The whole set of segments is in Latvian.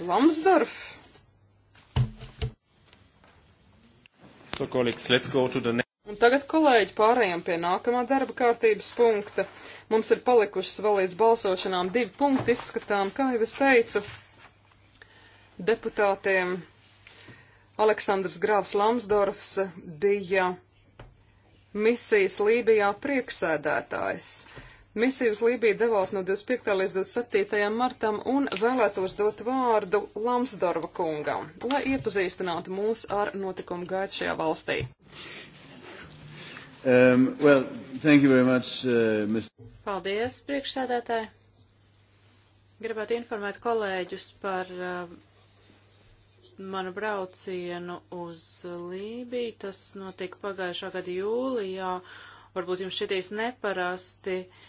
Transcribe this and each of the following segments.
Lamsdorf. So, colleagues, let's go to the next. Un tagad, kolēģi, pārējām pie nākamā darba kārtības punkta. Mums ir palikušas vēl līdz balsošanām divi punkti izskatām, kā jau es teicu, deputātiem. Aleksandrs Grāfs Lamsdorfs bija misijas Lībijā prieksēdētājs. Misija uz Lībiju devās no 25. līdz 27. martam un vēlētos dot vārdu Lamsdorva kungam, lai iepazīstinātu mūs ar notikumu gaitu šajā valstī. Um, well, much, uh, Mr. Paldies, priekšsēdētāji. Gribētu informēt kolēģus par uh, manu braucienu uz Lībiju. Tas notika pagājušā gada jūlijā. Varbūt jums šitīs neparasti. Uh,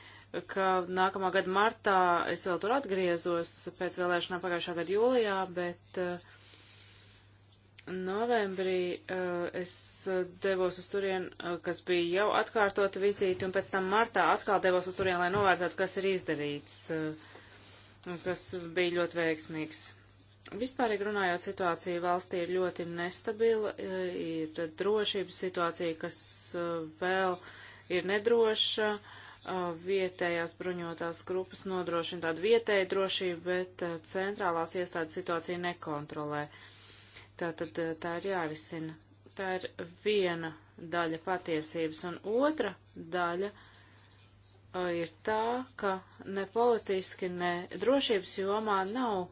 ka nākamā gada martā es vēl tur atgriezos pēc vēlēšanām pagājušā gada jūlijā, bet uh, novembrī uh, es devos uz turien, uh, kas bija jau atkārtota vizīte, un pēc tam martā atkal devos uz turien, lai novērtētu, kas ir izdarīts, uh, kas bija ļoti veiksmīgs. Vispārīgi runājot, situācija valstī ir ļoti nestabila, uh, ir drošības situācija, kas uh, vēl ir nedroša vietējās bruņotās grupas nodrošina tādu vietēju drošību, bet centrālās iestādes situāciju nekontrolē. Tātad tā ir jārisina. Tā ir viena daļa patiesības, un otra daļa ir tā, ka ne politiski, ne drošības jomā nav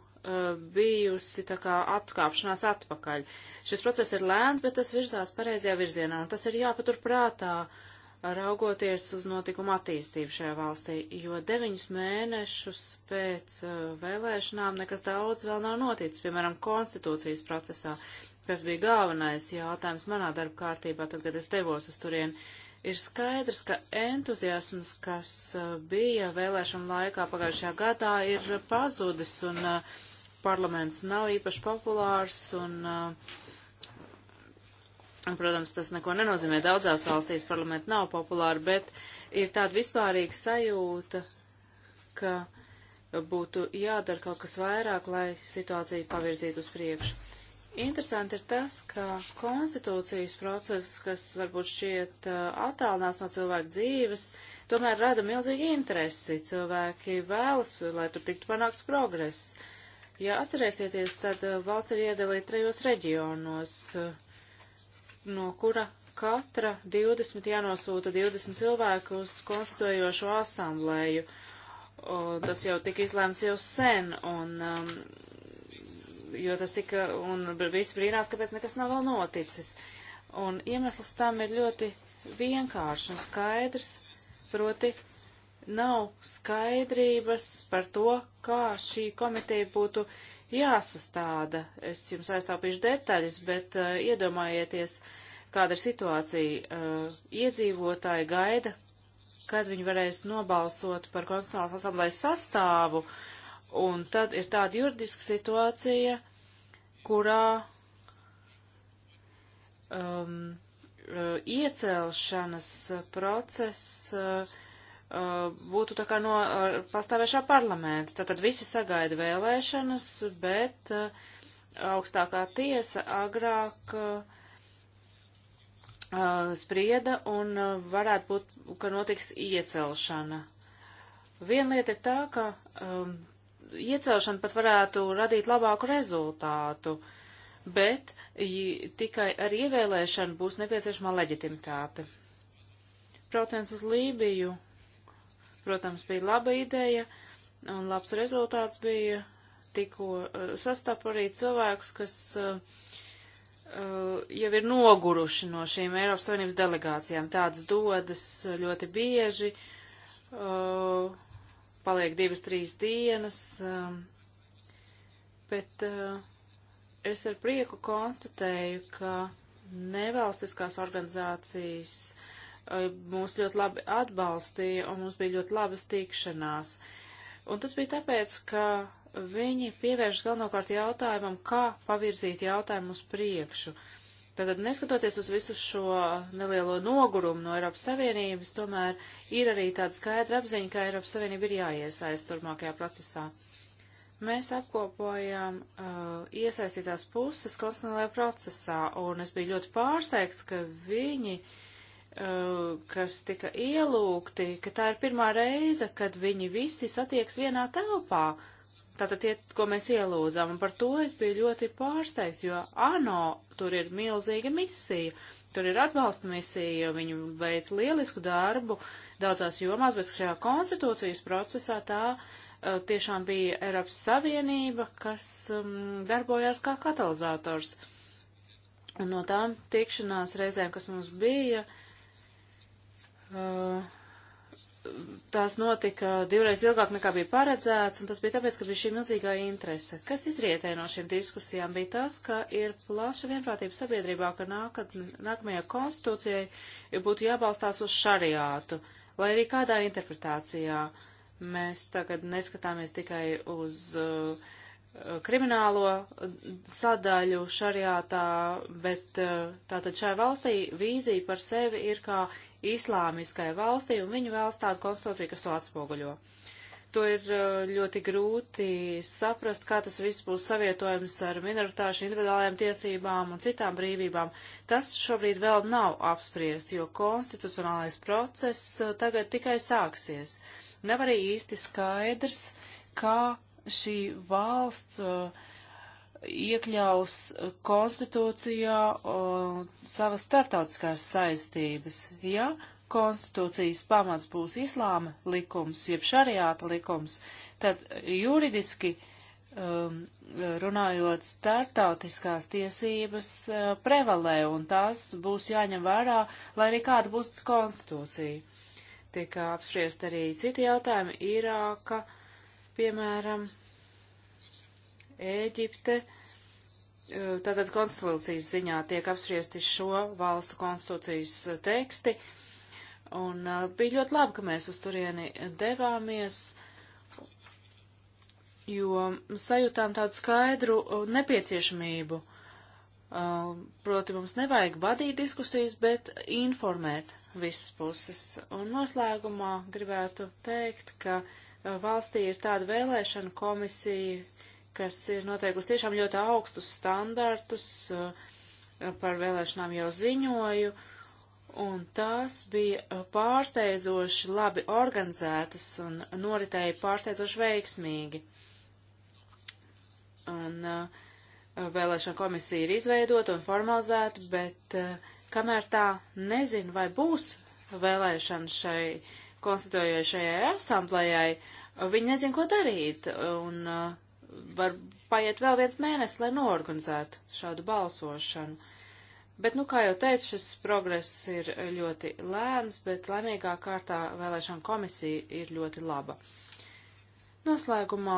bijusi tā kā atkāpšanās atpakaļ. Šis process ir lēns, bet tas virzās pareizajā virzienā, un tas ir jāpatur prātā. Uh, raugoties uz notikumu attīstību šajā valstī, jo deviņus mēnešus pēc uh, vēlēšanām nekas daudz vēl nav noticis, piemēram, konstitūcijas procesā, kas bija galvenais jautājums manā darba kārtībā, tad, kad es devos uz turien. Ir skaidrs, ka entuziasms, kas uh, bija vēlēšana laikā pagājušajā gadā, ir pazudis un uh, parlaments nav īpaši populārs un uh, Protams, tas neko nenozīmē. Daudzās valstīs parlamenti nav populāri, bet ir tāda vispārīga sajūta, ka būtu jādara kaut kas vairāk, lai situāciju pavirzītu uz priekšu. Interesanti ir tas, ka konstitūcijas process, kas varbūt šķiet uh, attālinās no cilvēku dzīves, tomēr rada milzīgi interesi. Cilvēki vēlas, lai tur tiktu panākts progress. Ja atcerēsieties, tad uh, valsts ir iedalīta trejos reģionos. Uh, no kura katra 20 jānosūta 20 cilvēku uz konstituējošo asamblēju. Un tas jau tika izlēmts jau sen, un, um, jo tas tika, un visi brīnās, kāpēc nekas nav vēl noticis. Un iemesls tam ir ļoti vienkāršs un skaidrs, proti nav skaidrības par to, kā šī komiteja būtu uh, jāsastāda. Es jums aiztāpīšu detaļas, bet uh, iedomājieties, kāda ir situācija. Uh, iedzīvotāji gaida, kad viņi varēs nobalsot par konstitucionālas asamblējas sastāvu, un tad ir tāda juridiska situācija, kurā um, uh, iecelšanas process uh, Uh, būtu tā kā no uh, pastāvēšā parlamenta. Tātad visi sagaida vēlēšanas, bet uh, augstākā tiesa agrāk sprieda un varētu būt, ka notiks iecelšana. Viena lieta ir tā, ka um, iecelšana pat varētu radīt labāku rezultātu, bet tikai ar ievēlēšanu būs nepieciešama leģitimitāte. Brauciens uz Lībiju protams, bija laba ideja un labs rezultāts bija. Tikko uh, eh, sastapu arī cilvēkus, kas uh, uh, jau ir noguruši no šīm Eiropas Savienības delegācijām. Tādas dodas ļoti bieži, uh, paliek divas, trīs dienas, uh, bet uh, es ar prieku konstatēju, ka nevalstiskās organizācijas uh, Eh, mūs ļoti labi atbalstīja un mums bija ļoti labas tikšanās. Un tas bija tāpēc, ka viņi pievēršas galvenokārt jautājumam, kā pavirzīt jautājumu uz priekšu. Tātad, neskatoties uz visu šo nelielo nogurumu no Eiropas Savienības, tomēr ir arī tāda skaidra apziņa, ka Eiropas Savienība ir jāiesaist turpmākajā procesā. Mēs apkopojām uh, eh, iesaistītās puses konstitucionālajā procesā, un es biju ļoti pārsteigts, ka viņi uh, Uh, kas tika ielūgti, ka tā ir pirmā reize, kad viņi visi satieks vienā telpā. Tātad tie, ko mēs ielūdzām, un par to es biju ļoti pārsteigts, jo ANO tur ir milzīga misija, tur ir atbalsta misija, viņi veic lielisku darbu daudzās jomās, bet šajā konstitūcijas procesā tā uh, tiešām bija Eiropas Savienība, kas um, darbojās kā katalizators. Un no tām tikšanās reizēm, kas mums bija, uh, tās notika divreiz ilgāk nekā bija paredzēts, un tas bija tāpēc, ka bija šī milzīgā interese. Kas izrietē no šīm diskusijām bija tas, ka ir plaša vienprātība sabiedrībā, ka nākad, nākamajā konstitūcijai būtu jābalstās uz šariātu, vai arī kādā interpretācijā. Mēs tagad neskatāmies tikai uz uh, kriminālo sadaļu šariātā, bet eh, tātad šai valstī vīzija par sevi ir kā islāmiskai valstī, un viņi vēlas tādu konstitūciju, kas to atspoguļo. To ir eh, ļoti grūti saprast, kā tas viss būs savietojams ar minoritāšu individuālajām tiesībām un citām brīvībām. Tas šobrīd vēl nav apspriests, jo konstitucionālais process eh, tagad tikai sāksies. Nav arī īsti skaidrs, kā šī valsts uh, iekļaus konstitūcijā uh, savas starptautiskās saistības. Ja konstitūcijas pamats būs islāma likums, jeb šariāta likums, tad juridiski um, runājot startautiskās tiesības uh, prevalē, un tās būs jāņem vērā, lai arī kāda būs konstitūcija. Tiek apspriest arī citi jautājumi - Irāka, uh, Piemēram, Ēģipte, e, tātad konstitūcijas ziņā tiek apspriesti šo valstu konstitūcijas teksti, un e, bija ļoti labi, ka mēs uz turieni devāmies jo sajūtām tādu skaidru e, nepieciešamību. Proti, mums nevajag vadīt diskusijas, bet informēt visas puses. Un noslēgumā gribētu teikt, ka valstī ir tāda vēlēšana komisija, kas ir noteikusi tiešām ļoti augstus standartus, par vēlēšanām jau ziņoju, un tās bija pārsteidzoši labi organizētas un noritēja pārsteidzoši veiksmīgi. Un vēlēšana komisija ir izveidota un formalizēta, bet kamēr tā nezin, vai būs vēlēšana šai uh, konstituējošajai asamblējai, viņi nezin, ko darīt, un uh, var paiet vēl viens mēnesis, lai norganizētu šādu balsošanu. Bet, nu, kā jau teicu, šis progress ir ļoti lēns, bet laimīgā kārtā vēlēšana komisija ir ļoti laba. Noslēgumā,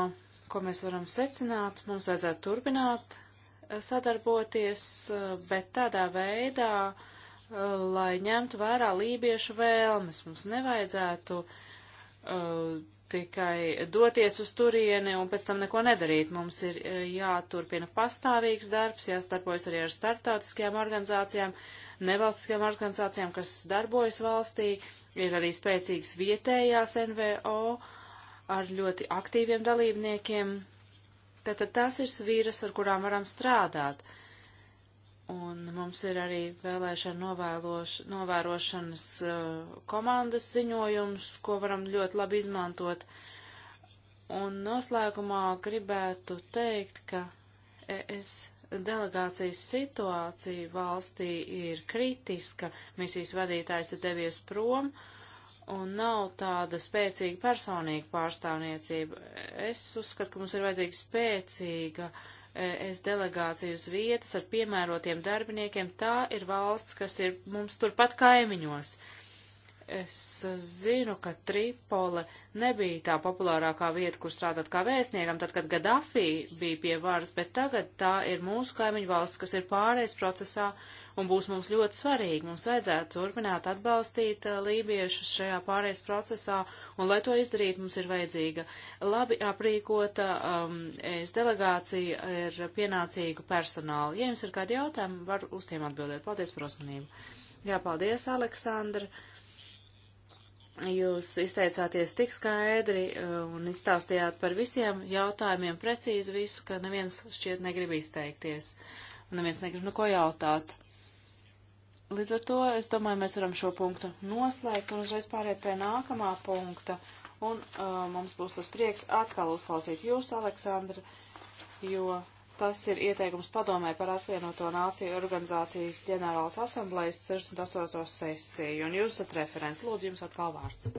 ko mēs varam secināt, mums vajadzētu turpināt uh, sadarboties, uh, bet tādā veidā, uh, lai ņemtu vērā lībiešu vēlmes. Mums nevajadzētu uh, tikai doties uz turieni un pēc tam neko nedarīt. Mums ir uh, jāturpina pastāvīgs darbs, jāstarpojas arī ar starptautiskajām organizācijām, nevalstiskajām organizācijām, kas darbojas valstī, ir arī spēcīgas vietējās NVO ar ļoti aktīviem dalībniekiem. Tātad tās ir svīras, ar kurām varam strādāt. Uh, Un mums ir arī vēlēšana novērošanas uh, komandas ziņojums, ko varam ļoti labi izmantot. Un noslēgumā gribētu teikt, ka es delegācijas situācija valstī ir kritiska, misijas vadītājs ir devies prom un nav tāda spēcīga personīga pārstāvniecība. Es uzskatu, ka mums ir vajadzīga spēcīga uh, es delegāciju uz vietas ar piemērotiem darbiniekiem, tā ir valsts, kas ir mums turpat kaimiņos. Uh, Es zinu, ka Tripole nebija tā populārākā vieta, kur strādāt kā vēstniekam, tad, kad Gaddafi bija pie varas, bet tagad tā ir mūsu kaimiņu valsts, kas ir pārējais procesā un būs mums ļoti svarīgi. Mums vajadzētu turpināt atbalstīt uh, lībiešus šajā pārējais procesā, un lai to izdarītu, mums ir vajadzīga labi aprīkota um, es delegācija ar pienācīgu personālu. Ja jums ir kādi jautājumi, var uz tiem atbildēt. Paldies par uzmanību. Jā, paldies, Aleksandra. Jūs izteicāties tik skaidri uh, un izstāstījāt par visiem jautājumiem precīzi visu, ka neviens šķiet negrib izteikties un neviens negrib neko jautāt. Līdz ar to, es domāju, mēs varam šo punktu noslēgt un uzreiz pāriet pie nākamā punkta. Un uh, mums būs tas prieks atkal uzklausīt jūs, Aleksandra, jo Tas ir ieteikums padomē par apvienoto nāciju organizācijas ģenerālas asamblejas 68. sesiju. Un jūs esat referents. Lūdzu, jums atkal vārds.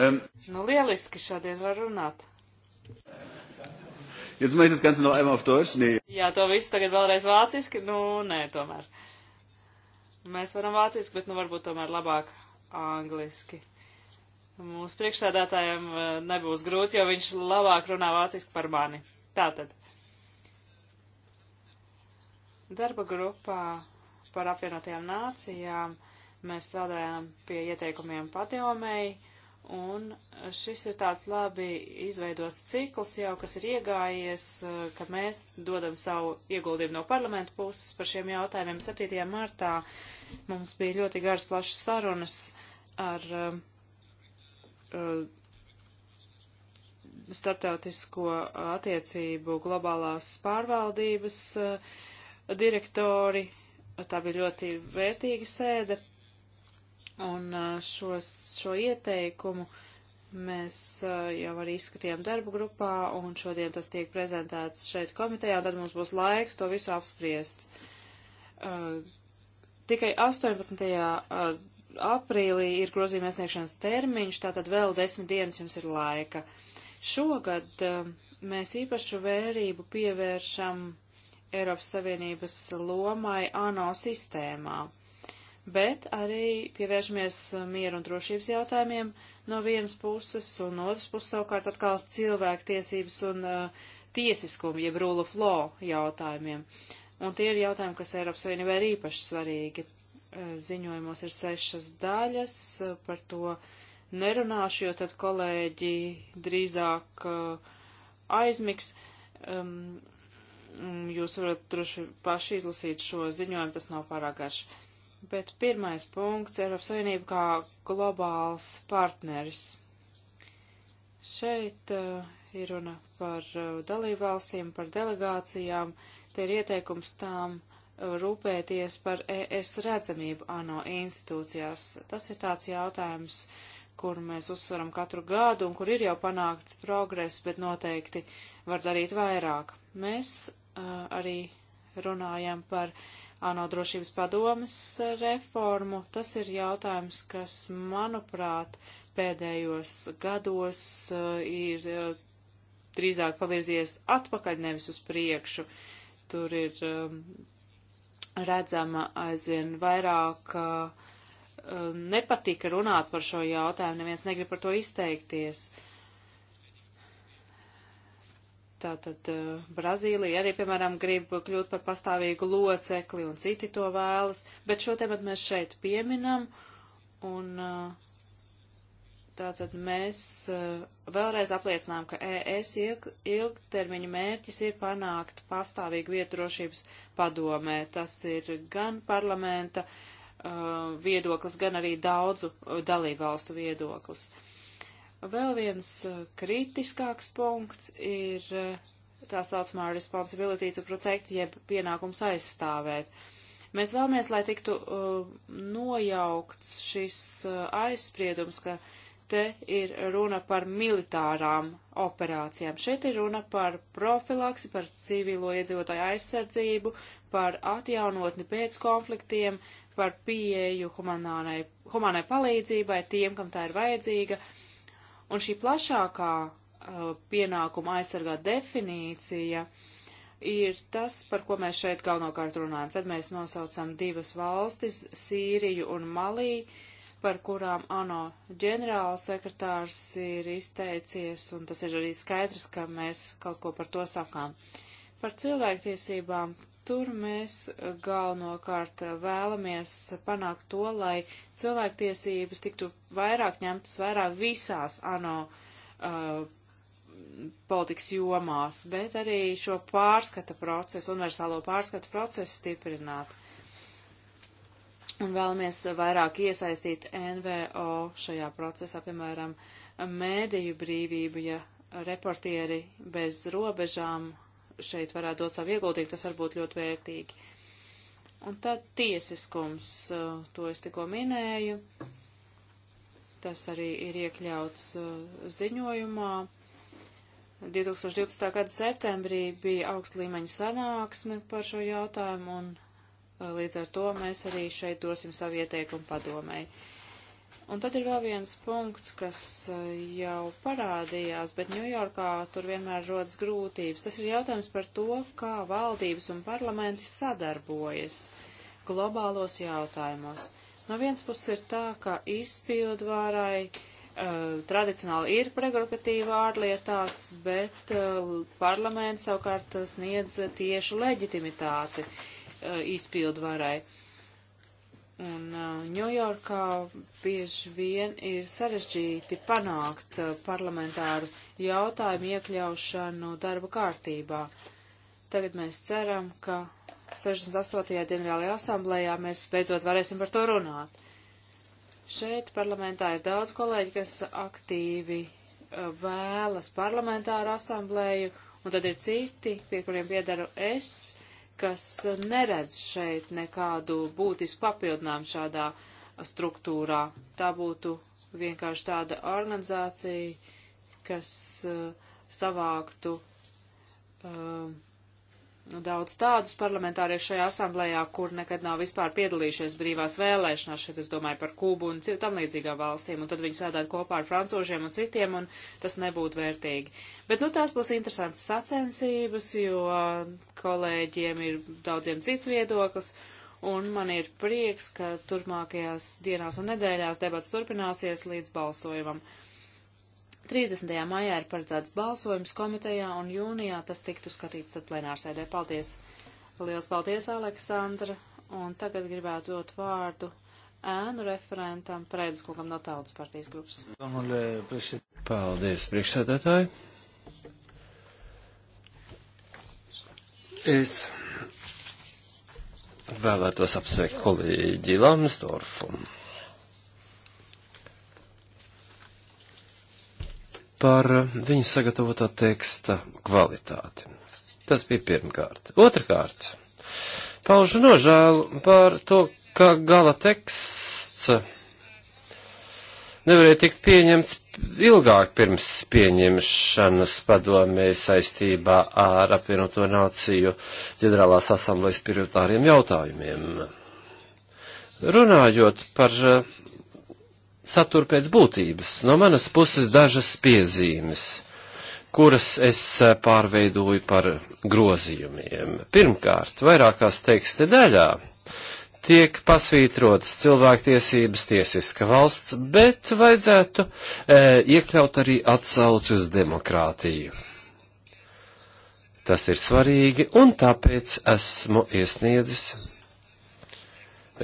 Um, nu, lieliski šodien var runāt. Jetzt mache ich das Ganze noch einmal auf Deutsch? Nee. Jā, to visu tagad vēlreiz vāciski? Nu, nē, tomēr. Mēs varam vāciski, bet nu varbūt tomēr labāk angliski. Mūsu priekšsēdētājiem eh, nebūs grūti, jo viņš labāk runā vāciski par mani. Tātad, darba grupā par apvienotajām nācijām mēs strādājām pie ieteikumiem padomēji, un šis ir tāds labi izveidots cikls jau, kas ir iegājies, ka mēs dodam savu ieguldījumu no parlamenta puses par šiem jautājumiem. 7. martā mums bija ļoti garas plašas sarunas ar uh, starptautisko attiecību globālās pārvaldības eh, direktori. Tā bija ļoti vērtīga sēde, un eh, šos, šo ieteikumu mēs eh, jau arī izskatījām darbu grupā, un šodien tas tiek prezentēts šeit komitejā, un tad mums būs laiks to visu apspriest. Tikai 18 aprīlī ir grozījuma iesniegšanas termiņš, tātad vēl desmit dienas jums ir laika. Uh, Šogad eh, mēs īpašu vērību pievēršam Eiropas Savienības lomai ANO sistēmā, bet arī pievēršamies eh, mieru un drošības jautājumiem no vienas puses, un no otras puses savukārt atkal cilvēktiesības un uh, tiesiskumu, jeb rule of law jautājumiem. Un tie ir jautājumi, kas Eiropas Savienībā ir īpaši svarīgi. Ziņojumos ir sešas daļas, par to nerunāšu, jo tad kolēģi drīzāk uh, aizmigs. Um, mm, jūs varat droši paši izlasīt šo ziņojumu, tas nav pārāk garš. Bet pirmais punkts - Eiropas Savienība kā globāls partneris. Šeit uh, ir runa par uh, dalībvalstīm, par delegācijām. Te ir ieteikums tām uh, rūpēties par ES redzamību ANO institūcijās. Tas ir tāds jautājums, uh, kuru mēs uzsveram katru gadu un kur ir jau panākts progress, bet noteikti var darīt vairāk. Mēs uh, arī runājam par ANO drošības padomes reformu. Tas ir jautājums, kas, manuprāt, pēdējos gados uh, ir uh, drīzāk pavirzies atpakaļ, nevis uz priekšu. Tur ir um, redzama aizvien vairāk uh, Um, nepatika runāt par šo jautājumu, neviens negrib par to izteikties. Tātad uh, Brazīlija arī, piemēram, grib kļūt par pastāvīgu locekli un citi to vēlas, bet šo tematu mēs šeit pieminam un uh, tātad mēs uh, vēlreiz apliecinām, ka ES ilg, ilgtermiņa mērķis ir panākt pastāvīgu vietu drošības padomē. Tas ir gan parlamenta uh, Uh, viedoklis, gan arī daudzu uh, dalībvalstu viedoklis. Vēl viens uh, kritiskāks punkts ir tā saucamā responsibility to protect, jeb pienākums aizstāvēt. Mēs vēlamies, lai tiktu uh, nojaukts šis uh, aizspriedums, ka te ir runa par militārām operācijām. Šeit ir runa par profilaksi, par civilo iedzīvotāju aizsardzību, par atjaunotni pēc konfliktiem, uh, par pieeju humanārai, humanai palīdzībai tiem, kam tā ir vajadzīga. Un šī plašākā uh, pienākuma aizsargāt definīcija ir tas, par ko mēs šeit galvenokārt runājam. Tad mēs nosaucam divas valstis - Sīriju un Malī, par kurām ANO ģenerālsekretārs ir izteicies, un tas ir arī skaidrs, ka mēs kaut ko par to sakām. Par cilvēktiesībām Tur mēs galvenokārt vēlamies panākt to, lai cilvēktiesības tiktu vairāk ņemtas vērā visās ANO uh, politikas jomās, bet arī šo pārskata procesu, universālo pārskata procesu stiprināt. Un vēlamies vairāk iesaistīt NVO šajā procesā, piemēram, mēdīju brīvību, ja reportieri bez robežām šeit varētu dot savu ieguldījumu, tas var būt ļoti vērtīgi. Un tad tiesiskums, uh, to es tikko minēju, tas arī ir iekļauts uh, ziņojumā. 2012. gada septembrī bija augsta līmeņa sanāksme par šo jautājumu, un uh, līdz ar to mēs arī šeit dosim savu ieteikumu padomēji. Un tad ir vēl viens punkts, kas eh, jau parādījās, bet Ņujorkā tur vienmēr rodas grūtības. Tas ir jautājums par to, kā valdības un parlamenti sadarbojas globālos jautājumos. No vienas puses ir tā, ka izpildvārai uh, tradicionāli ir prerogatīva ārlietās, bet uh, parlaments savukārt sniedz tiešu leģitimitāti uh, izpildvārai. Uh, Un Ņujorkā uh, bieži vien ir sarežģīti panākt uh, parlamentāru jautājumu iekļaušanu darba kārtībā. Tagad mēs ceram, ka 68. ģenerālajā asamblējā mēs beidzot varēsim par to runāt. Šeit parlamentā ir daudz kolēģi, kas aktīvi uh, vēlas parlamentāru asamblēju, un tad ir citi, pie kuriem piedaru es, kas neredz šeit nekādu būtisku papildinājumu šādā struktūrā. Tā būtu vienkārši tāda organizācija, kas uh, savāktu uh, nu, daudz tādus parlamentāriešu šajā asamblējā, kur nekad nav vispār piedalījušies brīvās vēlēšanās, šeit es domāju par Kubu un tam līdzīgām valstīm, un tad viņi sēdētu kopā ar francūžiem un citiem, un tas nebūtu vērtīgi. Bet, nu, tās būs interesantas sacensības, jo kolēģiem ir daudziem cits viedoklis, un man ir prieks, ka turpmākajās dienās un nedēļās debats turpināsies līdz balsojumam. 30. maijā ir paredzēts balsojums komitejā, un jūnijā tas tiktu skatīts tad plenārsēdē. Paldies! Liels paldies, Aleksandra! Un tagad gribētu dot vārdu ēnu referentam Prēdiskogam no Tautas partijas grupas. Paldies, priekšsēdētāji! Es vēlētos apsveikt kolēģi Lamsdorfu. par viņu sagatavotā teksta kvalitāti. Tas bija pirmkārt. Otrakārt, paužu nožēlu par to, ka gala teksts nevarēja tikt pieņemts ilgāk pirms pieņemšanas padomē saistībā ar apvienoto nāciju ģenerālās asamblejas prioritāriem jautājumiem. Runājot par satura pēc būtības. No manas puses dažas piezīmes, kuras es eh, pārveidoju par grozījumiem. Pirmkārt, vairākās teksta daļā tiek pasvītrotas cilvēktiesības tiesiska valsts, bet vajadzētu e, iekļaut arī atsauci uz demokrātiju. Tas ir svarīgi, un tāpēc esmu iesniedzis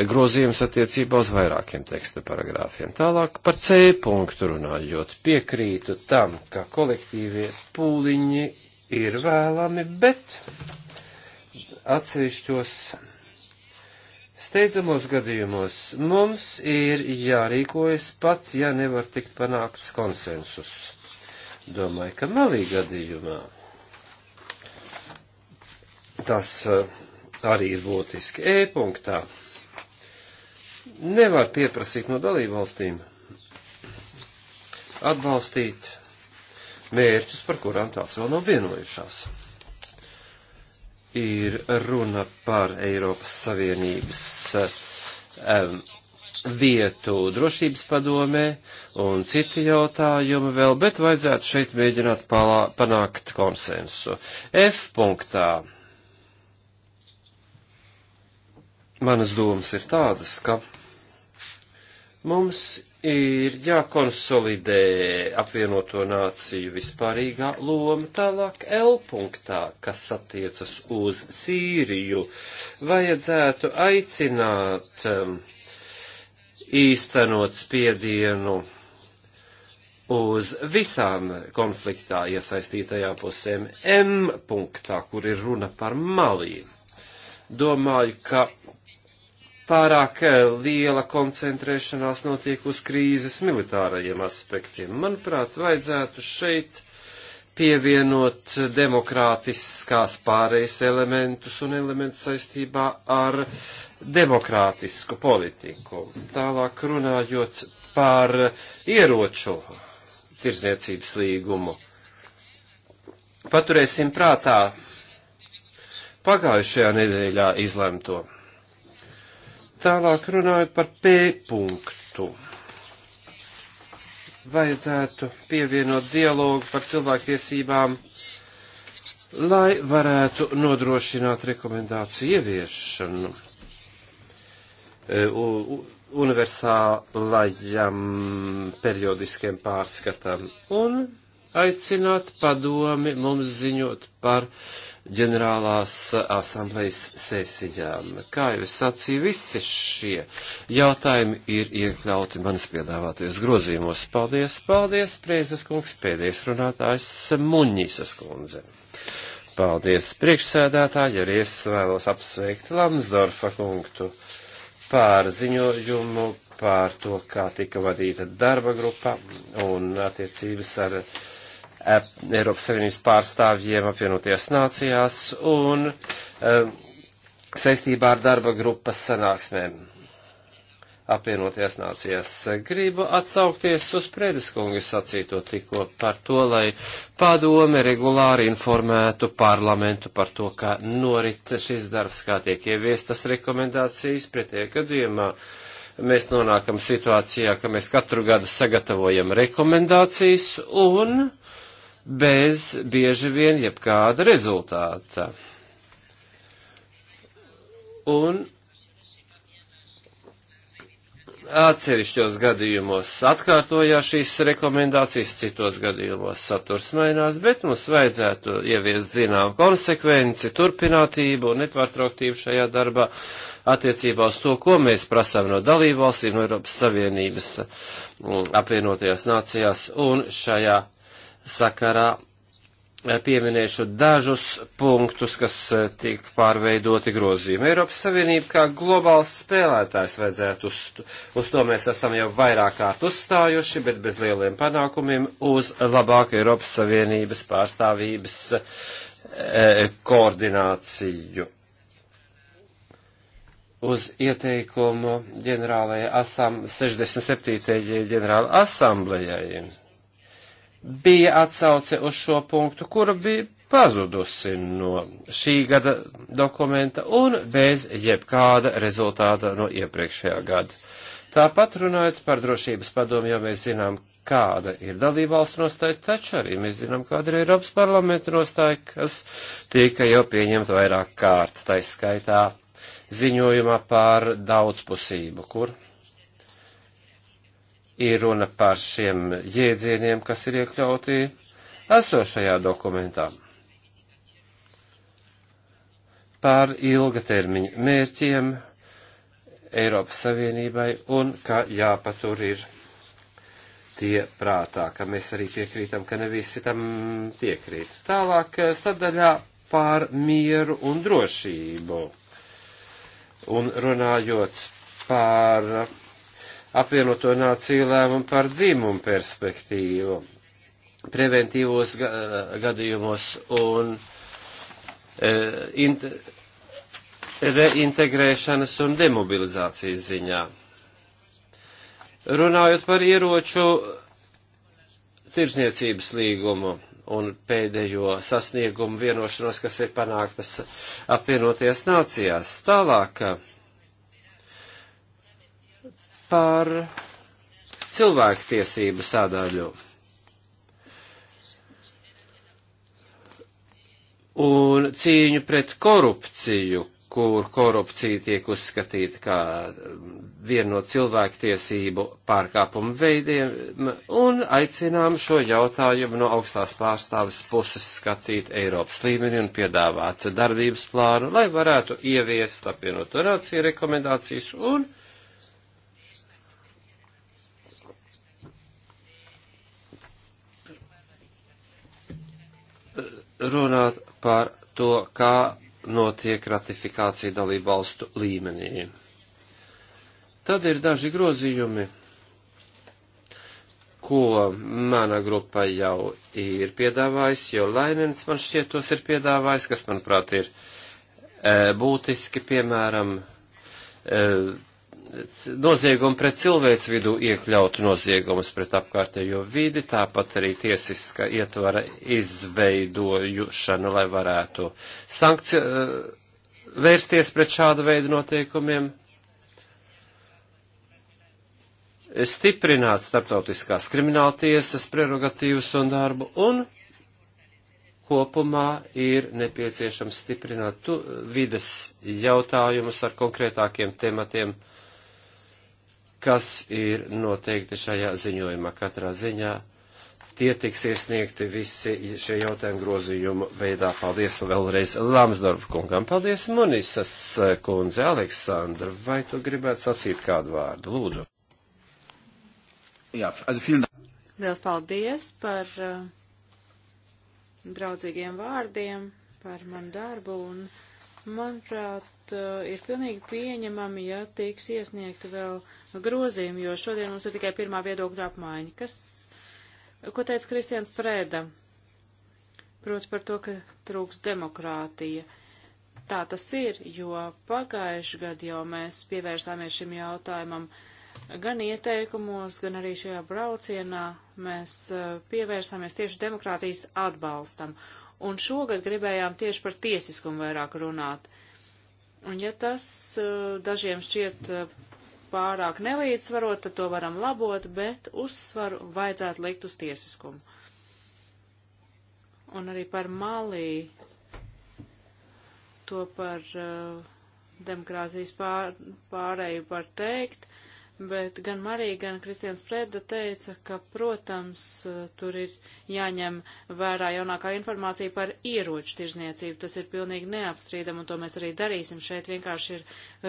grozījums attiecībā uz vairākiem teksta paragrāfiem. Tālāk par C punktu runājot, piekrītu tam, ka kolektīvie pūliņi ir vēlami, bet atsevišķos steidzamos gadījumos mums ir jārīkojas pat, ja nevar tikt panākts konsensus. Domāju, ka malī gadījumā tas eh, arī ir būtiski. E punktā nevar pieprasīt no dalībvalstīm atbalstīt mērķus, par kurām tās vēl nav vienojušās. Ir runa par Eiropas Savienības um, vietu drošības padomē un citi jautājumi vēl, bet vajadzētu šeit mēģināt palā, panākt konsensu. F punktā manas domas ir tādas, ka Mums ir jākonsolidē apvienoto nāciju vispārīgā loma tālāk L punktā, kas attiecas uz Sīriju. Vajadzētu aicināt um, īstenot spiedienu uz visām konfliktā iesaistītajām pusēm M punktā, kur ir runa par malīm. Domāju, ka pārāk eh, liela koncentrēšanās notiek uz krīzes militārajiem aspektiem. Manuprāt, vajadzētu šeit pievienot demokrātiskās pārējas elementus un elementus saistībā ar demokrātisku politiku. Tālāk runājot par ieroču tirzniecības līgumu. Paturēsim prātā pagājušajā nedēļā izlemto. Tālāk runājot par P punktu. Vajadzētu pievienot dialogu par cilvēktiesībām, lai varētu nodrošināt rekomendāciju ieviešanu. E, u, u, universālajam periodiskiem pārskatam. Un aicināt padomi mums ziņot par ģenerālās asamblejas sesijām. Kā jau es sacīju, visi šie jautājumi ir iekļauti manis piedāvātajos grozījumos. Paldies, paldies, Prēzes kungs, pēdējais runātājs Muņīsas kundze. Paldies, priekšsēdētāji, arī es vēlos apsveikt Lamsdorfa kungu par ziņojumu par to, kā tika vadīta darba grupa un attiecības ar uh, Eiropas Savienības pārstāvjiem apvienoties nācijās un saistībā ar darba grupas sanāksmēm apvienoties nācijas. Gribu atsaukties uz Prēdiskunga sacīto tikko par to, lai padome regulāri informētu parlamentu par to, kā norit šis darbs, kā tiek ieviestas rekomendācijas pretējā gadījumā. Mēs nonākam situācijā, ka mēs katru gadu sagatavojam rekomendācijas un uh, bez bieži vien jebkāda rezultāta. Un atsevišķos gadījumos atkārtojās šīs rekomendācijas, citos gadījumos saturs mainās, bet mums vajadzētu ieviest zinām konsekvenci, turpinātību un nepārtrauktību šajā darbā attiecībā uz to, ko mēs prasām no dalībvalstīm, no Eiropas Savienības mm, apvienotajās nācijās un šajā sakarā eh, pieminēšu dažus punktus, kas eh, tiek pārveidoti grozījumi. Eiropas Savienība kā globāls spēlētājs vajadzētu uz, uz to mēs esam jau vairāk kārt uzstājuši, bet bez lieliem panākumiem uz labāku Eiropas Savienības pārstāvības e, koordināciju. Uz ieteikumu ģenerālajai asam, 67. ģenerāla asamblējai bija atsauce uz šo punktu, kura bija pazudusi no šī gada dokumenta un bez jebkāda rezultāta no iepriekšējā gada. Tāpat runājot par drošības padomu, jo mēs zinām, kāda ir dalībvalstu nostāja, taču arī mēs zinām, kāda ir Eiropas parlamenta nostāja, kas tika jau pieņemta vairāk kārt, taiskaitā ziņojumā par daudzpusību, kur ir runa par šiem jēdzieniem, kas ir iekļauti esošajā dokumentā. Par ilgatermiņa mērķiem Eiropas Savienībai un ka jāpatur ir tie prātā, ka mēs arī piekrītam, ka ne visi tam piekrīt. Tālāk eh, sadaļā par mieru un drošību. Un runājot par apvienoto nāciju lēmumu par dzimumu perspektīvu preventīvos eh, gadījumos un eh, int, reintegrēšanas un demobilizācijas ziņā. Runājot par ieroču tirzniecības līgumu un pēdējo sasniegumu vienošanos, kas ir panāktas apvienoties nācijās. Tālāk par cilvēktiesību sādaļu. Un cīņu pret korupciju, kur korupcija tiek uzskatīta kā viena no cilvēktiesību pārkāpumu veidiem, un aicinām šo jautājumu no augstās pārstāvis puses skatīt Eiropas līmenī un piedāvāt darbības plānu, lai varētu ieviest apvienoto nāciju rekomendācijas un uh, runāt par to, kā notiek ratifikācija dalību valstu līmenī. Tad ir daži grozījumi, ko mana grupa jau ir piedāvājis, jo Lainens man šķiet tos ir piedāvājis, kas, manuprāt, ir e, būtiski, piemēram, e, noziegumu pret cilvēku vidu iekļautu noziegumus pret apkārtējo vidi, tāpat arī tiesiska ietvara izveidojušana, lai varētu sankci... vērsties pret šādu veidu noteikumiem, stiprināt starptautiskās krimināla tiesas prerogatīvas un darbu, un kopumā ir nepieciešams stiprināt tu, vides jautājumus ar konkrētākiem tematiem kas ir noteikti šajā ziņojumā. Katrā ziņā tie tiks iesniegti visi šie jautājumi grozījumu veidā. Paldies vēlreiz Lamsdorf kungam. Paldies Munisas kundze, Aleksandra. Vai tu gribētu sacīt kādu vārdu? Lūdzu. Jā, film... Liels paldies par uh, draudzīgiem vārdiem, par manu darbu un manuprāt, eh, ir pilnīgi pieņemami, ja tiks iesniegti vēl grozījumi, jo šodien mums ir tikai pirmā viedokļa apmaiņa. Kas, ko teica Kristians Prēda? Protams, par to, ka trūks demokrātija. Tā tas ir, jo pagājuši gadu jau mēs pievērsāmies šim jautājumam gan ieteikumos, gan arī šajā braucienā mēs eh, pievērsāmies tieši demokrātijas atbalstam un šogad gribējām tieši par tiesiskumu vairāk runāt. Un ja tas eh, dažiem šķiet eh, pārāk nelīdzsvarot, tad to varam labot, bet uzsvaru vajadzētu likt uz tiesiskumu. Un arī par Malī, to par uh, demokrātijas pār, pārēju var teikt. Uh, bet gan Marija, gan Kristians Preda teica, ka, protams, tur ir jāņem vērā jaunākā informācija par ieroču tirzniecību. Tas ir pilnīgi neapstrīdam, un to mēs arī darīsim. Šeit vienkārši ir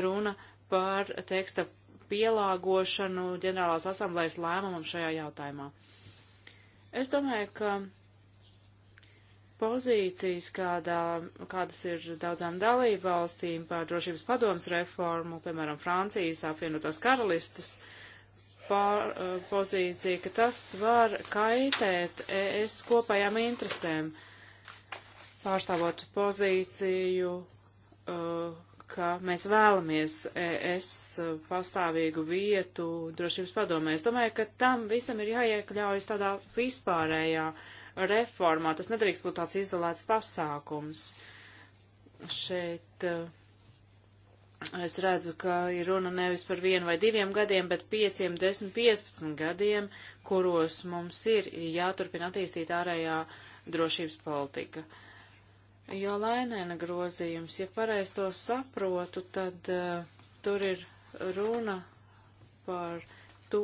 runa par teksta pielāgošanu ģenerālās asamblējas lēmumam šajā jautājumā. Es domāju, ka pozīcijas, kādā, kādas ir daudzām dalību valstīm par drošības padomas reformu, piemēram, Francijas apvienotās karalistas pār, eh, pozīcija, ka tas var kaitēt es kopējām interesēm, pārstāvot pozīciju, eh, ka mēs vēlamies es pastāvīgu vietu drošības padomē. Es domāju, ka tam visam ir jāiekļaujas tādā vispārējā uh, reformā. Tas nedrīkst būt tāds izolēts pasākums. Šeit eh, es redzu, ka ir runa nevis par vienu vai diviem gadiem, bet pieciem, desmit, piecpadsmit gadiem, kuros mums ir jāturpina attīstīt ārējā drošības politika. Jo lainēna grozījums, ja pareiz to saprotu, tad uh, tur ir runa par to,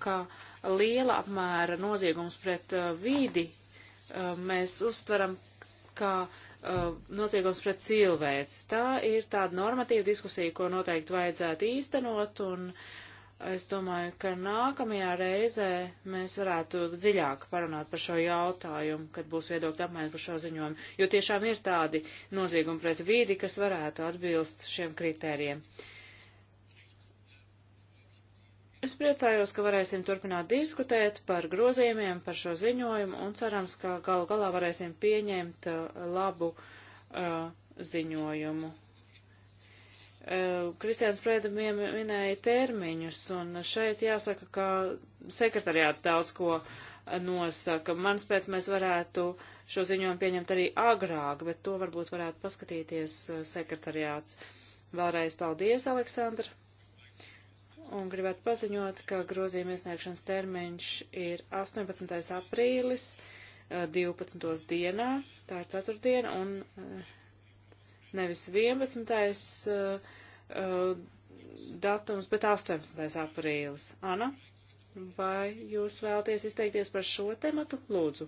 ka liela apmēra noziegums pret uh, eh, vīdi Eh, mēs uztveram kā eh, noziegums pret cilvēci. Tā ir tāda normatīva diskusija, ko noteikti vajadzētu īstenot, un es domāju, ka nākamajā reizē mēs varētu dziļāk parunāt par šo jautājumu, kad būs viedokļa apmaiņa par šo ziņojumu, jo tiešām ir tādi noziegumi pret vīdi, kas varētu atbilst šiem kritērijiem. Uh, Es priecājos, ka varēsim turpināt diskutēt par grozījumiem, par šo ziņojumu un cerams, ka galu galā varēsim pieņemt uh, labu uh, ziņojumu. Uh, Kristiāns Prēda minēja termiņus, un šeit jāsaka, ka sekretariāts daudz ko uh, nosaka. Mans pēc mēs varētu šo ziņojumu pieņemt arī agrāk, bet to varbūt varētu paskatīties uh, sekretariāts. Vēlreiz paldies, Aleksandra! un gribētu paziņot, ka grozījuma iesniegšanas termiņš ir 18. aprīlis 12. Eh, dienā, tā ir ceturtdiena, un eh, nevis 11. Eh, datums, bet 18. aprīlis. Ana? Vai jūs vēlaties izteikties par šo tematu? Lūdzu.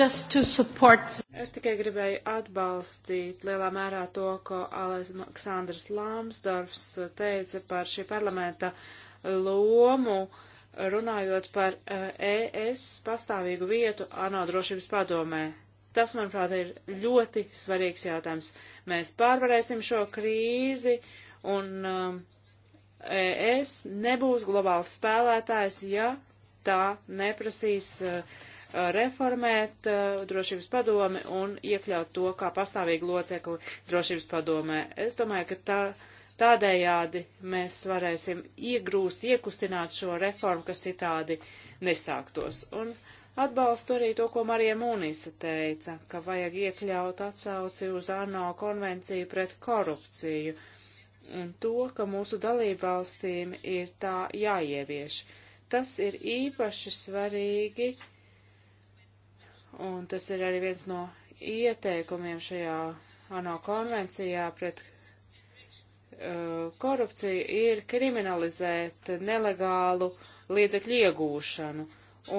Es tikai gribēju atbalstīt lielā mērā to, ko Aleksandrs Lāmsdorfs teica par šī parlamenta lomu, runājot par ES eh, e pastāvīgu vietu ANO drošības padomē. Tas, manuprāt, ir ļoti svarīgs jautājums. Mēs pārvarēsim šo krīzi un uh, ES nebūs globāls spēlētājs, ja tā neprasīs uh, reformēt uh, drošības padomi un iekļaut to kā pastāvīgu locekli drošības padomē. Es domāju, ka tā, tādējādi mēs varēsim iegrūst, iekustināt šo reformu, kas citādi nesāktos. Un atbalstu arī to, ko Marija Mūnisa teica, ka vajag iekļaut atsauci uz ANO konvenciju pret korupciju. Uh, un to, ka mūsu dalībvalstīm ir tā jāievieš. Tas ir īpaši svarīgi, un tas ir arī viens no ieteikumiem šajā ANO konvencijā pret uh, korupciju ir kriminalizēt nelegālu līdzekļu iegūšanu.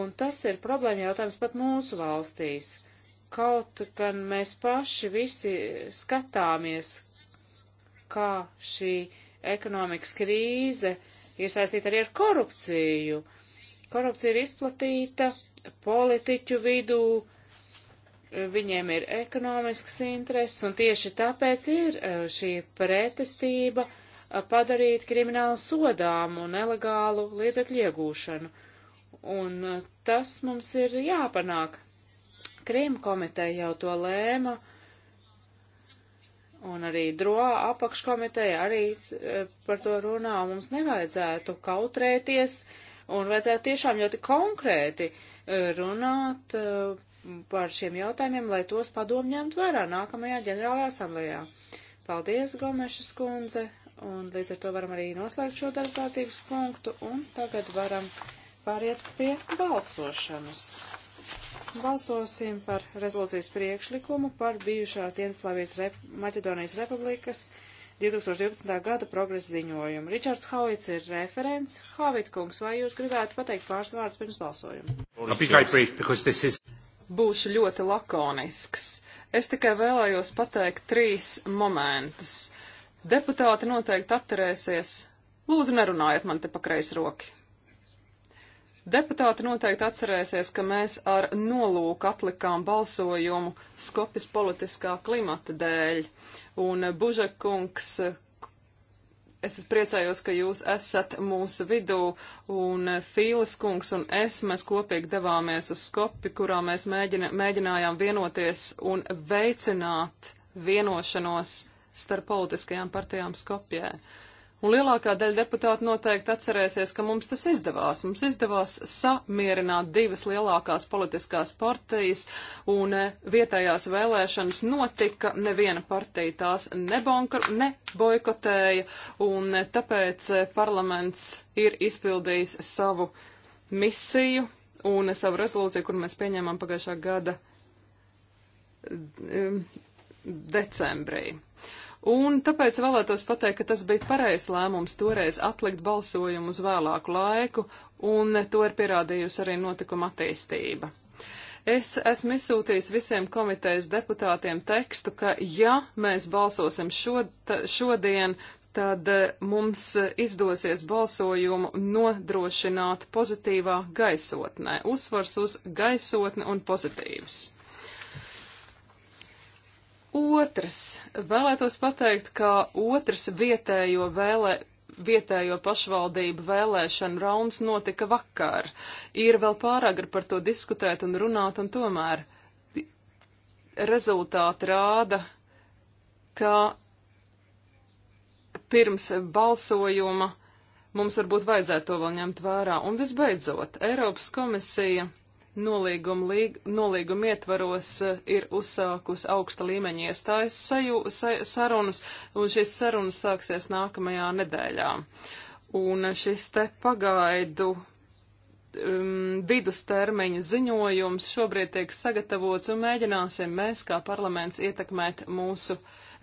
Un tas ir problēma jautājums pat mūsu valstīs. Kaut gan mēs paši visi skatāmies, kā šī ekonomikas krīze ir saistīta arī ar korupciju. Korupcija ir izplatīta politiķu vidū, viņiem ir ekonomisks intereses, un tieši tāpēc ir e, šī pretestība e, padarīt kriminālu sodāmu un nelegālu līdzekļu iegūšanu. Un e, tas mums ir jāpanāk. Krīma komiteja jau to lēma, uh, Un arī DRO apakškomiteja arī e, par to runā. Mums nevajadzētu kautrēties un vajadzētu tiešām ļoti konkrēti e, runāt e, par šiem jautājumiem, lai tos padomu ņemt vērā nākamajā ģenerālajā asamblējā. Paldies, Gomešas kundze, un līdz ar to varam arī noslēgt šo darbkārtības punktu, un tagad varam pāriet pie balsošanas. Balsosim par rezolūcijas priekšlikumu par bijušās Dienaslāvijas Rep Maķedonijas Republikas 2012. gada progresa ziņojumu. Ričards Hauits ir referents. Havit kungs, vai jūs gribētu pateikt pāris vārdus pirms balsojuma? Būšu ļoti lakonisks. Es tikai vēlējos pateikt trīs momentus. Deputāti noteikti atcerēsies. Lūdzu, nerunājiet man te pa kreisi roki. Deputāti noteikti atcerēsies, ka mēs ar nolūku atlikām balsojumu Skopis politiskā klimata dēļ. Un eh, Bužekungs, es priecājos, ka jūs esat mūsu vidū, un eh, Fīles kungs un es, mēs kopīgi devāmies uz Skopi, kurā mēs mēģina, mēģinājām vienoties un veicināt vienošanos starp politiskajām partijām Skopjē. Un lielākā daļa deputātu noteikti atcerēsies, ka mums tas izdevās. Mums izdevās samierināt divas lielākās politiskās partijas, un eh, vietējās vēlēšanas notika, neviena partija tās nebankar, ne boikotēja, un eh, tāpēc eh, parlaments ir izpildījis savu misiju un savu rezolūciju, kur mēs pieņēmām pagājušā gada decembrī. Un tāpēc vēlētos pateikt, ka tas bija pareizs lēmums toreiz atlikt balsojumu uz vēlāku laiku, un to ir pierādījusi arī notikuma attīstība. Es esmu izsūtījis visiem komitejas deputātiem tekstu, ka ja mēs balsosim šod, šodien, tad eh, mums izdosies balsojumu nodrošināt pozitīvā gaisotnē. Uzsvars uz gaisotni un pozitīvs. Otrs, vēlētos pateikt, ka otrs vietējo vēlē, vietējo pašvaldību vēlēšanu rauns notika vakar. Ir vēl pāragri par to diskutēt un runāt, un tomēr rezultāti rāda, ka pirms balsojuma mums varbūt vajadzētu to vēl ņemt vērā. Un visbeidzot, Eiropas komisija nolīguma, līg, nolīguma ietvaros eh, ir uzsākus augsta līmeņa iestājas saju, sa, sarunas, un šīs sarunas sāksies nākamajā nedēļā. Un šis te pagaidu um, vidustermiņa ziņojums šobrīd tiek sagatavots un mēģināsim mēs kā parlaments ietekmēt mūsu,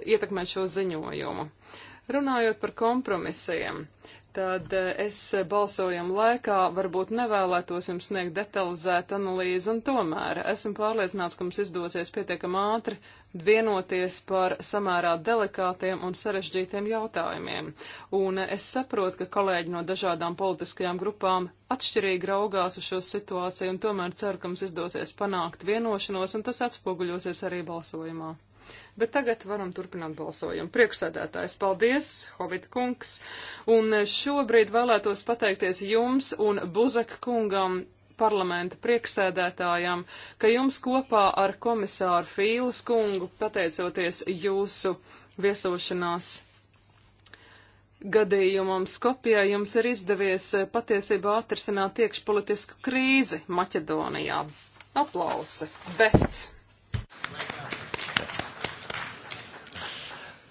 ietekmēt šo ziņojumu. Runājot par kompromisiem, tad eh, es balsojumu laikā varbūt nevēlētos jums sniegt detalizētu analīzi, un tomēr esmu pārliecināts, ka mums izdosies pietiekam ātri vienoties par samērā delikātiem un sarežģītiem jautājumiem. Un es saprotu, ka kolēģi no dažādām politiskajām grupām atšķirīgi raugās uz šo situāciju, un tomēr ceru, ka mums izdosies panākt vienošanos, un tas atspoguļosies arī balsojumā. Bet tagad varam turpināt balsojumu. Priekšsēdētājs, paldies, Hovita kungs. Un šobrīd vēlētos pateikties jums un Buzek kungam parlamenta priekšsēdētājam, ka jums kopā ar komisāru Fīles kungu, pateicoties jūsu viesošanās gadījumam Skopijā jums ir izdevies eh, patiesībā atrisināt iekšpolitisku krīzi Maķedonijā. Aplausi! Bet!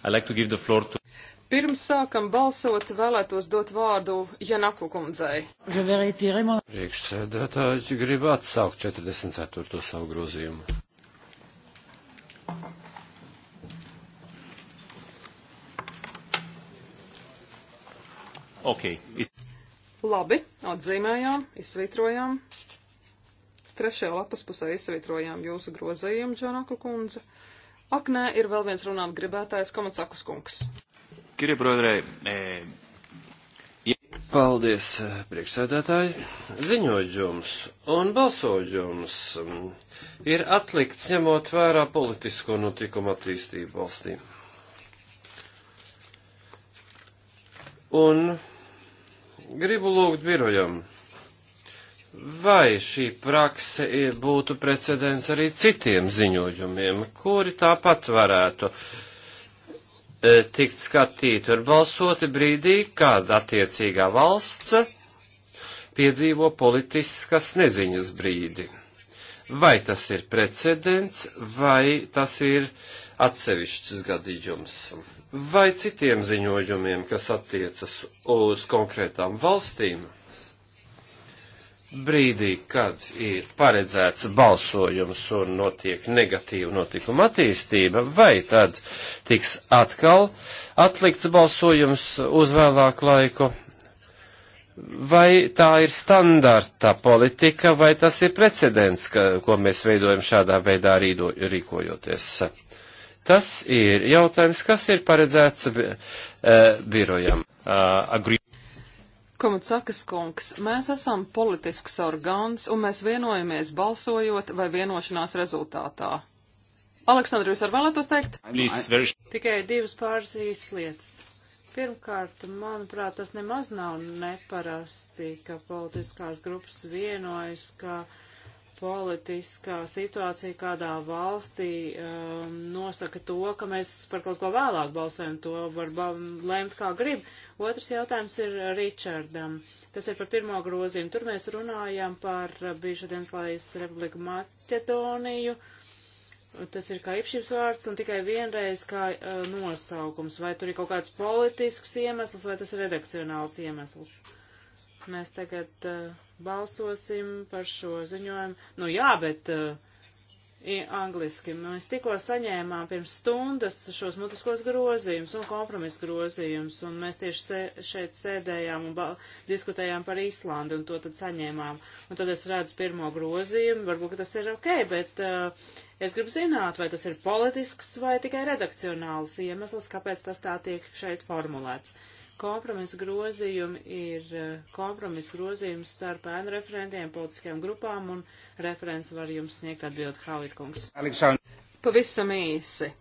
like to... Pirms sākam balsot, vēlētos dot vārdu Janaku kundzei. Priekšsēdētājs grib atsaukt 44. savu grozījumu. Okay. Is... Labi, atzīmējām, izsvītrojām. Trešajā lapas pusē izsvītrojām jūsu grozījumu, Džanaku kundze. Ak nē, ir vēl viens runāt gribētājs, Komatsakus kungs. Kirie, brodrē, e... Paldies, e, priekšsēdētāji. Ziņojums un balsojums mm, ir atlikts ņemot vērā politisko notikumu attīstību valstī. Un gribu lūgt birojam vai šī prakse būtu precedents arī citiem ziņojumiem, kuri tāpat varētu e, tikt skatīti un balsoti brīdī, kad attiecīgā valsts piedzīvo politiskas neziņas brīdi. Vai tas ir precedents, vai tas ir atsevišķs gadījums, vai citiem ziņojumiem, kas attiecas uz konkrētām valstīm brīdī, kad ir paredzēts balsojums un notiek negatīva notikuma attīstība, vai tad tiks atkal atlikts balsojums uz vēlāku laiku? Vai tā ir standarta politika, vai tas ir precedents, ka, ko mēs veidojam šādā veidā rīdo, rīkojoties? Tas ir jautājums, kas ir paredzēts bi, uh, eh, birojam. Uh, agree. Komatsakas kungs, mēs esam politisks orgāns un mēs vienojamies balsojot vai vienošanās rezultātā. Aleksandrs, jūs ar vēlētos teikt? Please, Tikai divas pārzīs lietas. Pirmkārt, manuprāt, tas nemaz nav neparasti, ka politiskās grupas vienojas, ka. Kā politiskā situācija kādā valstī um, nosaka to, ka mēs par kaut ko vēlāk balsojam, to var ba lēmt kā grib. Otrs jautājums ir Ričardam. Tas ir par pirmo grozījumu. Tur mēs runājam par bijušo Dienaslājas Republiku Maķedoniju. Tas ir kā īpašības vārds un tikai vienreiz kā uh, nosaukums. Vai tur ir kaut kāds politisks iemesls vai tas ir redakcionāls iemesls? mēs tagad uh, balsosim par šo ziņojumu. Nu jā, bet uh, angliski mēs tikko saņēmām pirms stundas šos mutiskos grozījumus un kompromisu grozījumus, un mēs tieši se šeit sēdējām un diskutējām par Īslandi, un to tad saņēmām. Un tad es redzu pirmo grozījumu, varbūt tas ir ok, bet uh, es gribu zināt, vai tas ir politisks vai tikai redakcionāls iemesls, kāpēc tas tā tiek šeit formulēts. Uh, Kompromisa grozījumi ir eh, kompromisa grozījums starp ēnu referentiem, politiskajām grupām, un referents var jums sniegt atbildi Havitkungs. Pavisam īsi.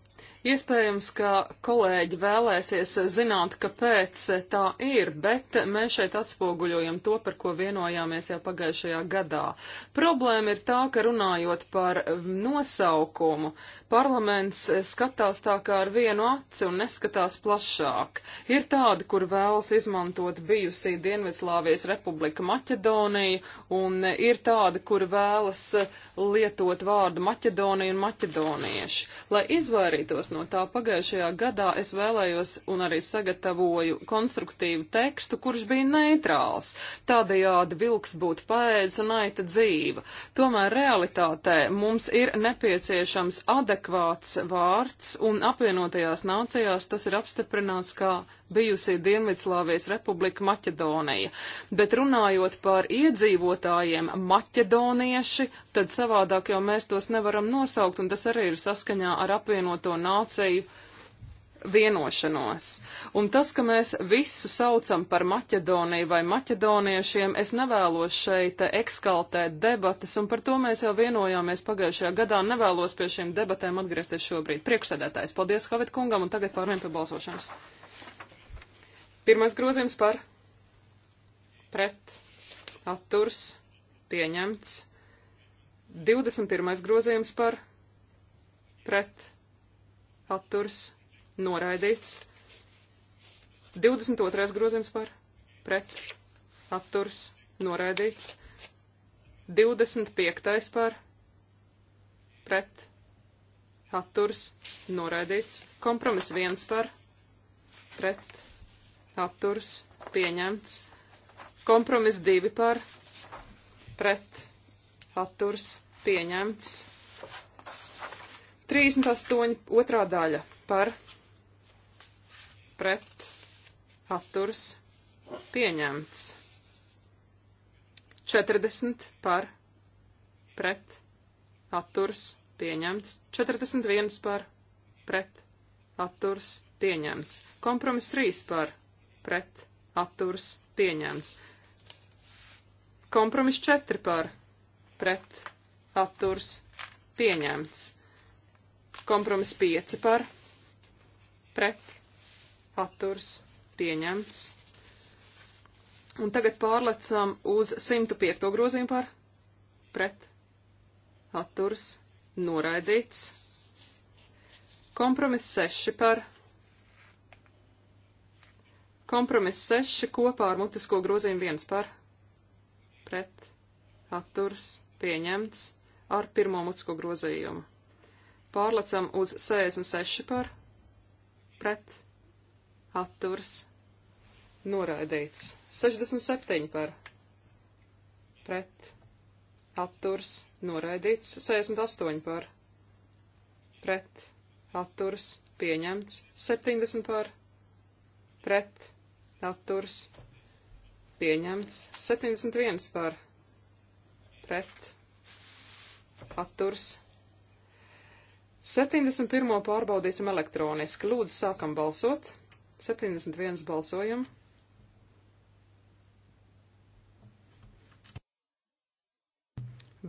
Iespējams, ka kolēģi vēlēsies zināt, kāpēc tā ir, bet mēs šeit atspoguļojam to, par ko vienojāmies jau pagājušajā gadā. Problēma ir tā, ka runājot par nosaukumu, parlaments skatās tā kā ar vienu aci un neskatās plašāk. Ir tādi, kur vēlas izmantot bijusī Dienvidslāvijas republika Maķedonija, un ir tādi, kur vēlas lietot vārdu Maķedonija un maķedonieši. Lai izvairītos no tā. Pagājušajā gadā es vēlējos un arī sagatavoju konstruktīvu tekstu, kurš bija neitrāls. Tādējādi vilks būtu paēdis un aita dzīva. Tomēr realitātē mums ir nepieciešams adekvāts vārds un apvienotajās nācijās tas ir apstiprināts kā bijusī Dienvidslāvijas republika Maķedonija. Bet runājot par iedzīvotājiem maķedonieši, tad savādāk jau mēs tos nevaram nosaukt, un tas arī ir saskaņā ar apvienoto nāciju asociāciju vienošanos. Un tas, ka mēs visu saucam par Maķedoniju vai maķedoniešiem, es nevēlos šeit ekskaltēt debatas, un par to mēs jau vienojāmies pagājušajā gadā, un nevēlos pie šiem debatēm atgriezties šobrīd. Priekšsēdētājs, paldies Hovet kungam, un tagad pārējiem pie balsošanas. Pirmais grozījums par pret atturs pieņemts. 21. grozījums par pret atturs atturs, noraidīts. 22. grozījums par, pret, atturs, noraidīts. 25. par, pret, atturs, noraidīts. Kompromiss 1 par, pret, atturs, pieņemts. Kompromiss 2 par, pret, atturs, pieņemts. 38. otrā daļa par pret atturs pieņemts. 40 par pret atturs pieņemts. 41 par pret atturs pieņemts. Kompromis 3 par pret atturs pieņemts. Kompromis 4 par pret atturs pieņemts. Kompromis 5 par pret atturs pieņemts. Un tagad pārlecam uz 105. grozījumu par pret atturs noraidīts. Kompromis 6 par Kompromis 6 kopā ar mutisko grozījumu 1 par pret atturs pieņemts ar pirmo mutisko grozījumu. Pārlecam uz 66 par pret atturs noraidīts. 67 par pret atturs noraidīts. 68 par pret atturs pieņemts. 70 par pret atturs pieņemts. 71 par pret atturs pieņemts 71. pārbaudīsim elektroniski. Lūdzu, sākam balsot. 71 balsojam.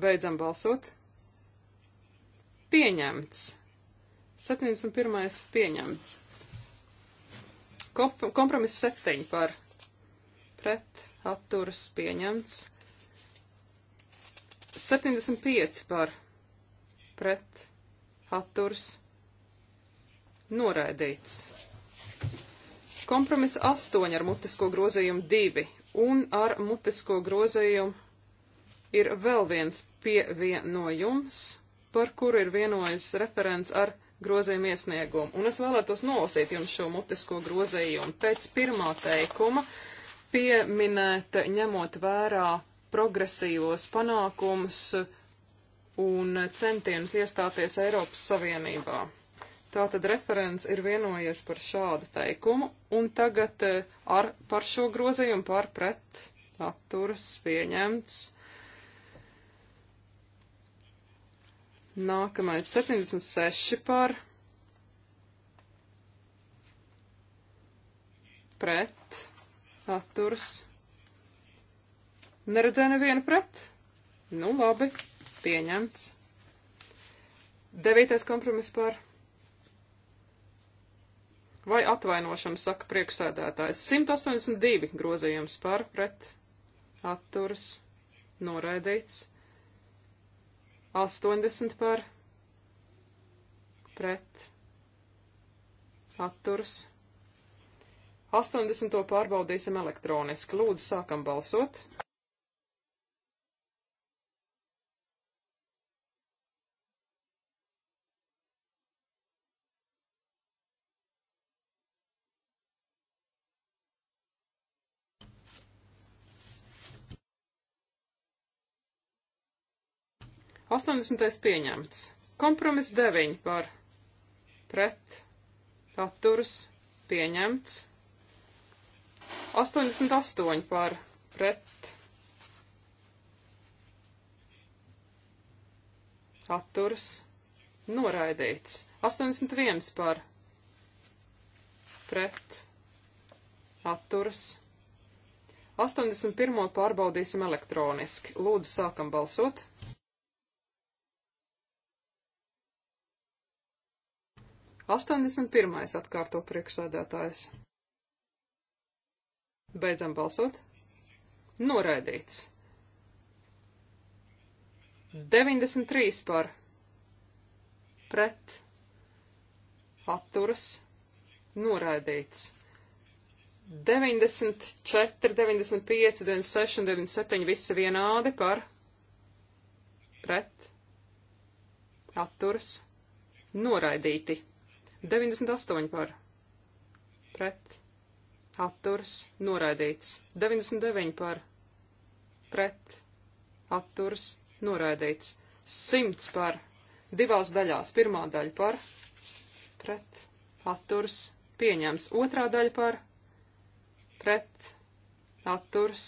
Beidzam balsot. Pieņemts. 71. pieņemts. Komp kompromiss 7 par pret atturas pieņemts. 75 par pret atturas atturs, noraidīts. Kompromiss 8 ar mutisko grozījumu 2 un ar mutisko grozījumu ir vēl viens pievienojums, par kuru ir vienojis referents ar grozījumu iesniegumu. Un es vēlētos nolasīt jums šo mutisko grozījumu. Pēc pirmā teikuma pieminēt, ņemot vērā progresīvos panākumus, un centienus iestāties Eiropas Savienībā. Tātad referents ir vienojies par šādu teikumu, un tagad eh, ar, par šo grozījumu par pret atturas pieņemts. Nākamais 76 par pret atturas. Neredzēju nevienu pret? Nu labi pieņemts. Devītais kompromiss par. Vai atvainošana, saka priekšsēdētājs. 182 grozījums par pret atturas noraidīts. 80 par pret atturas. 80 pārbaudīsim elektroniski. Lūdzu, sākam balsot. 80. pieņemts. Kompromiss 9 par pret atturas pieņemts. 88 par pret atturas noraidīts. 81 par pret atturas. 81. pārbaudīsim elektroniski. Lūdzu, sākam balsot. 81. atkārto priekšsēdētājs. Beidzam balsot. Noraidīts. 93 par pret atturas noraidīts. 94, 95, 96, 97 visi vienādi par pret atturas noraidīti. 98 par pret atturs noraidīts. 99 par pret atturs noraidīts. 100 par divās daļās. Pirmā daļa par pret atturs pieņems. Otrā daļa par pret atturs.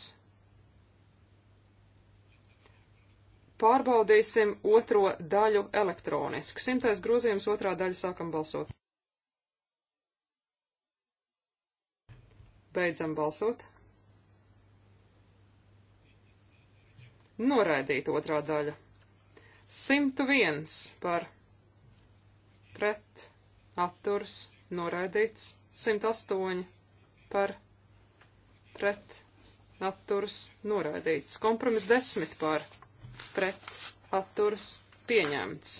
Pārbaudīsim otro daļu elektroniski. Simtais grozījums otrā daļa sākam balsot. Beidzam balsot. Noraidīt otrā daļa. 101 par pret, atturs, noraidīts. 108 par pret, atturs, noraidīts. Kompromis 10 par pret, atturs, pieņemts.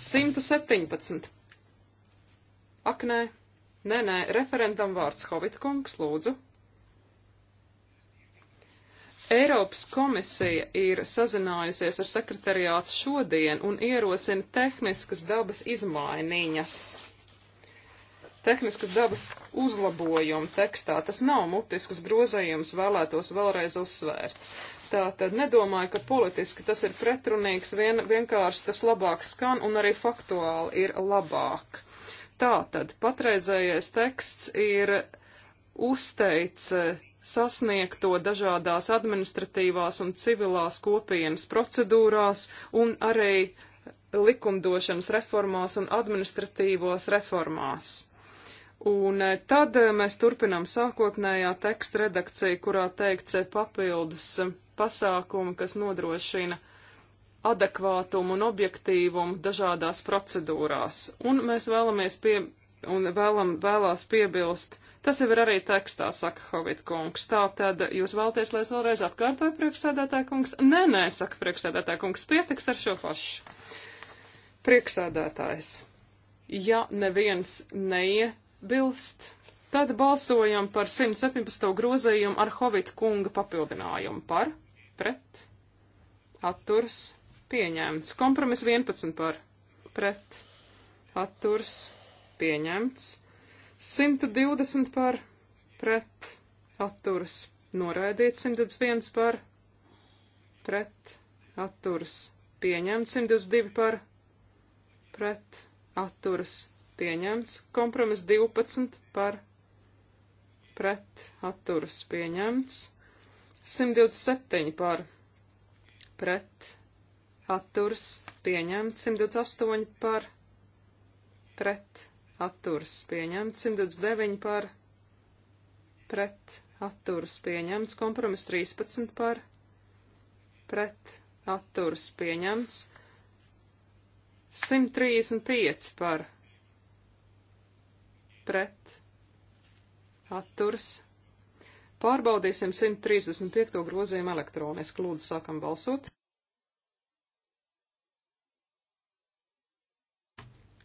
117. Aknē Nē, nē, referentam vārds Hovitkungs, lūdzu. Eiropas komisija ir sazinājusies ar sekretariātu šodien un ierosina tehniskas dabas izmaiņas. Tehniskas dabas uzlabojumu tekstā tas nav mutisks grozējums, vēlētos vēlreiz uzsvērt. Tātad nedomāju, ka politiski tas ir pretrunīgs, vien, vienkārši tas labāk skan un arī faktuāli ir labāk. Tātad patreizējais teksts ir uzteic eh, sasniegto dažādās administratīvās un civilās kopienas procedūrās un arī likumdošanas reformās un administratīvos reformās. Un eh, tad eh, mēs turpinām sākotnējā teksta redakciju, kurā teikts papildus pasākumu, kas nodrošina adekvātumu un objektīvumu dažādās procedūrās. Un mēs vēlamies pie, un vēlam, vēlās piebilst, tas jau ir arī tekstā, saka Hovit kungs. Tā tad jūs vēlties, lai es vēlreiz atkārtoju priekšsēdētāju kungs? Nē, nē, saka priekšsēdētāju kungs, pietiks ar šo pašu. Priekšsēdētājs. Ja neviens neiebilst, tad balsojam par 117. grozījumu ar Hovit kunga papildinājumu par, pret, atturs pieņemts. Kompromis 11 par pret atturs pieņemts. 120 par pret atturs noraidīts. 121 par pret atturs pieņemts. 122 par pret atturs pieņemts. Kompromis 12 par pret atturs pieņemts. 127 par pret atturs pieņemts 128 par pret atturs pieņemts 129 par pret atturs pieņemts kompromis 13 par pret atturs pieņemts 135 par pret atturs. Pārbaudīsim 135. grozījumu elektroniski. Lūdzu, sākam balsot.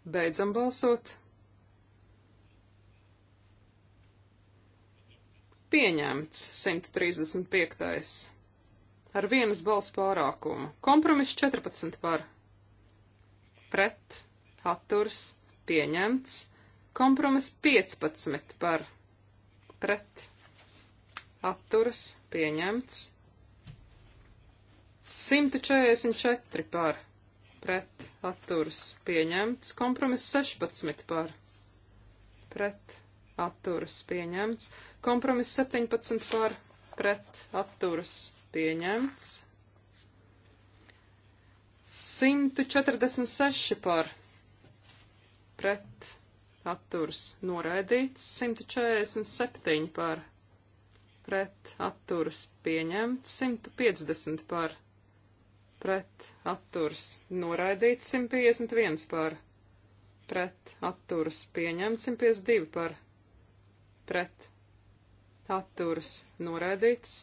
Beidzam balsot. Pieņemts 135. Ar vienas balss pārākumu. Kompromiss 14 par. Pret. Atturs. Pieņemts. Kompromiss 15 par. Pret. Atturs. Pieņemts. 144 par pret atturas pieņemts, kompromiss 16 par pret atturas pieņemts, kompromiss 17 par pret atturas pieņemts, 146 par pret atturas noraidīts, 147 par pret atturas pieņemts, 150 par pret pret atturs noraidīts 151 par, pret atturs pieņemts 152 par, pret atturs noraidīts,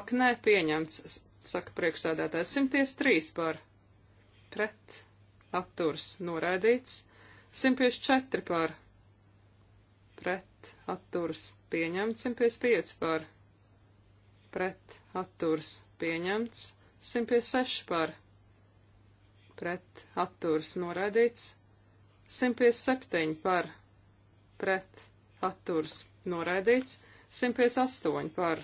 ak nē, pieņemts, saka priekšsēdētājs 153 par, pret atturs noraidīts, 154 par, pret atturs pieņemts 155 par, pret atturs pieņemts 156 par pret atturs noraidīts, 157 par pret atturs noraidīts, 158 par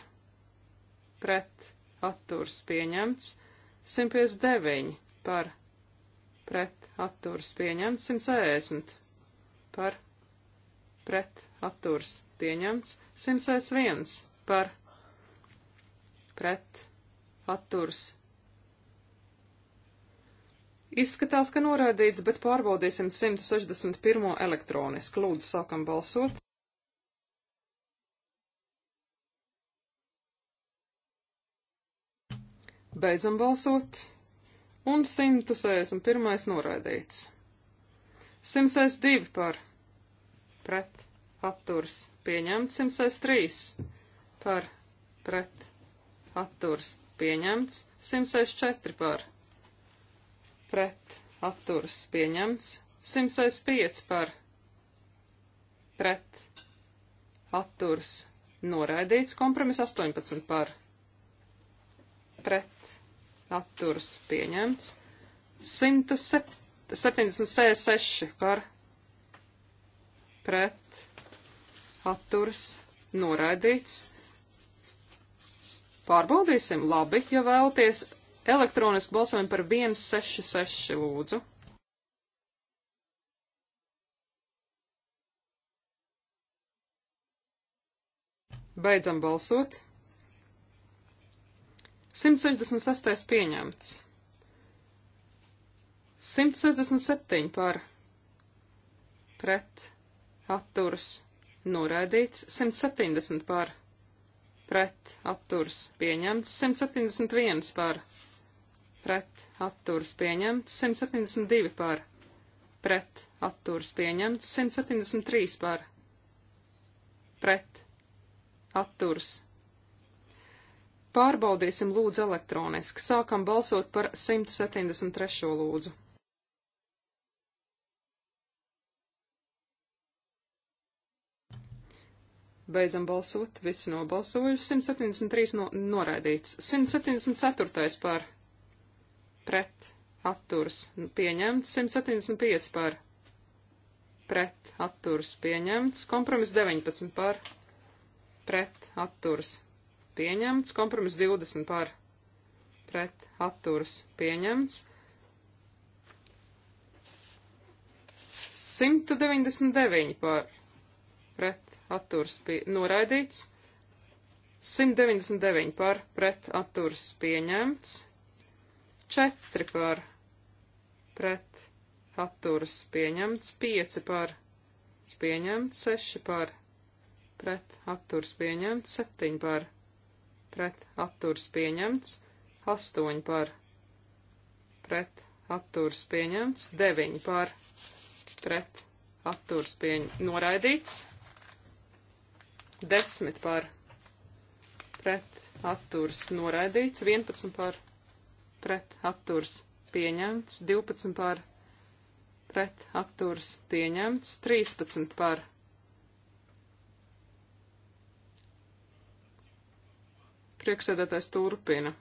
pret atturs pieņemts, 159 par pret atturs pieņemts, 160 par pret atturs pieņemts, 161 par pret atturs pieņemts Izskatās, ka noraidīts, bet pārbaudīsim 161. elektroniski. Lūdzu, sākam balsot. Beidzam balsot. Un 161. noraidīts. 162 par pret atturs pieņemts, 163 par pret atturs pieņemts, 164 par pret pret atturas pieņemts, 105 par pret atturas noraidīts, kompromis 18 par pret atturas pieņemts, 176 par pret atturas noraidīts. Pārbaudīsim, labi, ja vēlaties Elektroniski balsojam par 166 lūdzu. Beidzam balsot. 166. pieņemts. 167 par pret atturs noraidīts. 170 par pret atturs pieņemts. 171 par pret pret atturas pieņemts, 172 par pret atturas pieņemts, 173 par pret atturas. Pārbaudīsim lūdzu elektroniski. Sākam balsot par 173. lūdzu. Beidzam balsot, visi nobalsojuši, 173 no, noraidīts, 174 par pret atturs pieņemts, 175 par pret atturs pieņemts, kompromis 19 par pret atturs pieņemts, kompromis 20 par pret atturs pieņemts, 199 par pret atturs pie, noraidīts, 199 par pret atturs pieņemts, 4 par pret atturas pieņemts, 5 par pieņemts, 6 par pret atturas pieņemts, 7 par pret atturas pieņemts, 8 par pret atturas pieņemts, 9 par pret atturas pieņemts, noraidīts, 10 par pret atturas noraidīts, 11 par pret pret atturs pieņemts, 12 par pret atturs pieņemts, 13 par priekšsēdētājs turpina.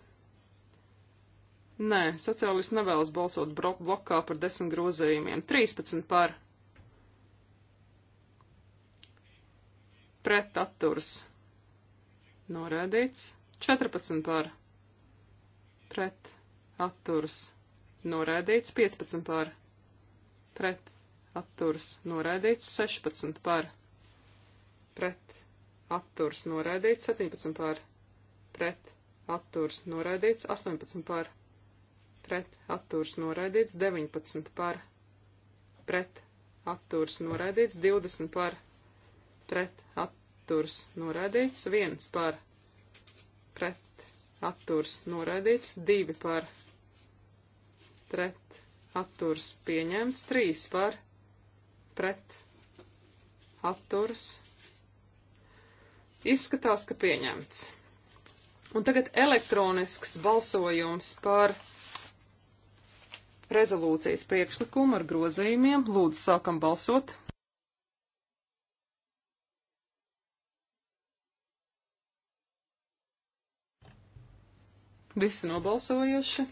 Nē, sociālisti nevēlas balsot blokā par desmit grozējumiem. 13 par pret atturs norēdīts, 14 par pret atturs atturas noraidīts 15 par pret atturas noraidīts 16 par pret atturas noraidīts 17 par pret atturas noraidīts 18 par pret atturas noraidīts 19 par pret atturas noraidīts 20 par pret atturas noraidīts 1 par pret atturas noraidīts 2 par pret pret, atturs pieņemts, 3 par, pret, atturs. Izskatās, ka pieņemts. Un tagad elektronisks balsojums par rezolūcijas priekšlikumu ar grozījumiem. Lūdzu, sākam balsot. Visi nobalsojuši.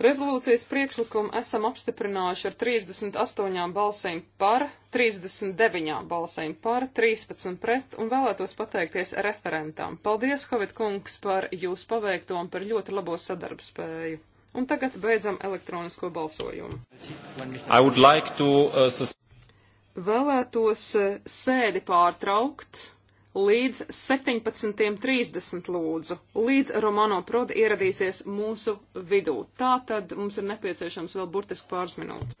Rezolūcijas priekšlikumu esam apstiprinājuši ar 38 balsīm par, 39 balsīm par, 13 pret un vēlētos pateikties referentām. Paldies, Covid kungs, par jūsu paveikto un par ļoti labo sadarbspēju. Un tagad beidzam elektronisko balsojumu. Like to, uh, Vēlētos uh, sēdi pārtraukt līdz 17.30 lūdzu, līdz Romano Prodi ieradīsies mūsu vidū. Tā tad mums ir nepieciešams vēl burtiski pāris minūtes.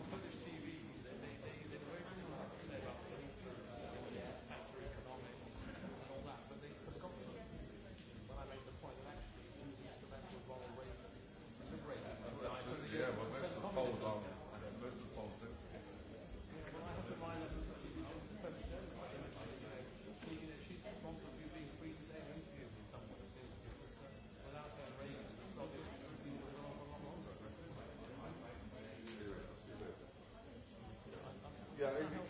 Ja, irgendwie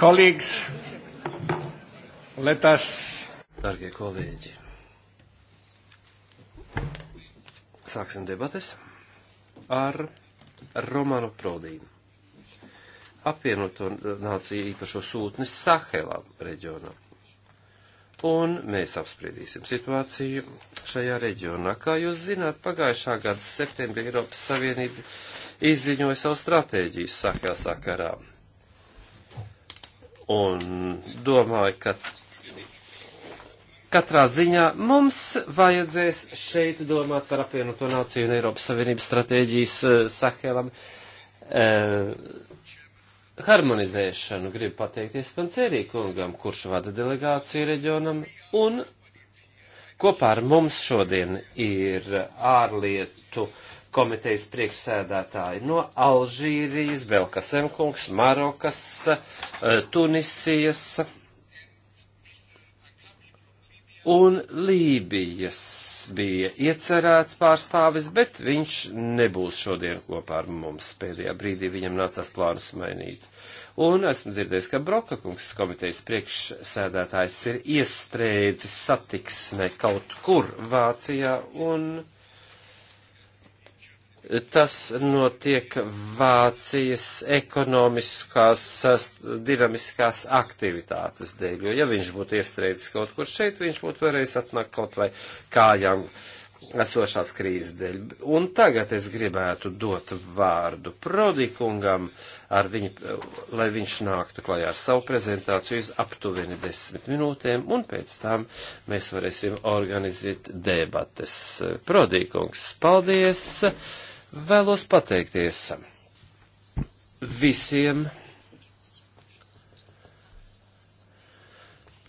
Kolēģis, letas. Dargie kolēģi, sāksim debates ar Romanu Prodīnu. Apvienoto nāciju īpašo sūtni Sahelā reģionā. Un mēs apspriedīsim situāciju šajā reģionā. Kā jūs zināt, pagājušā gada septembrī Eiropas Savienība izziņoja savu stratēģiju Sahel sakarā un domāju, ka katrā ziņā mums vajadzēs šeit domāt par apvienoto nāciju un Eiropas Savienības stratēģijas uh, Sahelam uh, harmonizēšanu. Gribu pateikties Pancerī kungam, kurš vada delegāciju reģionam, un kopā ar mums šodien ir ārlietu komitejas priekšsēdētāji no Alžīrijas, Belkasemkungs, Marokas, eh, Tunisijas un Lībijas bija iecerēts pārstāvis, bet viņš nebūs šodien kopā ar mums. Pēdējā brīdī viņam nācās plānus mainīt. Un esmu dzirdējis, ka Broka kungs komitejas priekšsēdētājs ir iestrēdzis satiksmē kaut kur Vācijā un. Tas notiek Vācijas ekonomiskās dinamiskās aktivitātes dēļ, jo ja viņš būtu iestrēdzis kaut kur šeit, viņš būtu varējis atnākt kaut vai kājām esošās krīzes dēļ. Un tagad es gribētu dot vārdu Prodikungam, viņu, lai viņš nāktu klajā ar savu prezentāciju uz aptuveni desmit minūtēm, un pēc tam mēs varēsim organizēt debates. Prodikungs, paldies! Vēlos pateikties visiem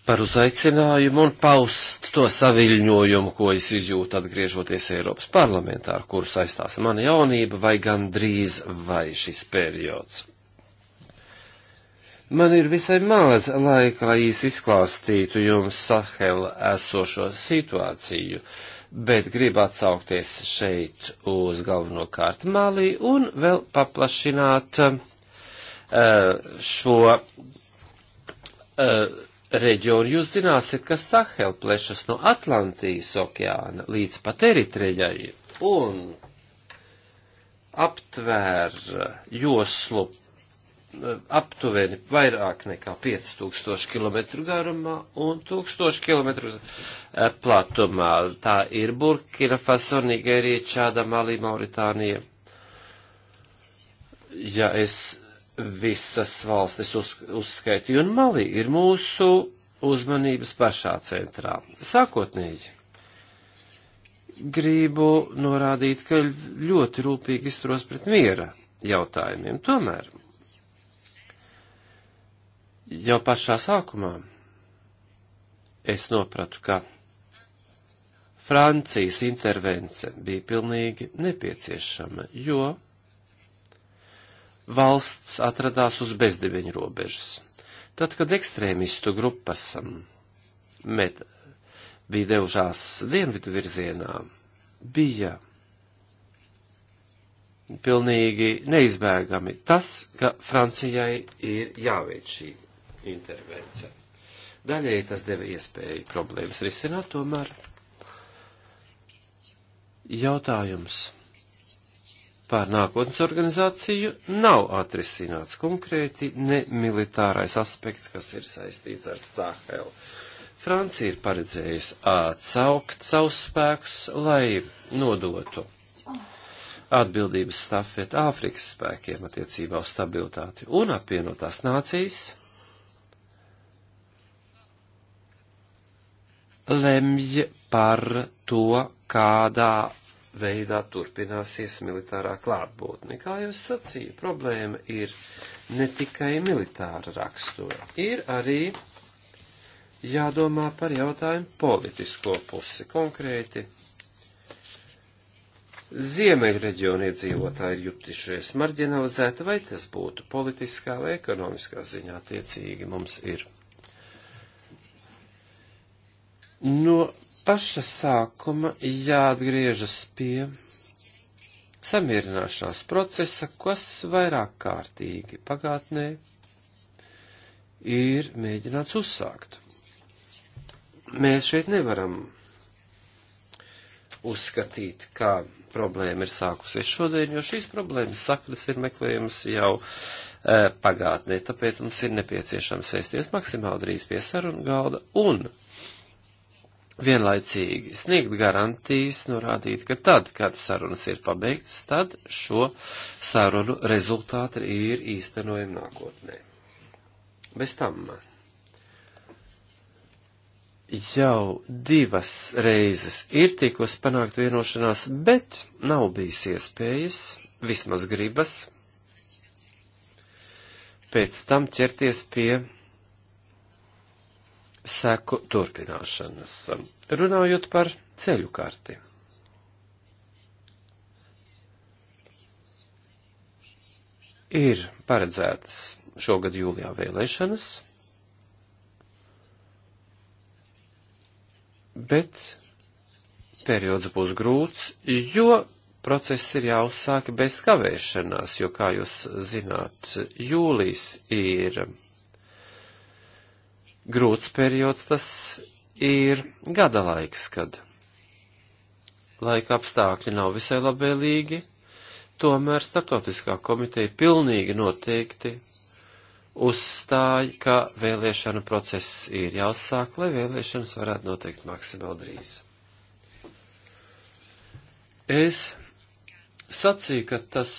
par uzaicinājumu un paust to saviļņojumu, ko es izjūtu atgriežoties Eiropas parlamentā, ar kuru saistās mana jaunība vai gan drīz vai šis periods. Man ir visai maz laika, lai īsi izklāstītu jums Sahela esošo situāciju. Uh, bet gribu atsaukties šeit uz galvenokārt Mali un vēl paplašināt uh, šo uh, reģionu. Jūs zināsiet, ka Sahel plešas no Atlantijas okeāna līdz pat Eritrejai un aptvēr joslu aptuveni vairāk nekā 5000 km garumā un 1000 km eh, platumā. Tā ir Burkina Faso, Nigērija, Čāda, Malī, Mauritānija. Ja es visas valstis uz, uzskaitīju, un Malī ir mūsu uzmanības pašā centrā. Sākotnēji gribu norādīt, ka ļoti rūpīgi izturos pret miera jautājumiem. Tomēr Jau pašā sākumā es nopratu, ka Francijas intervence bija pilnīgi nepieciešama, jo valsts atradās uz bezdibeņu robežas. Tad, kad ekstrēmistu grupas um, met, bija devušās dienvidu virzienā, bija pilnīgi neizbēgami tas, ka Francijai ir jāveic šī intervence. Daļēji tas deva iespēju problēmas risināt, tomēr jautājums par nākotnes organizāciju nav atrisināts konkrēti ne militārais aspekts, kas ir saistīts ar Sahelu. Francija ir paredzējusi atsaukt savus spēkus, lai nodotu atbildības stafeti Āfrikas spēkiem attiecībā uz stabilitāti un apvienotās nācijas lemj par to, kādā veidā turpināsies militārā klātbūtne. Kā jau es sacīju, problēma ir ne tikai militāra rakstura, ir arī jādomā par jautājumu politisko pusi konkrēti. Ziemeļreģiona iedzīvotāji ir jutušies marginalizēti, vai tas būtu politiskā vai ekonomiskā ziņā tiecīgi mums ir No paša sākuma jāatgriežas pie samierināšanās procesa, kas vairāk kārtīgi pagātnē ir mēģināts uzsākt. Mēs šeit nevaram uzskatīt, ka problēma ir sākusies šodien, jo šīs problēmas saknes ir meklējamas jau e, pagātnē, tāpēc mums ir nepieciešams sēsties maksimāli drīz pie sarunu galda un vienlaicīgi sniegt garantijas, norādīt, ka tad, kad sarunas ir pabeigtas, tad šo sarunu rezultāti ir īstenojami nākotnē. Bez tam jau divas reizes ir tikos panākt vienošanās, bet nav bijis iespējas, vismaz gribas, pēc tam ķerties pie seku turpināšanas. Runājot par ceļu karti. Ir paredzētas šogad jūlijā vēlēšanas, bet periods būs grūts, jo process ir jāuzsāk bez kavēšanās, jo, kā jūs zināt, jūlijs ir grūts periods tas ir gada laiks, kad laika apstākļi nav visai labvēlīgi, tomēr starptautiskā komiteja pilnīgi noteikti uzstāja, ka vēlēšana process ir jāsāk, lai vēlēšanas varētu noteikt maksimāli drīz. Es sacīju, ka tas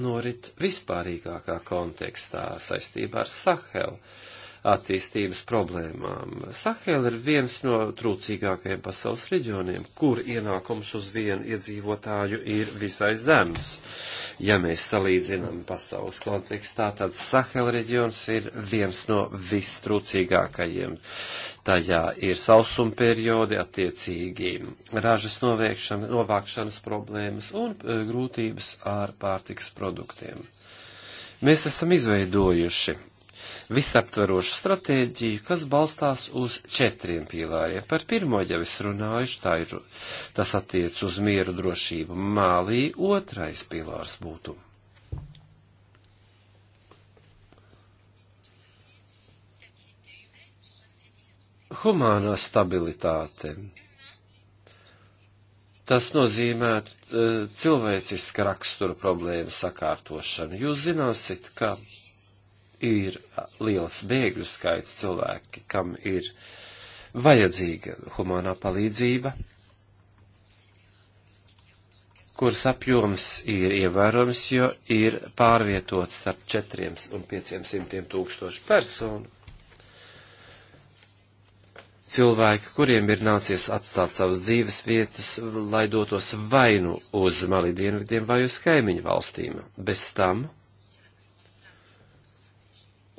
norit vispārīgākā kontekstā saistībā ar Sahelu attīstības problēmām. Sahela ir viens no trūcīgākajiem pasaules reģioniem, kur ienākums uz vienu iedzīvotāju ir visai zems. Ja mēs salīdzinām pasaules kontekstā, tad Sahela reģions ir viens no vistrūcīgākajiem. Tajā ir sausuma periodi, attiecīgi ražas novākšanas problēmas un e, grūtības ar pārtikas produktiem. Mēs esam izveidojuši visaptvarošu stratēģiju, kas balstās uz četriem pīlāriem. Par pirmo jau es runāju, tā ir, tas attiec uz mieru drošību Mālī, otrais pīlārs būtu. Humānā stabilitāte. Tas nozīmē eh, cilvēciska rakstura problēmu sakārtošanu. Jūs zināsit, ka ir liels bēgļu skaits cilvēki, kam ir vajadzīga humanā palīdzība, kuras apjoms ir ievērojams, jo ir pārvietots starp 4 un 500 tūkstošu personu. Cilvēki, kuriem ir nācies atstāt savas dzīves vietas, lai dotos vainu uz mali dienvidiem vai uz kaimiņu valstīm. Bez tam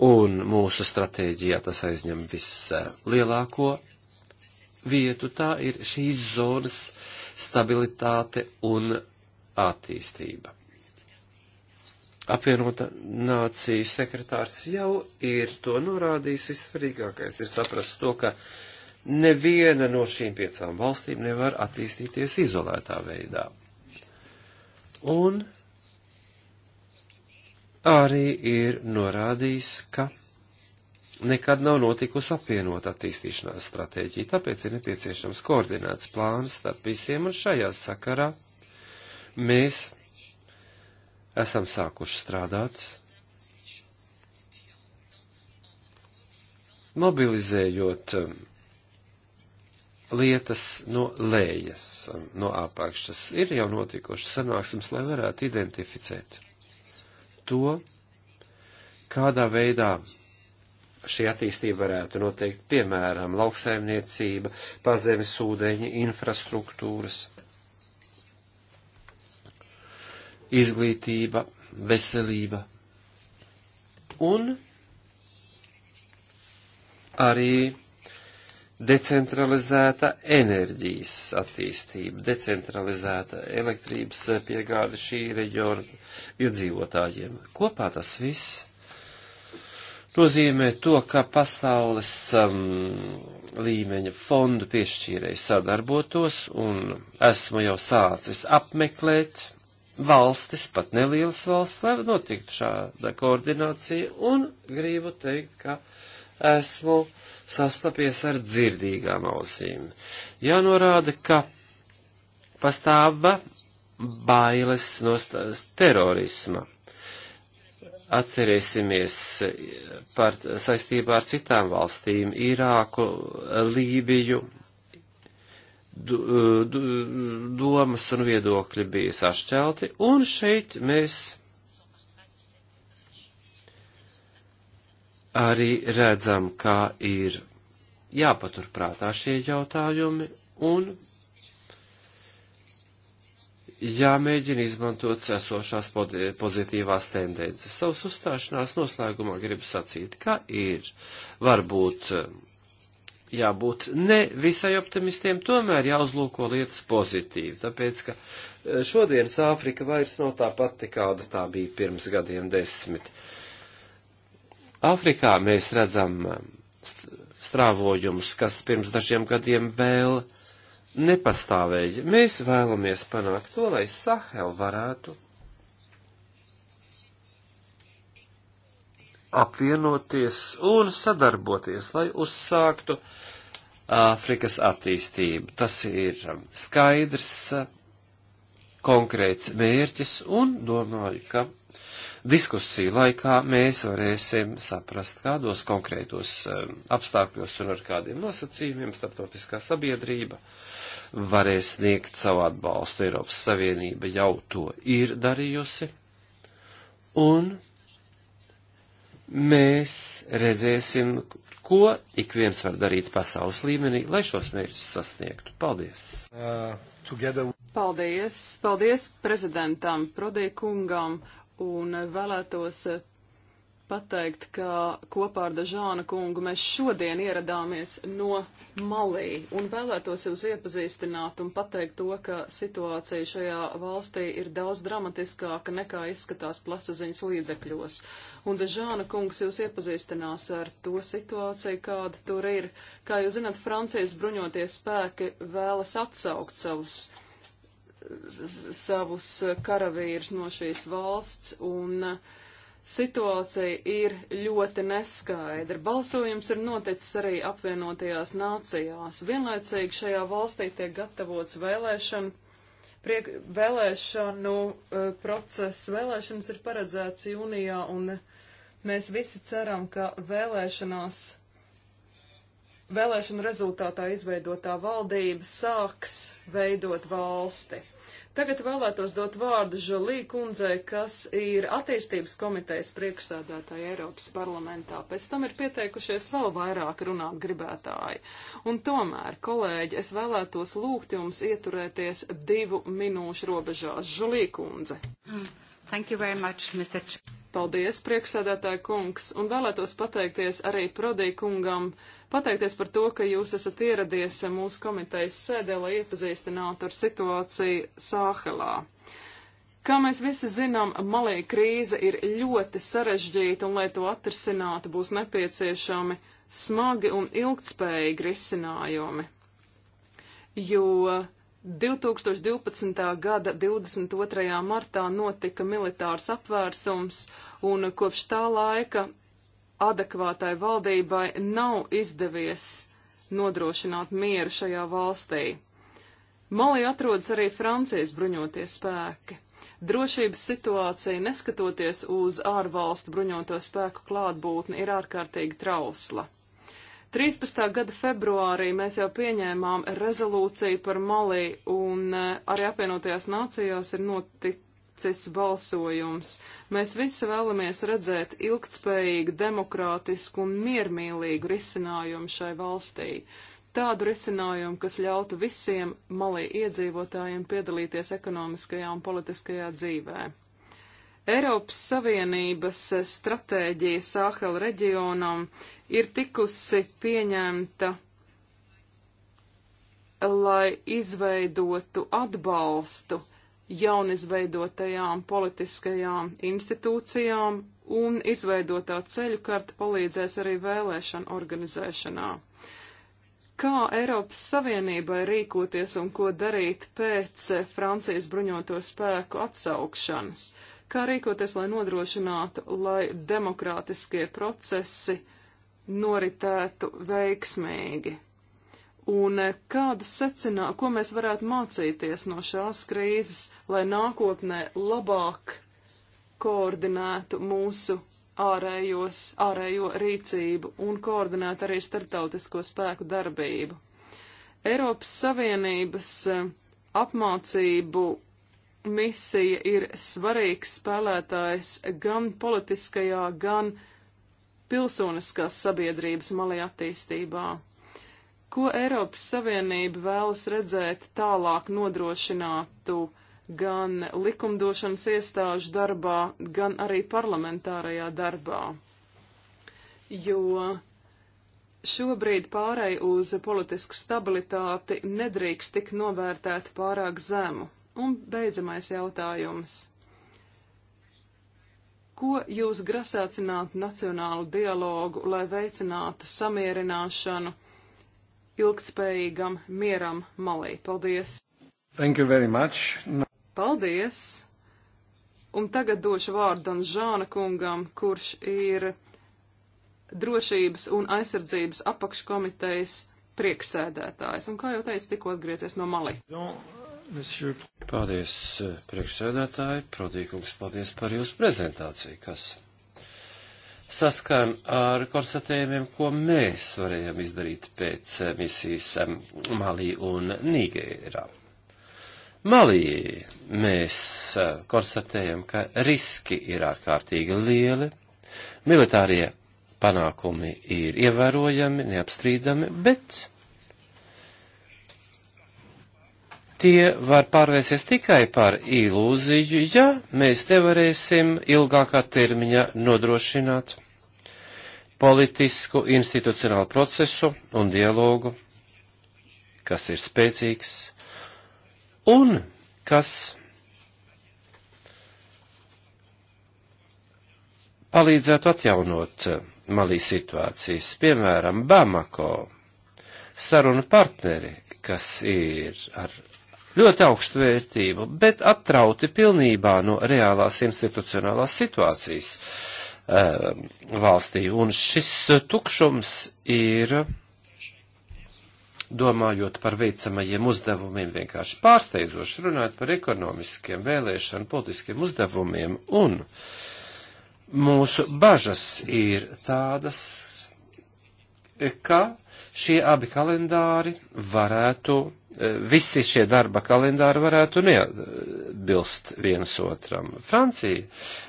Un mūsu stratēģijā tas aizņem vislielāko vietu. Tā ir šīs zonas stabilitāte un attīstība. Apvienotā nācija sekretārs jau ir to norādījis. Vissvarīgākais ir saprast to, ka neviena no šīm piecām valstīm nevar attīstīties izolētā veidā. Un arī ir norādījis, ka nekad nav notikusi apvienot attīstīšanās stratēģija, tāpēc ir nepieciešams koordinēts plāns starp visiem, un šajā sakarā mēs esam sākuši strādāt, mobilizējot um, lietas no lējas, um, no apakšas. Ir jau notikušas sanāksmes, lai varētu identificēt to, kādā veidā šī attīstība varētu noteikt, piemēram, lauksaimniecība, pazemes ūdeņi, infrastruktūras, izglītība, veselība un arī decentralizēta enerģijas attīstība, decentralizēta elektrības piegāde šī reģiona iedzīvotājiem. Kopā tas viss nozīmē to, ka pasaules um, līmeņa fondu piešķīrēji sadarbotos, un esmu jau sācis apmeklēt valstis, pat nelielas valsts, lai notiktu šāda koordinācija, un gribu teikt, ka esmu uh, sastapies ar dzirdīgām ausīm. Jānorāda, ka pastāv bailes no terorisma. Atcerēsimies par saistībā ar citām valstīm - Irāku, Lībiju. D domas un viedokļi bija sašķelti, un šeit mēs arī redzam, kā ir jāpaturprātā šie jautājumi un jāmēģina izmantot esošās pozitīvās tendences. Savas uzstāšanās noslēgumā gribu sacīt, ka ir varbūt eh, jābūt ne visai optimistiem, tomēr jāuzlūko lietas pozitīvi, tāpēc, ka eh, šodienas Āfrika vairs nav tā pati, kāda tā bija pirms gadiem desmit. Āfrikā mēs redzam um, strāvojumus, kas pirms dažiem gadiem vēl nepastāvēja. Mēs vēlamies panākt to, lai Sahel varētu apvienoties un sadarboties, lai uzsāktu Āfrikas attīstību. Tas ir um, skaidrs, uh, konkrēts mērķis un domāju, ka diskusiju laikā mēs varēsim saprast, kādos konkrētos um, apstākļos un ar kādiem nosacījumiem starptautiskā sabiedrība varēs sniegt savu atbalstu. Eiropas Savienība jau to ir darījusi. Un mēs redzēsim, ko ik viens var darīt pasaules līmenī, lai šos mērķus sasniegtu. Paldies! Uh, together. paldies! Paldies prezidentam Prodīkungam un vēlētos pateikt, ka kopā ar Dažāna kungu mēs šodien ieradāmies no Malī un vēlētos jūs iepazīstināt un pateikt to, ka situācija šajā valstī ir daudz dramatiskāka nekā izskatās plasaziņas līdzekļos. Un Dažāna kungs jūs iepazīstinās ar to situāciju, kāda tur ir. Kā jūs zināt, Francijas bruņoties spēki vēlas atsaukt savus savus karavīrus no šīs valsts, un uh, situācija ir ļoti neskaidra. Balsojums ir noticis arī apvienotajās nācijās. Vienlaicīgi šajā valstī tiek gatavots vēlēšanu, priek, vēlēšanu uh, process. Vēlēšanas ir paredzēts jūnijā, un mēs visi ceram, ka vēlēšanās vēlēšanu rezultātā izveidotā valdība sāks veidot valsti. Tagad vēlētos dot vārdu Žalī kundzei, kas ir attīstības komitejas priekšsēdētāja Eiropas parlamentā. Pēc tam ir pieteikušies vēl vairāk runāt gribētāji. Un tomēr, kolēģi, es vēlētos lūgt jums ieturēties divu minūšu robežās. Žalī kundze. Mm. Thank you very much, Mr. Ch Paldies, priekšsēdētāja kungs, un vēlētos pateikties arī Prodī kungam, pateikties par to, ka jūs esat ieradies mūsu komitejas sēdē, lai iepazīstinātu ar situāciju Sāhelā. Kā mēs visi zinām, malī krīze ir ļoti sarežģīta, un lai to atrisinātu, būs nepieciešami smagi un ilgtspējīgi risinājumi. Jo 2012. gada 22. martā notika militārs apvērsums, un kopš tā laika adekvātai valdībai nav izdevies nodrošināt mieru šajā valstī. Malī atrodas arī Francijas bruņotie spēki. Drošības situācija, neskatoties uz ārvalstu bruņoto spēku klātbūtni, ir ārkārtīgi trausla. 13. gada februārī mēs jau pieņēmām rezolūciju par Malī, un eh, arī apvienotajās nācijās ir noticis balsojums. Mēs visi vēlamies redzēt ilgtspējīgu, demokrātisku un miermīlīgu risinājumu šai valstī tādu risinājumu, kas ļautu visiem malī iedzīvotājiem piedalīties ekonomiskajā un politiskajā dzīvē. Eiropas Savienības stratēģija Sāhela reģionam ir tikusi pieņemta, lai izveidotu atbalstu jaunizveidotajām politiskajām institūcijām un izveidotā ceļu karta palīdzēs arī vēlēšanu organizēšanā. Kā Eiropas Savienībai rīkoties un ko darīt pēc Francijas bruņoto spēku atsaukšanas? Uh, Kā rīkoties, lai nodrošinātu, lai demokrātiskie procesi noritētu veiksmīgi? Un eh, kādu secinā, ko mēs varētu mācīties no šās krīzes, lai nākotnē labāk koordinētu mūsu ārējos, ārējo rīcību un koordinēt arī starptautisko spēku darbību. Eiropas Savienības eh, apmācību misija ir svarīgs spēlētājs gan politiskajā, gan pilsoniskās sabiedrības malajā attīstībā. Ko Eiropas Savienība vēlas redzēt tālāk nodrošinātu gan likumdošanas iestāžu darbā, gan arī parlamentārajā darbā? Jo šobrīd pārēj uz politisku stabilitāti nedrīkst tik novērtēt pārāk zemu. Un beidzamais jautājums. Ko jūs grasācināt nacionālu dialogu, lai veicinātu samierināšanu ilgtspējīgam mieram malī? Paldies! Thank you very much. No. Paldies! Un tagad došu vārdu Danžāna kungam, kurš ir drošības un aizsardzības apakškomitejas prieksēdētājs. Un kā jau teicu, tikko atgriezies no Malī. No monsieur. Paldies, priekšsēdētāji, Prodīkungs, paldies par jūsu prezentāciju, kas saskan ar konstatējumiem, ko mēs varējām izdarīt pēc misijas Malī un Nigērā. Malī mēs eh, konstatējam, ka riski ir ārkārtīgi lieli, militārie panākumi ir ievērojami, neapstrīdami, bet tie var pārvērsties tikai par ilūziju, ja mēs nevarēsim ilgākā termiņa nodrošināt politisku institucionālu procesu un dialogu, kas ir spēcīgs un kas palīdzētu atjaunot malī situācijas, piemēram, Bamako saruna partneri, kas ir ar ļoti augstu vērtību, bet atrauti pilnībā no reālās institucionālās situācijas um, valstī. Un šis tukšums ir, domājot par veicamajiem uzdevumiem, vienkārši pārsteidzoši runāt par ekonomiskiem, vēlēšanu, politiskiem uzdevumiem. Un mūsu bažas ir tādas, ka šie abi kalendāri varētu visi šie darba kalendāri varētu neatbilst viens otram. Francija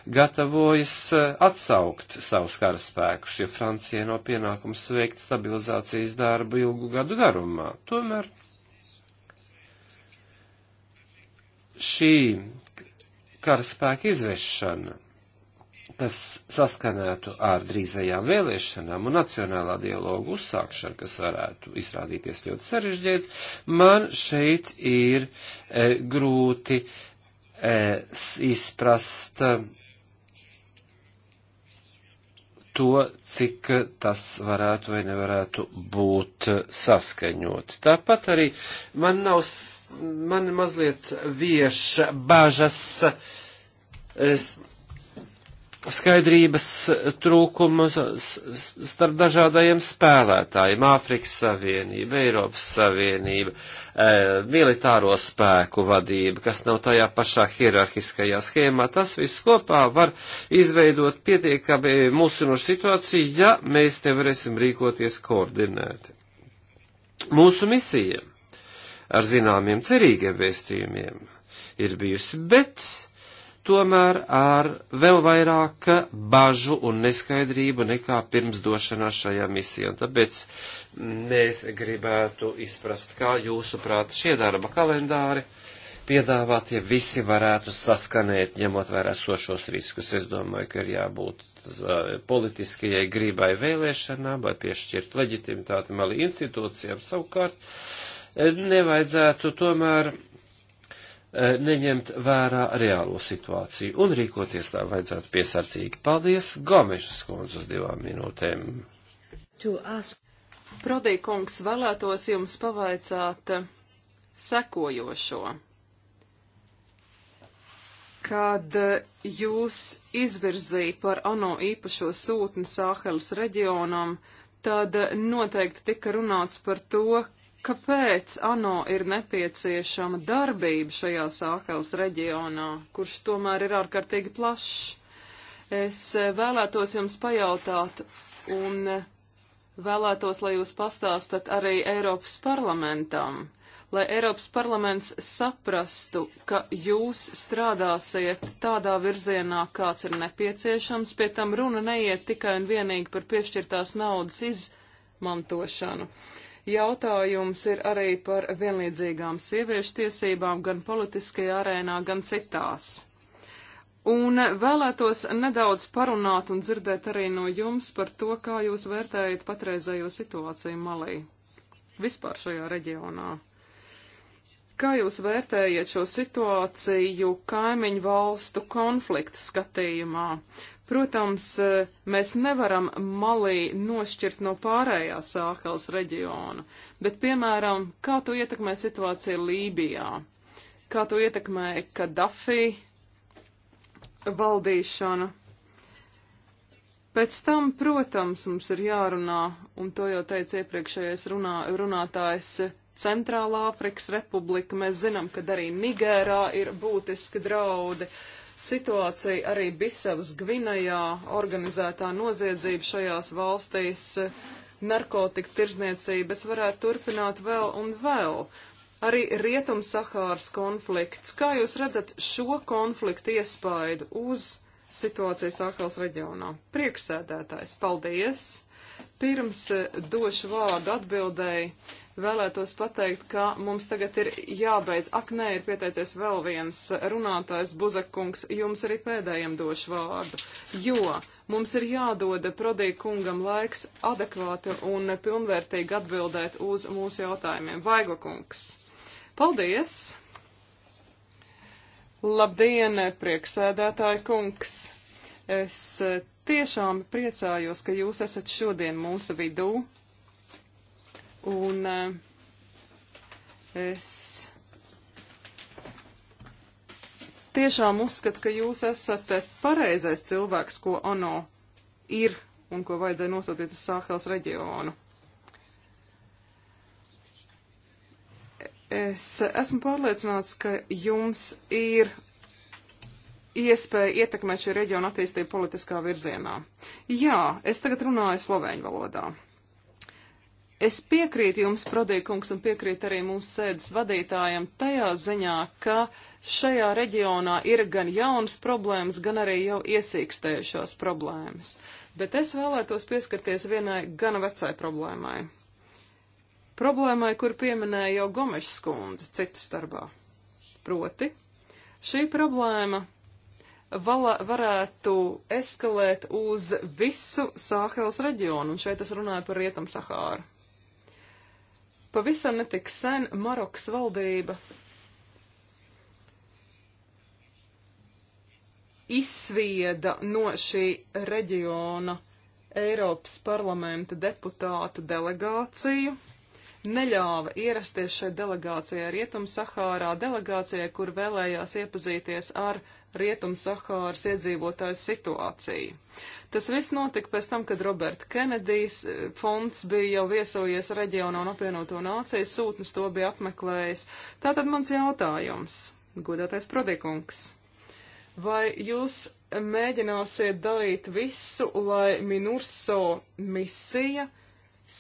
gatavojas eh, atsaukt savus karaspēkus, ja Francija nav pienākums veikt stabilizācijas darbu ilgu gadu garumā. Tomēr šī karaspēka izvešana kas saskanētu ar drīzajām vēlēšanām un nacionālā dialogu uzsākšanu, kas varētu izrādīties ļoti sarežģīts, man šeit ir e, grūti e, izprast e, to, cik tas varētu vai nevarētu būt saskaņot. Tāpat arī man nav, man mazliet vieš bažas. Es, skaidrības trūkumus starp dažādajiem spēlētājiem - Āfrikas Savienība, Eiropas Savienība, e, militāro spēku vadība, kas nav tajā pašā hierarhiskajā schēmā. Tas viss kopā var izveidot pietiekami mūsinošu situāciju, ja mēs nevarēsim rīkoties koordinēti. Mūsu misija ar zināmiem cerīgiem vēstījumiem ir bijusi, bet tomēr ar vēl vairāk bažu un neskaidrību nekā pirms došanās šajā misijā. Un tāpēc mēs gribētu izprast, kā jūsuprāt šie darba kalendāri piedāvātie ja visi varētu saskanēt, ņemot vērā sošos riskus. Es domāju, ka ir jābūt eh, politiskajai gribai vēlēšanām, lai piešķirt leģitimitāti mali institūcijām. Savukārt, eh, nevajadzētu tomēr E, neņemt vērā reālo situāciju un rīkoties tā vajadzētu piesardzīgi. Paldies, Gomešas kundze, uz divām minūtēm. Prodīkungs vēlētos jums pavaicāt e, sekojošo. Kad e, jūs izvirzīja par ANO īpašo sūtni Sāheles reģionam, tad noteikti tika runāts par to, Kāpēc ANO ir nepieciešama darbība šajā Sāheles reģionā, kurš tomēr ir ārkārtīgi plašs? Es eh, vēlētos jums pajautāt un eh, vēlētos, lai jūs pastāstat arī Eiropas parlamentam, lai Eiropas parlaments saprastu, ka jūs strādāsiet tādā virzienā, kāds ir nepieciešams, pie tam runa neiet tikai un vienīgi par piešķirtās naudas izmantošanu. Uh, Jautājums ir arī par vienlīdzīgām sieviešu tiesībām gan politiskajā arēnā, gan citās. Un vēlētos nedaudz parunāt un dzirdēt arī no jums par to, kā jūs vērtējat patreizējo situāciju Malī, vispār šajā reģionā. Kā jūs vērtējat šo situāciju kaimiņu valstu konfliktu skatījumā? Protams, eh, mēs nevaram malī nošķirt no pārējā Sāhelas reģiona, bet, piemēram, kā to ietekmē situācija Lībijā, kā to ietekmē Kadafi valdīšana. Pēc tam, protams, mums ir jārunā, un to jau teica iepriekšējais runā, runātājs, Centrālā Afrikas Republika. Mēs zinām, ka arī Nigērā ir būtiski draudi. Uh, Situācija arī Bisavas Gvinējā, organizētā noziedzība šajās valstīs, narkotika tirzniecība, es varētu turpināt vēl un vēl. Arī Rietum-Sahāras konflikts. Kā jūs redzat šo konfliktu iespaidu uz situāciju Sākals reģionā? Prieksēdētājs, paldies! Pirms eh, došu vārdu atbildēji vēlētos pateikt, ka mums tagad ir jābeidz. Ak, nē, ir pieteicies vēl viens runātājs Buzakungs, jums arī pēdējiem došu vārdu, jo mums ir jādod Prodīja kungam laiks adekvāti un pilnvērtīgi atbildēt uz mūsu jautājumiem. Vaigo kungs. Paldies! Labdien, prieksēdētāji kungs! Es tiešām priecājos, ka jūs esat šodien mūsu vidū. Un eh, es tiešām uzskatu, ka jūs esat pareizais cilvēks, ko ANO ir un ko vajadzēja nosūtīt uz Sāhels reģionu. es esmu pārliecināts, ka jums ir iespēja ietekmēt šī reģiona attīstību politiskā virzienā. Jā, es tagad runāju slovēņu valodā. Es piekrītu jums, Prodīkungs, un piekrītu arī mūsu sēdes vadītājam tajā ziņā, ka šajā reģionā ir gan jaunas problēmas, gan arī jau iesīkstējušās problēmas. Bet es vēlētos pieskarties vienai gan vecai problēmai. Problēmai, kur pieminēja jau Gomešs kundze citu starpā. Proti, šī problēma vala, varētu eskalēt uz visu Sāhelas reģionu, un šeit es runāju par Rietam Sahāru. Pavisam netik sen Marokas valdība izsvieda no šī reģiona Eiropas parlamenta deputātu delegāciju, neļāva ierasties šai delegācijai Rietum Sahārā, delegācijai, kur vēlējās iepazīties ar Rietum-Sahāras iedzīvotāju situāciju. Tas viss notika pēc tam, kad Roberta Kenedijas eh, fonds bija jau viesojies reģionā un apvienoto nāciju sūtnes to bija apmeklējis. Tātad mans jautājums, godātais prodikungs, vai jūs mēģināsiet darīt visu, lai Minurso misija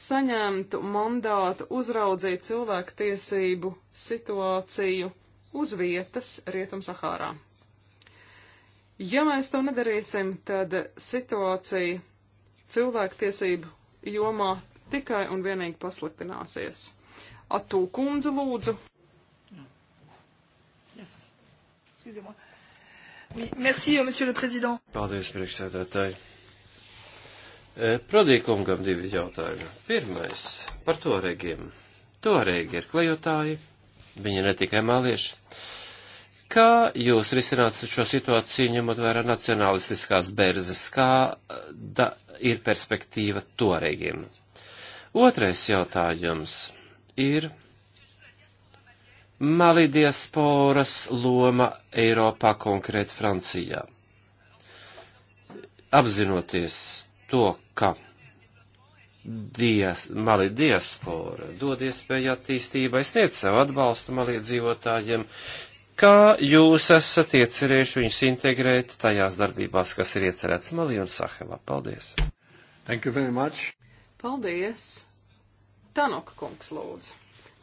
saņemtu mandātu uzraudzīt cilvēku tiesību situāciju uz vietas Rietum-Sahārā? Ja mēs to nedarīsim, tad situācija cilvēktiesību jomā tikai un vienīgi pasliktināsies. Atū kundze lūdzu. Yes. Merci, euh, monsieur le président. Paldies, priekšsēdētāji. E, Prodīkungam divi jautājumi. Pirmais par toreigiem. Toreigi ir klejotāji, viņi ne tikai mālieši Kā jūs risināt šo situāciju, ņemot vērā nacionalistiskās bērzes? Kāda ir perspektīva toreigiem? Otrais jautājums ir Mali diasporas loma Eiropā, konkrēti Francijā. Apzinoties to, ka dias, mali diaspora dod iespēju attīstībai sniegt savu atbalstu malie dzīvotājiem, kā jūs esat iecerējuši viņus integrēt tajās darbībās, kas ir iecerēts Malī un Sahelā? Paldies! Thank you very much! Paldies! Tanoka kungs lūdzu.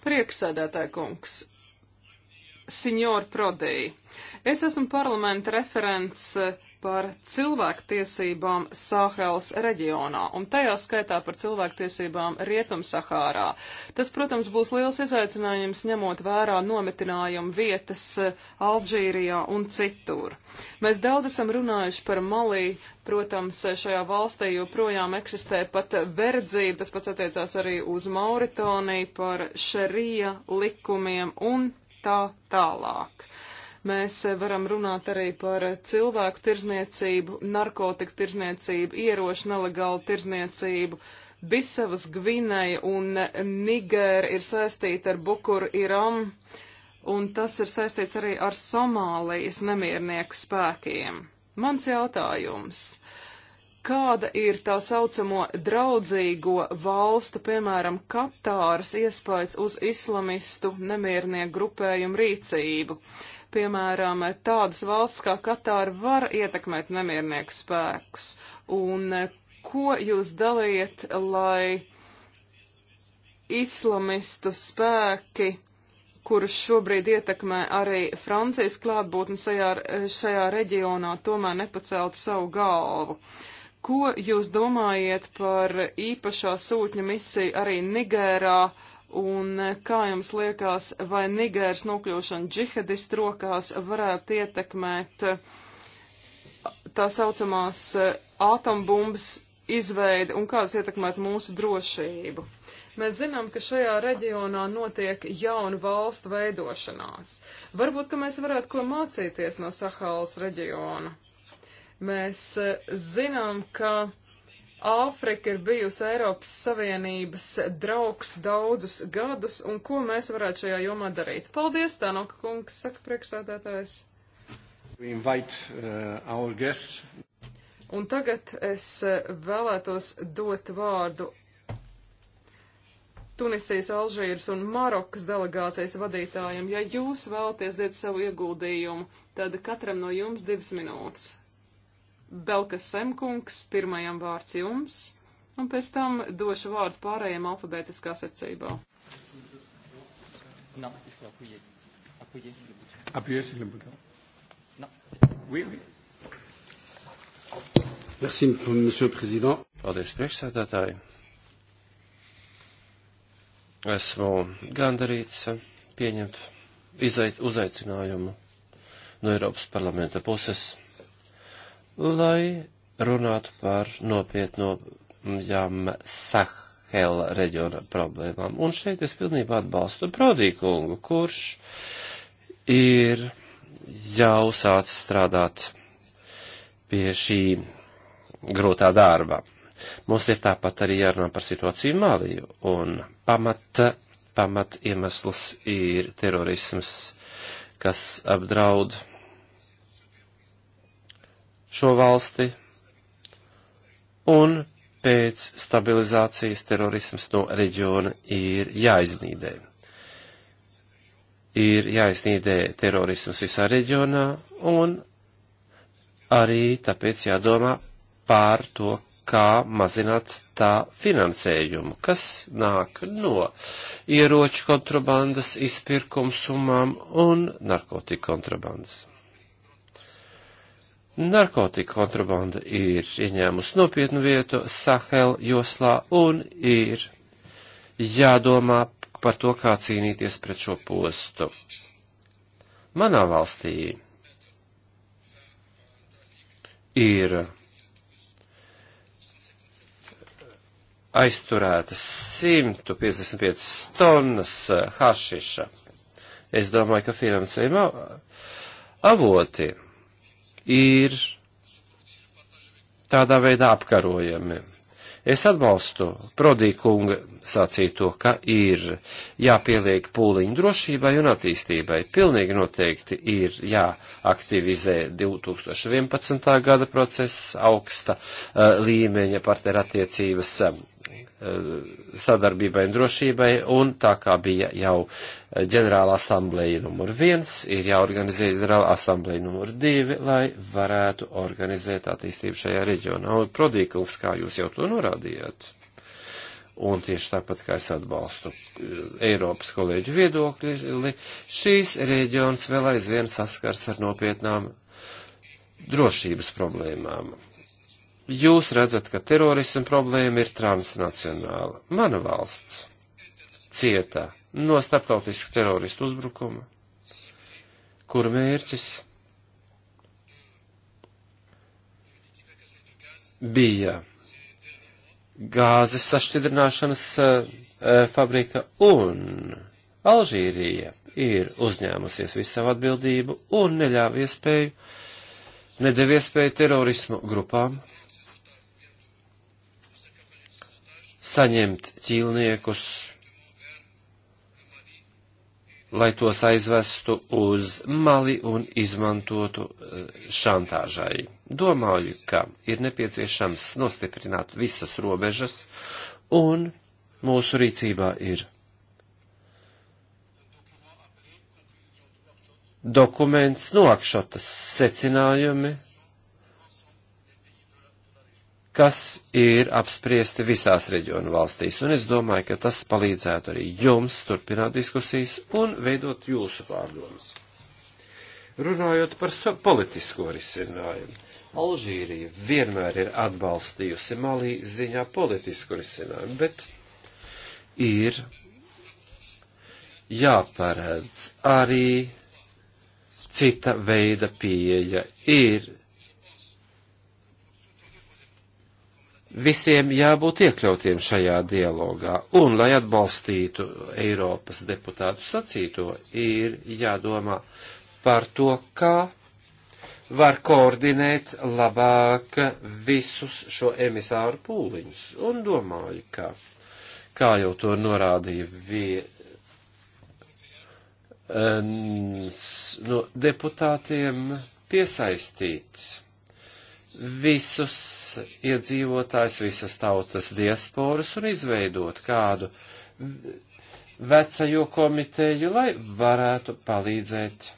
Prieksēdētāja kungs. Signor Prodī. Es esmu parlamenta referents uh, par cilvēktiesībām Sāhēlas reģionā, un tajā skaitā par cilvēktiesībām Rietumsahārā. Tas, protams, būs liels izaicinājums ņemot vērā nometinājumu vietas eh, Alžīrijā un citur. Mēs daudz esam runājuši par Malī, protams, šajā valstī joprojām eksistē pat verdzība, tas pats attiecās arī uz Mauritoniju par šerija likumiem un tā tālāk. Mēs varam runāt arī par cilvēku tirzniecību, narkotiku tirzniecību, ieroču nelegālu tirzniecību. Bisavas Gvineja un Nigēra ir saistīta ar Bukuru Iram, un tas ir saistīts arī ar Somālijas nemiernieku spēkiem. Mans jautājums kāda ir tā saucamo draudzīgo valstu, piemēram, Katāras iespējas uz islamistu nemiernieku grupējumu rīcību. Piemēram, tādas valsts kā Katāra var ietekmēt nemiernieku spēkus. Un eh, ko jūs daliet, lai islamistu spēki, kurus šobrīd ietekmē arī Francijas klātbūtne šajā, šajā reģionā, tomēr nepaceltu savu galvu? Ko jūs domājat par īpašā sūtņa misiju arī Nigērā? Un eh, kā jums liekas, vai Nigēras nokļūšana džihadistu rokās varētu ietekmēt eh, tā saucamās eh, atombumbas izveidi un kādas ietekmēt mūsu drošību? Mēs zinām, ka šajā reģionā notiek jauna valstu veidošanās. Varbūt, ka mēs varētu ko mācīties no Sahālas reģiona. Mēs zinām, ka Āfrika ir bijusi Eiropas Savienības draugs daudzus gadus, un ko mēs varētu šajā jomā darīt? Paldies, Tanoka kungs, saka priekšsādātājs. Uh, un tagad es uh, vēlētos dot vārdu Tunisijas, Alžīras un Marokas delegācijas vadītājiem. Ja jūs vēlaties dot savu ieguldījumu, tad katram no jums divas minūtes. Belkas Semkungs, pirmajam vārds jums, un pēc tam došu vārdu pārējiem alfabētiskā secībā. Non, il faut appuyer. Appuyer sur le bouton. Appuyer sur le bouton. Non. Oui, oui. Merci, Monsieur le Président. Paldies, priekšsēdētāji. Esmu gandarīts pieņemt izait, uzaicinājumu no Eiropas parlamenta puses lai runātu par nopietnām Sahela reģiona problēmām. Un šeit es pilnībā atbalstu Prodīkungu, kurš ir jau sācis strādāt pie šī grūtā darba. Mums ir tāpat arī jārunā par situāciju Maliju, un pamata, pamat iemesls ir terorisms, kas apdraud šo valsti, un pēc stabilizācijas terorisms no reģiona ir jāiznīdē. Ir jāiznīdē terorisms visā reģionā, un arī tāpēc jādomā pār to, kā mazināt tā finansējumu, kas nāk no ieroču kontrabandas, izpirkums summām un narkotika kontrabandas. Narkotika kontrabanda ir ieņēmusi nopietnu vietu Sahel joslā un ir jādomā par to, kā cīnīties pret šo postu. Manā valstī ir aizturētas 155 tonnas eh, hašiša. Es domāju, ka finansējuma avoti ir tādā veidā apkarojami. Es atbalstu Prodīkunga sacīto, ka ir jāpieliek pūliņu drošībai un attīstībai. Pilnīgi noteikti ir jāaktivizē 2011. gada process, augsta uh, līmeņa partnerattiecības uh, Eh, sadarbībai un drošībai, un tā kā bija jau ģenerāla asambleja numur viens, ir jāorganizē ģenerāla asambleja numur divi, lai varētu organizēt attīstību šajā reģionā. Un Prodīkovs, kā jūs jau to norādījāt, un tieši tāpat kā es atbalstu eh, Eiropas kolēģu viedokļi, šīs reģions vēl aizvien saskars ar nopietnām drošības problēmām jūs redzat, ka terorisma problēma ir transnacionāla. Mana valsts cietā no starptautisku teroristu uzbrukuma, kur mērķis bija gāzes sašķidrināšanas uh, fabrika un Alžīrija ir uzņēmusies visu savu atbildību un neļāva iespēju, nedēv iespēju terorismu grupām saņemt ķīlniekus, lai tos aizvestu uz mali un izmantotu eh, šantāžai. Domāju, ka ir nepieciešams nostiprināt visas robežas, un mūsu rīcībā ir dokuments nokšotas secinājumi kas ir apspriesti visās reģionu valstīs, un es domāju, ka tas palīdzētu arī jums turpināt diskusijas un veidot jūsu pārdomas. Runājot par so politisko risinājumu, Alžīrija vienmēr ir atbalstījusi Malī ziņā politisku risinājumu, bet ir jāparedz arī cita veida pieeja. Ir visiem jābūt iekļautiem šajā dialogā. Un, lai atbalstītu Eiropas deputātu sacīto, ir jādomā par to, kā var koordinēt labāk visus šo emisāru pūliņus. Un domāju, ka, kā jau to norādīja vie, eh, no deputātiem piesaistīts visus iedzīvotājs, visas tautas diasporas un izveidot kādu vecajo komiteju, lai varētu palīdzēt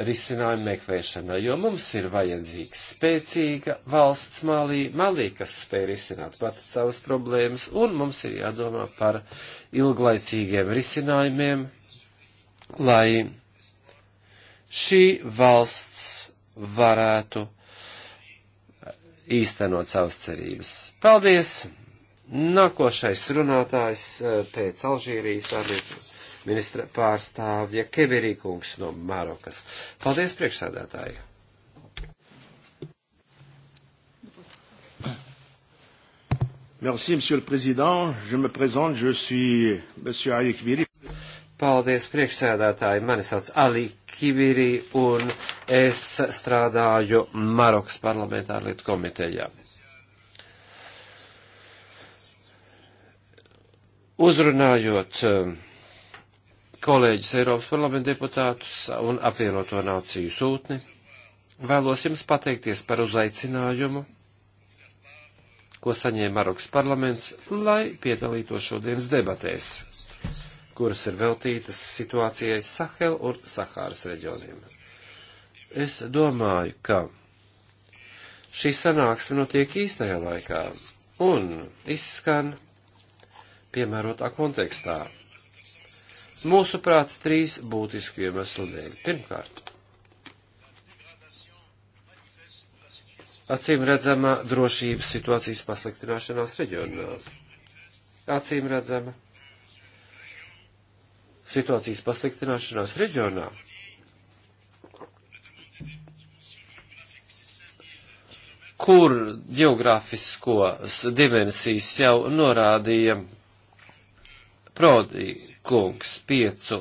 risinājumu meklēšanā, jo mums ir vajadzīga spēcīga valsts malī, malī, kas spēj risināt pats savas problēmas, un mums ir jādomā par ilglaicīgiem risinājumiem, lai šī valsts varētu īstenot savas cerības. Paldies! Nākošais runātājs eh, pēc Alžīrijas armijas ministra pārstāvja Keberīkungs no Marokas. Paldies priekšsādātāji! Merci, Monsieur le Président. Je me présente, je suis Monsieur Ali Kbiri. Paldies, priekšsēdētāji. Mani sauc Ali Kibiri un es strādāju Marokas parlamentāru lietu komitejā. Uzrunājot um, kolēģis Eiropas parlamenta deputātus un apvienoto nāciju sūtni, vēlos jums pateikties par uzaicinājumu, ko saņēma Marokas parlaments, lai piedalītos šodienas debatēs kuras ir veltītas situācijai Sahel un Sahāras reģioniem. Es domāju, ka šī sanāksme notiek īstajā laikā un izskan piemērotā kontekstā. Mūsuprāt, trīs būtisku iemeslu dēļ. Pirmkārt, acīm redzama drošības situācijas pasliktināšanās reģionā. Acīm redzama situācijas pasliktināšanās reģionā. kur geogrāfisko dimensijas jau norādīja Prodi kungs piecu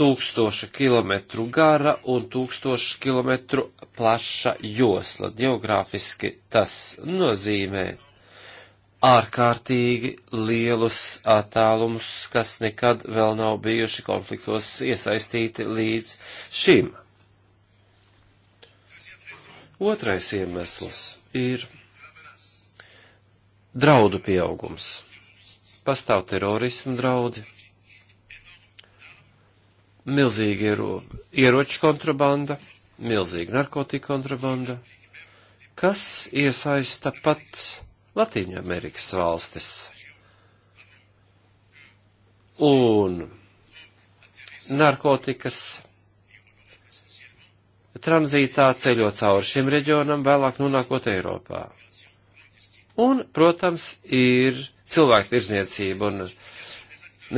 tūkstošu kilometru gara un tūkstošu kilometru plaša josla. Geogrāfiski tas nozīmē ārkārtīgi lielus attālumus, kas nekad vēl nav bijuši konfliktos iesaistīti līdz šim. Otrais iemesls ir draudu pieaugums. Pastāv terorismu draudi, milzīga iero, ieroču kontrabanda, milzīga narkotika kontrabanda, kas iesaista pat Latīņu Amerikas valstis. Un narkotikas tranzītā ceļot cauri šim reģionam, vēlāk nonākot Eiropā. Un, protams, ir cilvēku tirzniecība un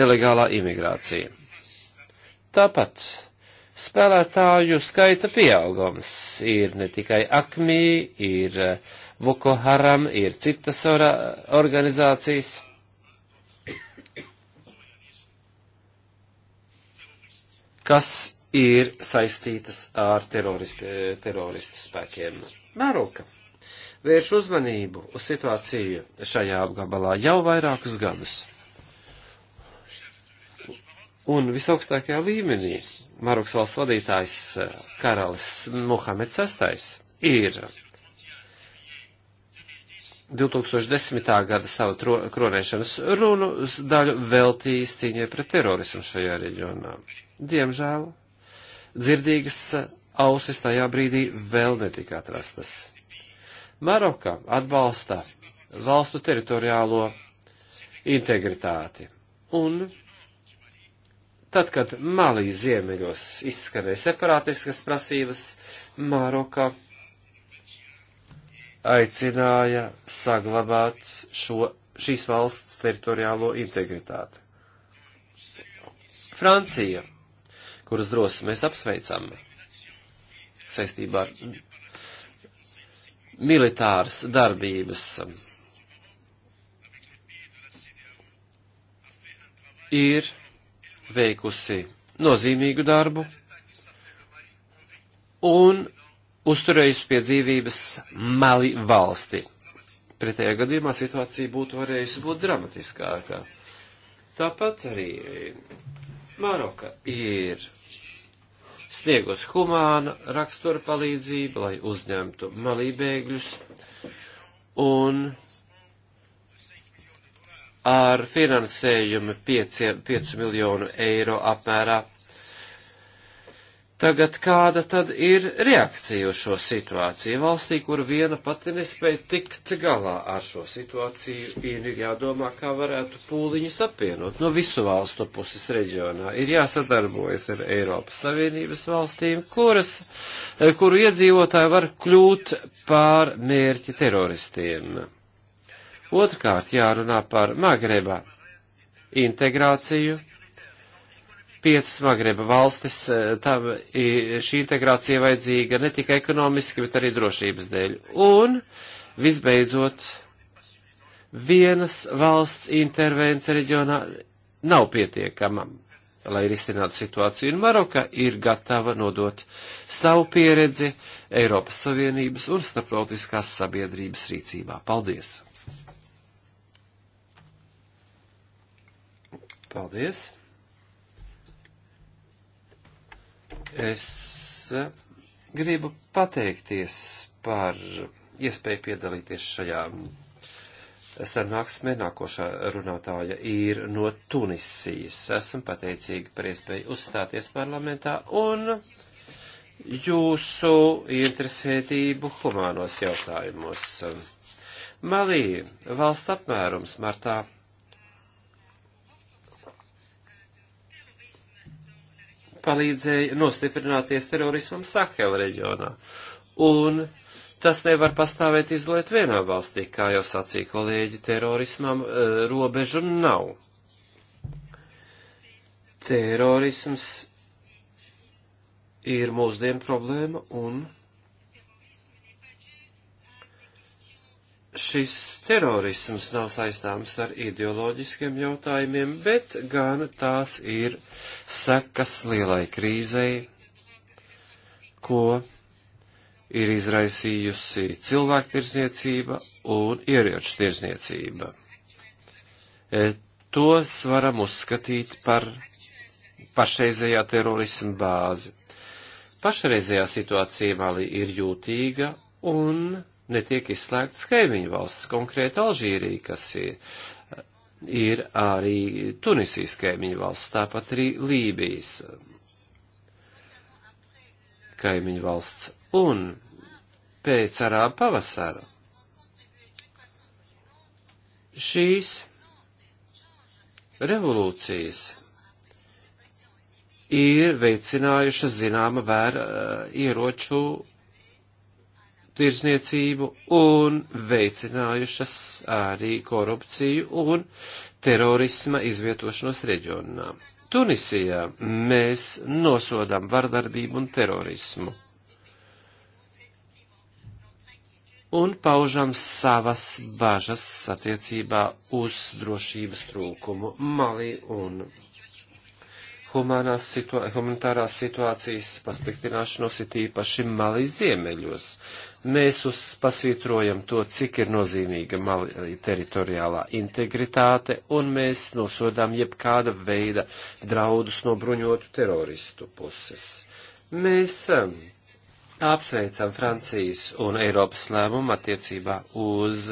nelegālā imigrācija. Tāpat spēlētāju skaita pieaugums ir ne tikai akmī, ir uh, Boko Haram, ir citas organizācijas. kas ir saistītas ar teroristu, teroristu spēkiem. Maroka vērš uzmanību uz situāciju šajā apgabalā jau vairākus gadus. Un visaugstākajā līmenī Marokas valsts vadītājs eh, karalis Muhameds VI ir 2010. gada savu kronēšanas runu daļu veltījis cīņai pret terorismu šajā reģionā. Diemžēl dzirdīgas ausis tajā brīdī vēl netika atrastas. Maroka atbalsta valstu teritoriālo integritāti. Un tad, kad Malī ziemeļos izskanēja separātiskas prasības, Maroka aicināja saglabāt šo, šīs valsts teritoriālo integritāti. Francija, kuras drosmi mēs apsveicam saistībā ar militāras darbības, ir veikusi nozīmīgu darbu un uzturējusi pie dzīvības mali valsti. Pretējā gadījumā situācija būtu varējusi būt dramatiskākā. Tāpat arī Maroka ir sniegus humāna rakstura palīdzību, lai uzņemtu malībēgļus, un ar finansējumu 5, 5 miljonu eiro apmērā Tagad kāda tad ir reakcija uz šo situāciju? Valstī, kur viena pati nespēja tikt galā ar šo situāciju, ir jādomā, kā varētu pūliņus apvienot no visu valstu puses reģionā. Ir jāsadarbojas ar Eiropas Savienības valstīm, kuras, kuru iedzīvotāji var kļūt pār mērķi teroristiem. Otrkārt jārunā par Magrebā integrāciju piecas Magreba valstis, e, tam šī integrācija vajadzīga ne tikai ekonomiski, bet arī drošības dēļ. Un, visbeidzot, vienas valsts intervence reģionā nav pietiekama, lai risinātu situāciju, un Maroka ir gatava nodot savu pieredzi Eiropas Savienības un starptautiskās sabiedrības rīcībā. Paldies! Paldies! Es eh, gribu pateikties par iespēju piedalīties šajā sanāksmē. Nākošā runātāja ir no Tunisijas. Esmu pateicīga par iespēju uzstāties parlamentā un jūsu interesētību humānos jautājumos. Malī valsts apmērums martā palīdzēja nostiprināties terorismam Sahel reģionā. Un tas nevar pastāvēt izolēt vienā valstī, kā jau sacīja kolēģi, terorismam e, robežu nav. Terorisms ir mūsdienu problēma un šis terorisms nav saistāms ar ideoloģiskiem jautājumiem, bet gan tās ir sekas lielai krīzei, ko ir izraisījusi cilvēktirzniecība un ieroču tirzniecība. E, tos varam uzskatīt par pašreizējā terorisma bāzi. Pašreizējā situācija Malī ir jūtīga un netiek izslēgts kaimiņu valsts, konkrēti Alžīrija, kas ir, ir arī Tunisijas kaimiņu valsts, tāpat arī Lībijas kaimiņu valsts. Un pēc arāba pavasara šīs revolūcijas ir veicinājušas zināma vēra ieroču tirzniecību un veicinājušas arī korupciju un terorisma izvietošanos reģionā. Tunisijā mēs nosodām vardarbību un terorismu un paužam savas bažas attiecībā uz drošības trūkumu Mali un humanās situa humanitārās situācijas pasliktināšanos, it īpaši Mali ziemeļos. Mēs uz pasvītrojam to, cik ir nozīmīga Mali eh, teritoriālā integritāte, un mēs nosodām jebkāda veida draudus no bruņotu teroristu puses. Mēs eh, Apsveicam Francijas un Eiropas lēmumu attiecībā uz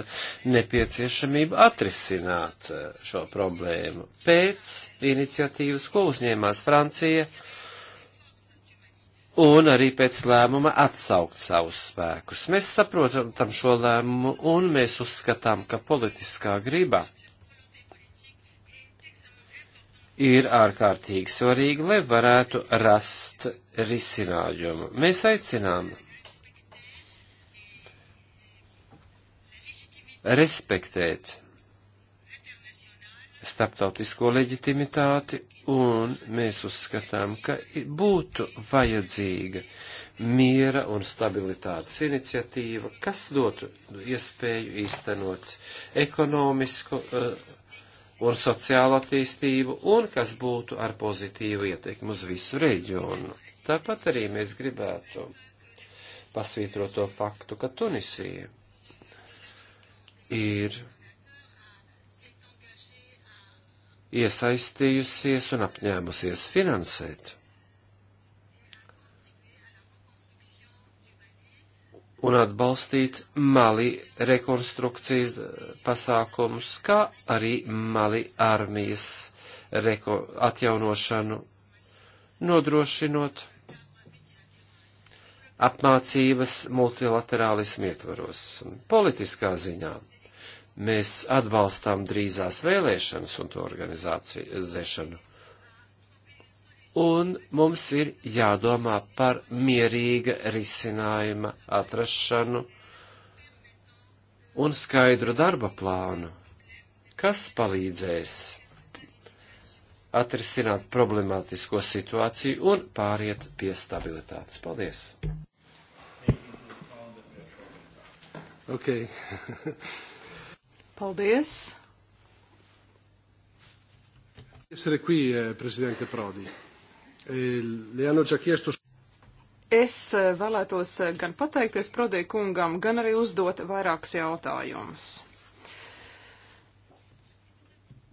nepieciešamību atrisināt eh, šo problēmu. Pēc iniciatīvas, ko uzņēmās Francija, un arī pēc lēmuma atsaukt savus spēkus. Mēs saprotam šo lēmumu un mēs uzskatām, ka politiskā griba ir ārkārtīgi svarīgi, lai varētu rast risinājumu. Mēs aicinām respektēt starptautisko leģitimitāti, un mēs uzskatām, ka būtu vajadzīga miera un stabilitātes iniciatīva, kas dotu iespēju īstenot ekonomisku uh, un sociālu attīstību, un kas būtu ar pozitīvu ietekmi uz visu reģionu. Tāpat arī mēs gribētu pasvītrot to faktu, ka Tunisija ir iesaistījusies un apņēmusies finansēt un atbalstīt Mali rekonstrukcijas eh, pasākumus, kā arī Mali armijas reko, atjaunošanu, nodrošinot apmācības multilaterālismu ietvaros. Politiskā ziņā mēs atbalstām drīzās vēlēšanas un to organizāciju zēšanu un mums ir jādomā par mierīga risinājuma atrašanu un skaidru darba plānu, kas palīdzēs atrisināt problemātisko situāciju un pāriet pie stabilitātes. Paldies! Okay. Paldies! Essere qui, eh, Presidente Prodi. Eh, Le hanno già chiesto Es eh, vēlētos eh, gan pateikties Prodei kungam, gan arī uzdot vairākus jautājumus.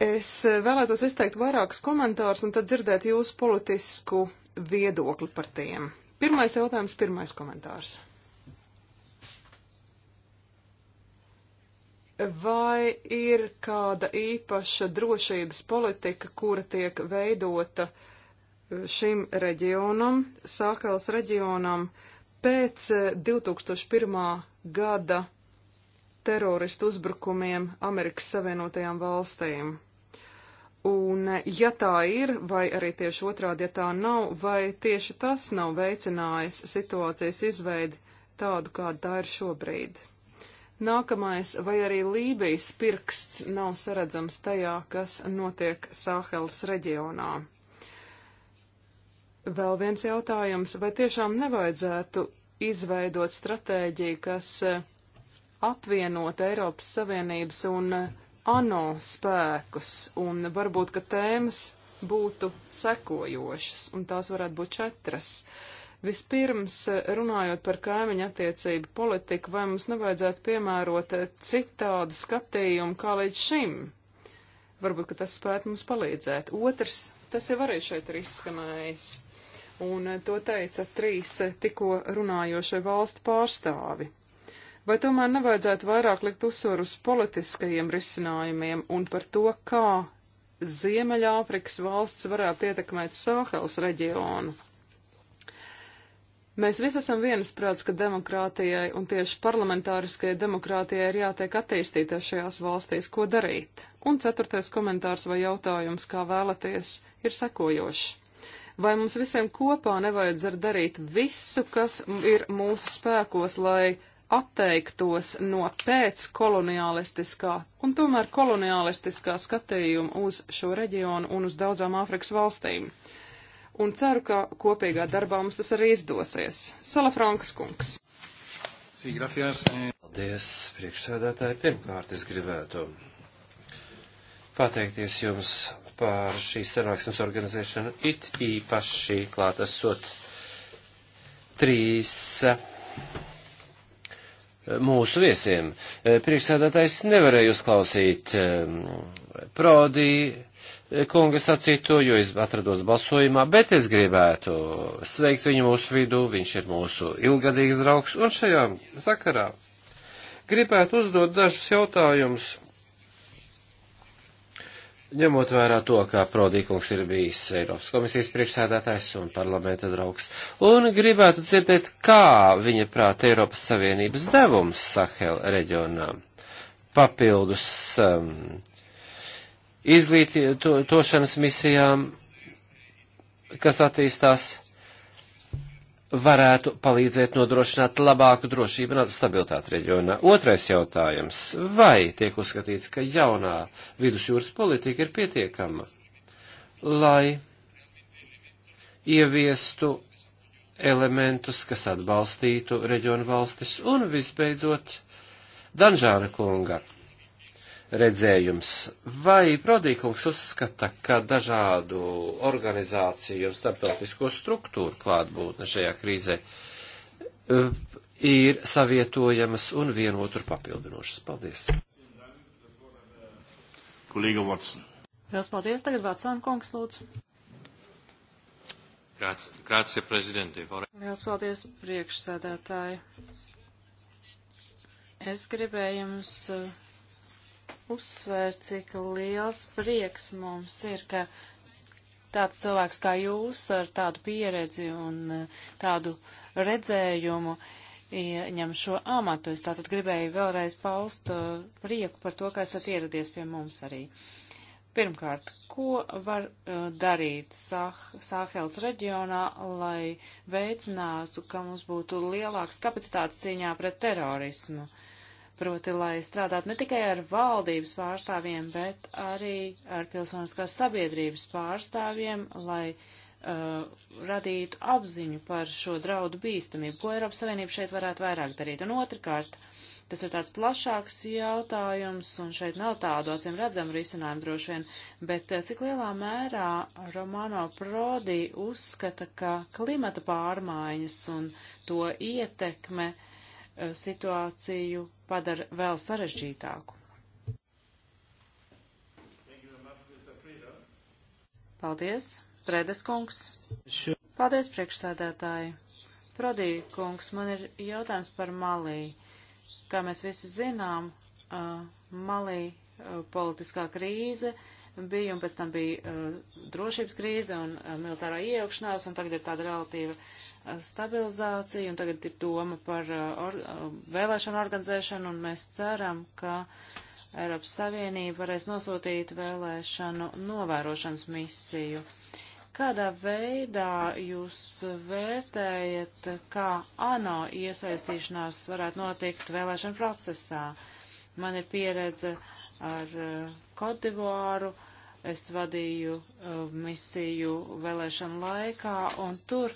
Es vēlētos izteikt vairākus komentārus un tad dzirdēt jūsu politisku viedokli par tiem. Pirmais jautājums, pirmais komentārs. Vai ir kāda īpaša drošības politika, kura tiek veidota uh, šim reģionam, Sākels reģionam, pēc 2001. E, gada teroristu uzbrukumiem Amerikas Savienotajām valstīm. Un, e, ja tā ir, vai arī tieši otrādi, ja tā nav, vai tieši tas nav veicinājis situācijas izveidi tādu, kāda tā ir šobrīd. Nākamais, vai arī Lībijas pirksts nav saredzams tajā, kas notiek Sāheles reģionā. Vēl viens jautājums, vai tiešām nevajadzētu izveidot stratēģiju, kas eh, apvienot Eiropas Savienības un eh, ANO spēkus, un varbūt, ka tēmas būtu sekojošas, un tās varētu būt četras. Vispirms, eh, runājot par kaimiņu attiecību politiku, vai mums nevajadzētu piemērot citādu skatījumu kā līdz šim? Varbūt, ka tas spētu mums palīdzēt. Otrs, tas jau arī šeit ir izskanējis un to teica trīs tikko runājošie valstu pārstāvi. Vai tomēr nevajadzētu vairāk likt uzsvaru uz politiskajiem risinājumiem un par to, kā Ziemeļāfrikas valsts varētu ietekmēt Sāhels reģionu? Mēs visi esam viensprāts, ka demokrātijai un tieši parlamentāriskajai demokrātijai ir jātiek attīstīties šajās valstīs, ko darīt. Un ceturtais komentārs vai jautājums, kā vēlaties, ir sekojošs. Vai mums visiem kopā nevajadzētu darīt visu, kas ir mūsu spēkos, lai atteiktos no pēckolonialistiskā un tomēr kolonialistiskā skatījuma uz šo reģionu un uz daudzām Āfrikas valstīm? Un ceru, ka kopīgā darbā mums tas arī izdosies. Salafrankas kungs. Eh. Paldies, priekšsēdētāji. Pirmkārt, es gribētu pateikties jums par šīs sanāksmes organizēšanu, it īpaši klātesot trīs eh, mūsu viesiem. Eh, priekšsēdētājs nevarēja uzklausīt eh, Prodi kunga sacīto, jo es atrados balsojumā, bet es gribētu sveikt viņu mūsu vidū, viņš ir mūsu ilgadīgs draugs, un šajā sakarā gribētu uzdot dažus jautājumus Ņemot vērā to, ka Prodīkungs ir bijis Eiropas komisijas priekšsēdētājs un parlamenta draugs, un gribētu dzirdēt, kā viņa prāt Eiropas Savienības devums Sahel reģionā papildus um, izglītošanas misijām, kas attīstās varētu palīdzēt nodrošināt labāku drošību un stabilitāti reģionā. Otrais jautājums. Vai tiek uzskatīts, ka jaunā vidusjūras politika ir pietiekama, lai ieviestu elementus, kas atbalstītu reģionu valstis? Un visbeidzot, Danžāna kunga redzējums. Vai Prodīkungs uzskata, ka dažādu organizāciju un starptautisko struktūru klātbūtne šajā krīzē e, ir savietojamas un vienotru papildinošas? Paldies! Kolīga Watson. Liels paldies. Tagad Vatsāna kungs lūdzu. Grācie prezidentī. Liels paldies priekšsēdētāji. Es gribēju jums uh, uzsvērt, cik liels prieks mums ir, ka tāds cilvēks kā jūs ar tādu pieredzi un eh, tādu redzējumu ieņem šo amatu. Es tātad gribēju vēlreiz paust eh, prieku par to, ka esat ieradies pie mums arī. Pirmkārt, ko var uh, darīt Sah Sāhels reģionā, lai veicinātu, ka mums būtu lielāks kapacitātes cīņā pret terorismu? Uh, proti, lai strādātu ne tikai ar valdības pārstāvjiem, bet arī ar pilsoniskās sabiedrības pārstāvjiem, lai uh, radītu apziņu par šo draudu bīstamību, ko Eiropas Savienība šeit varētu vairāk darīt. Un otrkārt, tas ir tāds plašāks jautājums, un šeit nav tādu acīm redzamu risinājumu droši vien, bet uh, cik lielā mērā Romano Prodi uzskata, ka klimata pārmaiņas un to ietekme uh, Eh, situāciju padara vēl sarežģītāku. Paldies, Predes kungs. Paldies, priekšsēdētāji. Prodī kungs, man ir jautājums par Malī. Kā mēs visi zinām, eh, Malī eh, politiskā krīze uh, bija, un pēc tam bija uh, drošības krīze un uh, militārā iejaukšanās, un tagad ir tāda relatīva uh, stabilizācija, un tagad ir doma par uh, or, uh, vēlēšanu organizēšanu, un mēs ceram, ka Eiropas Savienība varēs nosūtīt vēlēšanu novērošanas misiju. Kādā veidā jūs vērtējat, kā ANO iesaistīšanās varētu notikt vēlēšanu procesā? Man ir pieredze ar uh, Kodivāru, Es vadīju uh, misiju vēlēšanu laikā, un tur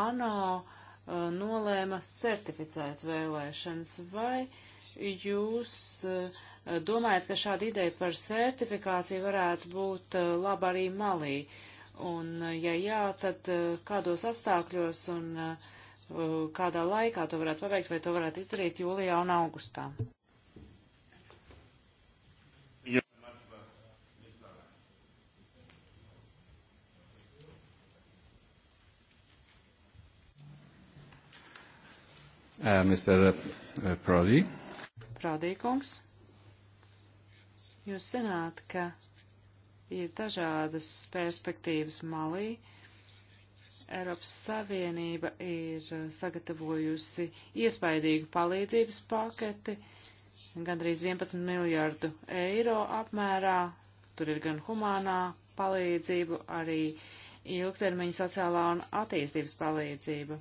ANO uh, nolēma certificēt vēlēšanas. Vai jūs uh, domājat, ka šāda ideja par certifikāciju varētu būt uh, laba arī malī? Un, uh, ja jā, tad uh, kādos apstākļos un uh, kādā laikā to varētu paveikt, vai to varētu izdarīt jūlijā un augustā? Uh, Mr. Uh, Prodi. Prodi kungs. Jūs zināt, ka ir dažādas perspektīvas malī. Eiropas Savienība ir uh, sagatavojusi iespaidīgu palīdzības paketi, gandrīz 11 miljārdu eiro apmērā. Tur ir gan humānā palīdzība, arī ilgtermiņa sociālā un attīstības palīdzība.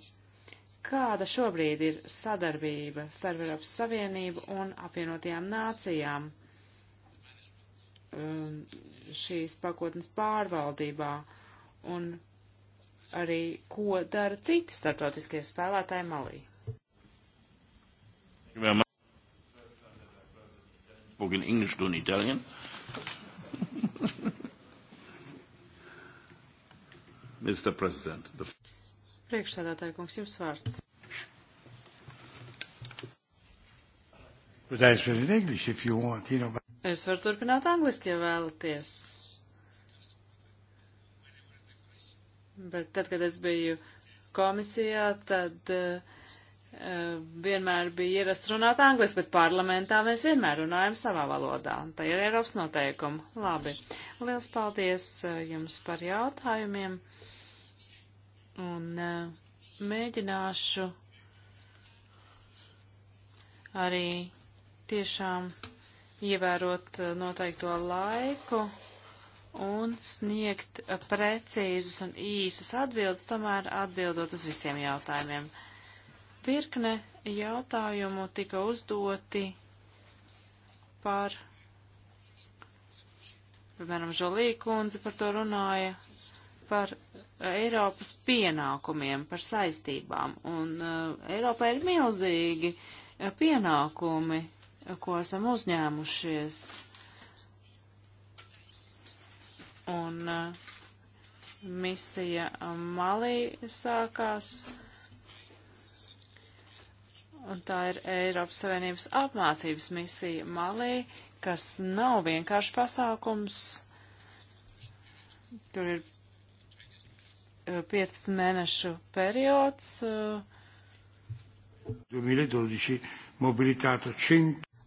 Kāda šobrīd ir sadarbība starp Eiropas Savienību un apvienotajām nācijām um, šīs pakotnes pārvaldībā un arī ko dara citi starptautiskie spēlētāji Malī? in English und Italien. Mr. President, the Priekšsēdētāja kungs, jums vārds. Es varu turpināt angliski, ja vēlaties. Bet tad, kad es biju komisijā, tad uh, vienmēr bija ierasts runāt angliski, bet parlamentā mēs vienmēr runājam savā valodā. Tā ir Eiropas noteikuma. Labi. Liels paldies eh, jums par jautājumiem. Uh, un e, mēģināšu arī tiešām ievērot e, noteikto laiku un sniegt e, precīzas un īsas atbildes, tomēr atbildot uz visiem jautājumiem. Virkne jautājumu tika uzdoti par, piemēram, Žolī kundze par to runāja, par Eiropas pienākumiem, par saistībām. Un uh, Eiropā ir milzīgi uh, pienākumi, uh, ko esam uzņēmušies. Un uh, misija uh, Malī sākās. Un tā ir Eiropas Savienības apmācības misija Malī, kas nav vienkārši pasākums. Tur ir 15 mēnešu periods. 2012 mobilitāto 100.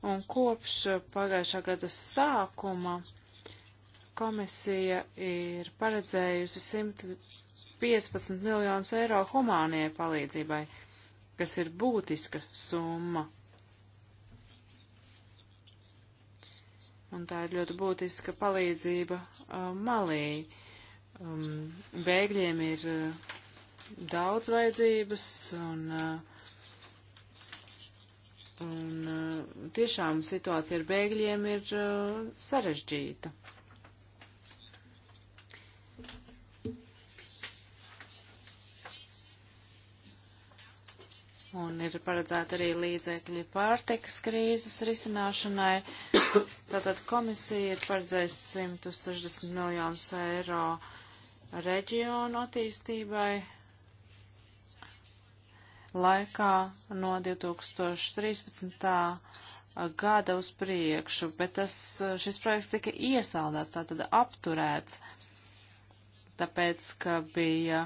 Un kopš pagājušā gada sākuma komisija ir paredzējusi 115 miljonus eiro humānie palīdzībai, kas ir būtiska summa. Un tā ir ļoti būtiska palīdzība uh, malī. Uh, um, bēgļiem ir uh, daudz vajadzības un, uh, un uh, tiešām situācija ar bēgļiem ir uh, sarežģīta. Un ir paredzēta arī līdzekļi pārtikas krīzes risināšanai. Tātad komisija ir paredzējusi 160 miljonus eiro uh, reģionu attīstībai laikā no 2013. gada uz priekšu, bet tas, šis projekts tika iesaldēts, tātad apturēts, tāpēc, ka bija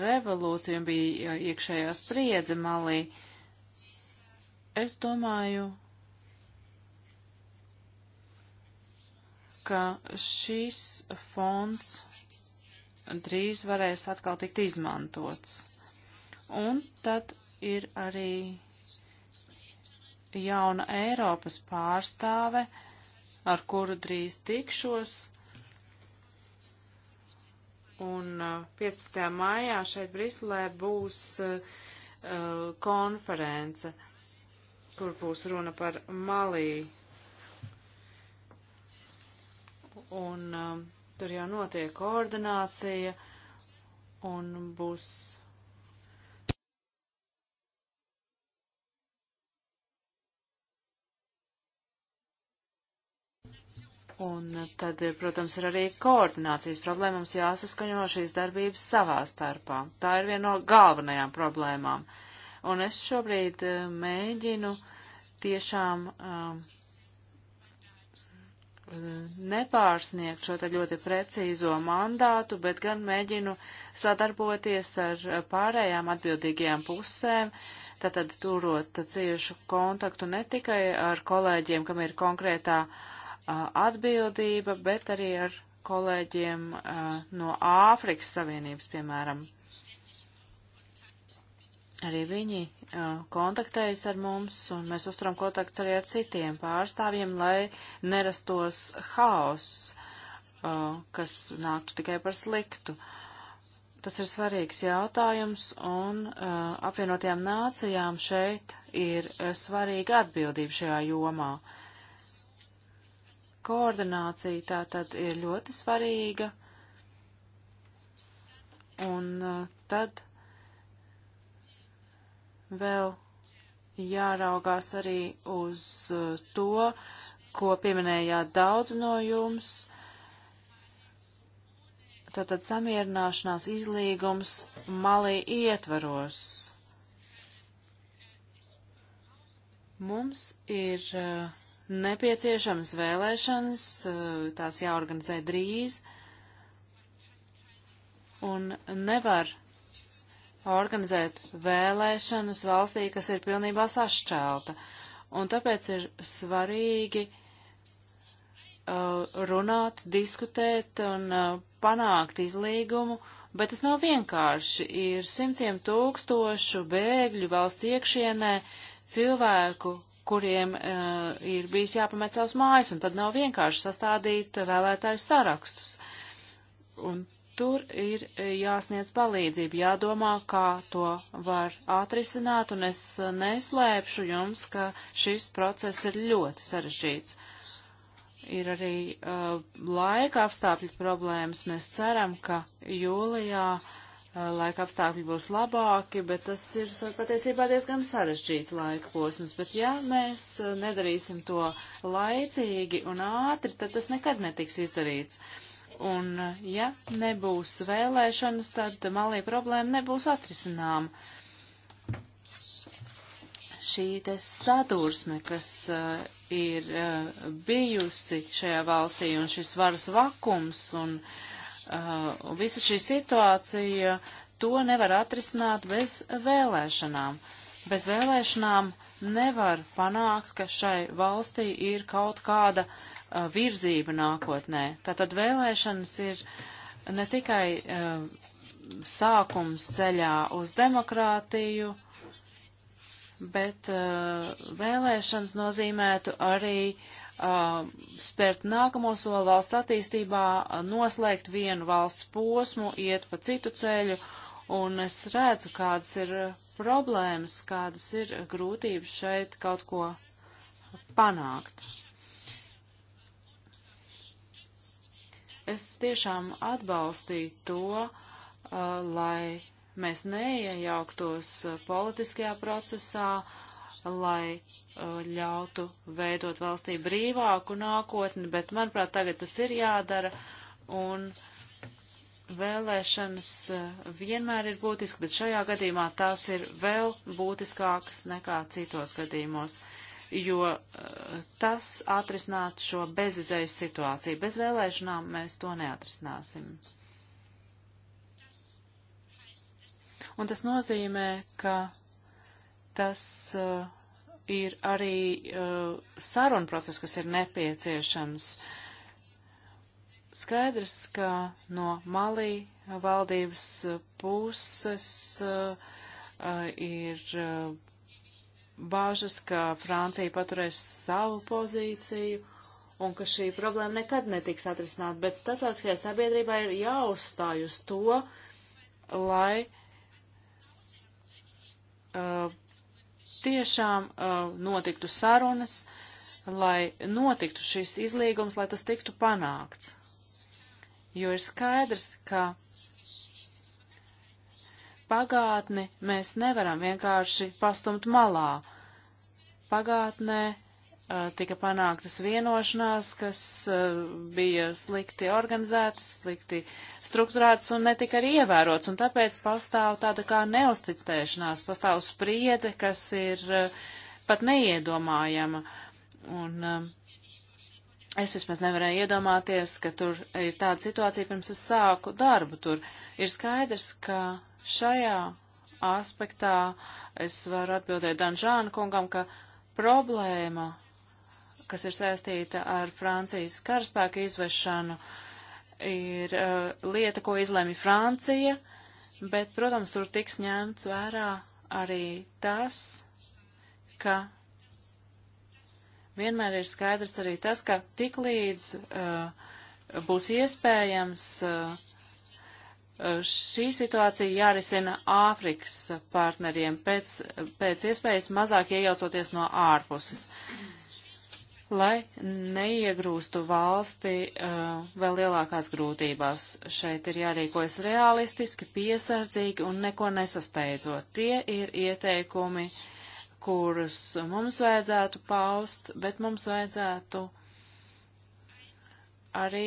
revolūcija un bija iekšējā spriedze malī. Es domāju, ka šis fonds drīz varēs atkal tikt izmantots. Un tad ir arī jauna Eiropas pārstāve, ar kuru drīz tikšos. Un 15. Uh, maijā šeit Briselē būs uh, konference, kur būs runa par Malī. Un uh, Tur jau notiek koordinācija un būs. Un tad, protams, ir arī koordinācijas problēma. Mums jāsaskaņo šīs darbības savā starpā. Tā ir viena no galvenajām problēmām. Un es šobrīd eh, mēģinu tiešām uh, nepārsniegt šo te ļoti precīzo mandātu, bet gan mēģinu sadarboties ar pārējām atbildīgajām pusēm, tātad turot ciešu kontaktu ne tikai ar kolēģiem, kam ir konkrētā a, atbildība, bet arī ar kolēģiem a, no Āfrikas Savienības, piemēram. Arī viņi kontaktējas ar mums, un mēs uzturam kontakts arī ar citiem pārstāvjiem, lai nerastos haoss, kas nāktu tikai par sliktu. Tas ir svarīgs jautājums, un apvienotajām nācijām šeit ir svarīga atbildība šajā jomā. Koordinācija tā tad ir ļoti svarīga, un tad vēl jāraugās arī uz eh, to, ko pieminējāt daudz no jums. Tātad samierināšanās izlīgums malī ietvaros. Mums ir eh, nepieciešams vēlēšanas, eh, tās jāorganizē drīz, un nevar organizēt vēlēšanas valstī, kas ir pilnībā sašķelta. Un tāpēc ir svarīgi uh, runāt, diskutēt un uh, panākt izlīgumu, bet tas nav vienkārši. Ir simtiem tūkstošu bēgļu valsts iekšienē cilvēku, kuriem uh, ir bijis jāpamet savus mājas, un tad nav vienkārši sastādīt vēlētāju sarakstus. Un tur ir e, jāsniedz palīdzība, jādomā, kā to var atrisināt, un es e, neslēpšu jums, ka šis process ir ļoti sarežģīts. Ir arī uh, laika apstākļu problēmas. Mēs ceram, ka jūlijā uh, laika apstākļi būs labāki, bet tas ir patiesībā diezgan sarežģīts laika posms. Bet ja mēs nedarīsim to laicīgi un ātri, tad tas nekad netiks izdarīts. Uh, Un, eh, ja nebūs vēlēšanas, tad malī problēma nebūs atrisināma. Šī te sadursme, kas uh, ir uh, bijusi šajā valstī, un šis varas vakums, un uh, visa šī situācija, to nevar atrisināt bez vēlēšanām. Bez vēlēšanām nevar panākt, ka šai valstī ir kaut kāda uh, Uh, virzība nākotnē. Tātad vēlēšanas ir ne tikai uh, sākums ceļā uz demokrātiju, bet uh, vēlēšanas nozīmētu arī uh, spērt nākamo soli valsts attīstībā, uh, noslēgt vienu valsts posmu, iet pa citu ceļu, un es redzu, kādas ir uh, problēmas, kādas ir grūtības šeit kaut ko panākt. Es tiešām atbalstīju to, uh, lai mēs neiejauktos uh, politiskajā procesā, lai uh, ļautu veidot valstī brīvāku nākotni, bet, manuprāt, tagad tas ir jādara, un vēlēšanas vienmēr ir būtiski, bet šajā gadījumā tās ir vēl būtiskākas nekā citos gadījumos. Uh, jo eh, tas atrisināt šo bezizējas situāciju. Bez vēlēšanām mēs to neatrisināsim. Un tas nozīmē, ka tas uh, ir arī uh, saruna process, kas ir nepieciešams. Skaidrs, ka no Malī valdības puses uh, ir uh, bažas, ka Francija paturēs savu pozīciju un ka šī problēma nekad netiks atrisināta, bet starptautiskajai sabiedrībai ir jāuzstāj uz to, lai uh, tiešām uh, notiktu sarunas, lai notiktu šis izlīgums, lai tas tiktu panākts. Jo ir skaidrs, ka Pagātni mēs nevaram vienkārši pastumt malā. Pagātnē tika panāktas vienošanās, kas bija slikti organizētas, slikti strukturētas un netika arī ievērots. Un tāpēc pastāv tāda kā neusticēšanās, pastāv spriedze, kas ir pat neiedomājama. Un es vismaz nevarēju iedomāties, ka tur ir tāda situācija, pirms es sāku darbu tur. Ir skaidrs, ka Šajā aspektā es varu atbildēt Danžāna kungam, ka problēma, kas ir saistīta ar Francijas karaspēku izvešanu, ir uh, lieta, ko izlēma Francija, bet, protams, tur tiks ņemts vērā arī tas, ka vienmēr ir skaidrs arī tas, ka tik līdz uh, būs iespējams uh, Eh, šī situācija jārisina Āfrikas partneriem pēc, pēc iespējas mazāk iejaucoties no ārpuses, lai neiegrūstu valsti uh, vēl lielākās grūtībās. Šeit ir jārīkojas realistiski, piesardzīgi un neko nesasteidzot. Tie ir ieteikumi, kurus mums vajadzētu paust, bet mums vajadzētu arī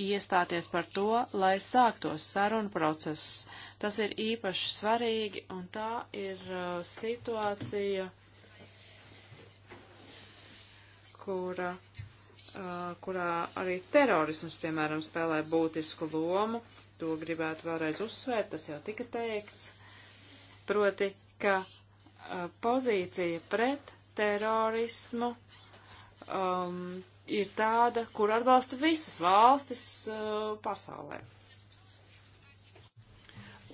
iestāties par to, lai sāktos sarunu process. Tas ir īpaši svarīgi, un tā ir uh, situācija, kura, uh, kurā arī terorisms, piemēram, spēlē būtisku lomu. To gribētu vēlreiz uzsvērt, tas jau tika teikts. Proti, ka uh, pozīcija pret terorismu um, ir tāda, kur atbalsta visas valstis uh, pasaulē.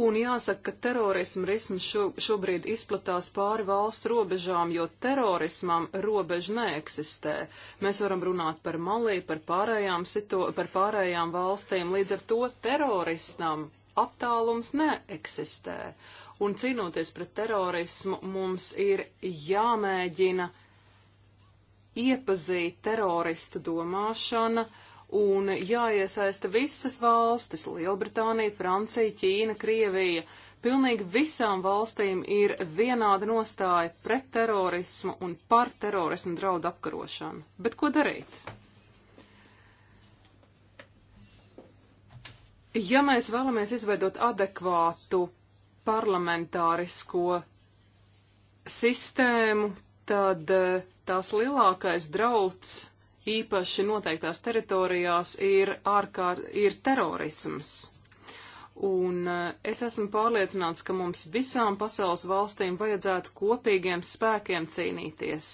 Un jāsaka, ka terorismu risms šo, šobrīd izplatās pāri valstu robežām, jo terorismam robeža neeksistē. Mēs varam runāt par Malī, par pārējām, situ, par pārējām valstīm, līdz ar to teroristam aptālums neeksistē. Un cīnoties pret terorismu, mums ir jāmēģina uh, iepazīt teroristu domāšana un jāiesaista visas valstis - Lielbritānija, Francija, Ķīna, Krievija. Pilnīgi visām valstīm ir vienāda nostāja pret terorismu un par terorismu draudu apkarošanu. Bet ko darīt? Ja mēs vēlamies izveidot adekvātu parlamentārisko sistēmu, tad eh, tās lielākais drauds īpaši noteiktās teritorijās ir ārkārt, ir terorisms. Un eh, es esmu pārliecināts, ka mums visām pasaules valstīm vajadzētu kopīgiem spēkiem cīnīties.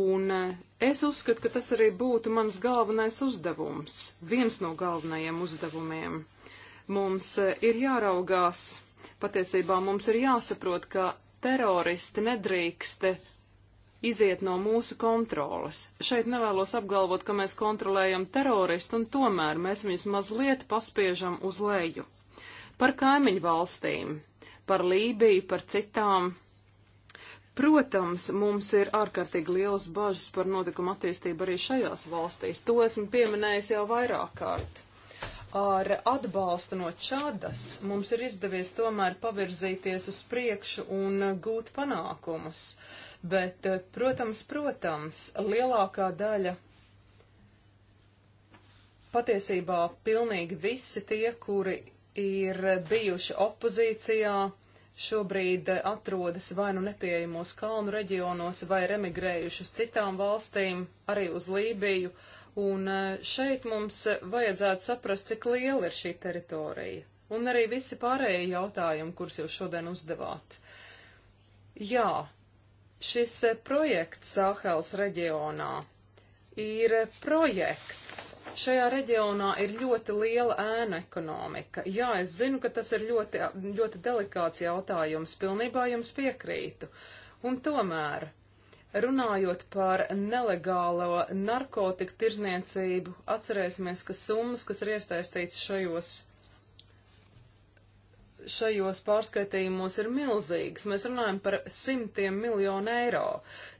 Un eh, es uzskatu, ka tas arī būtu mans galvenais uzdevums, viens no galvenajiem uzdevumiem. Mums ir jāraugās, patiesībā mums ir jāsaprot, ka teroristi nedrīkst iziet no mūsu kontroles. Šeit nevēlos apgalvot, ka mēs kontrolējam teroristu, un tomēr mēs viņus mazliet paspiežam uz leju. Par kaimiņu valstīm, par Lībiju, par citām. Protams, mums ir ārkārtīgi lielas bažas par notikumu attīstību arī šajās valstīs. To esmu pieminējis jau vairāk kārt. Ar atbalstu no Čadas mums ir izdevies tomēr pavirzīties uz priekšu un gūt panākumus. Uh, bet, eh, protams, protams, lielākā daļa patiesībā pilnīgi visi tie, kuri ir bijuši opozīcijā, šobrīd eh, atrodas vai nu nepieejamos kalnu reģionos, vai ir emigrējuši uz citām valstīm, arī uz Lībiju. Un eh, šeit mums vajadzētu saprast, cik liela ir šī teritorija. Un arī visi pārējie jautājumi, kurus jau šodien uzdevāt. Jā, Šis eh, projekts Sahels reģionā ir eh, projekts. Šajā reģionā ir ļoti liela ēna ekonomika. Jā, es zinu, ka tas ir ļoti, ļoti delikāts jautājums, pilnībā jums piekrītu. Un tomēr, runājot par nelegālo narkotiku tirzniecību, atcerēsimies, ka summas, kas ir iesaistīts šajos šajos pārskaitījumos ir milzīgas. Mēs runājam par simtiem miljonu eiro.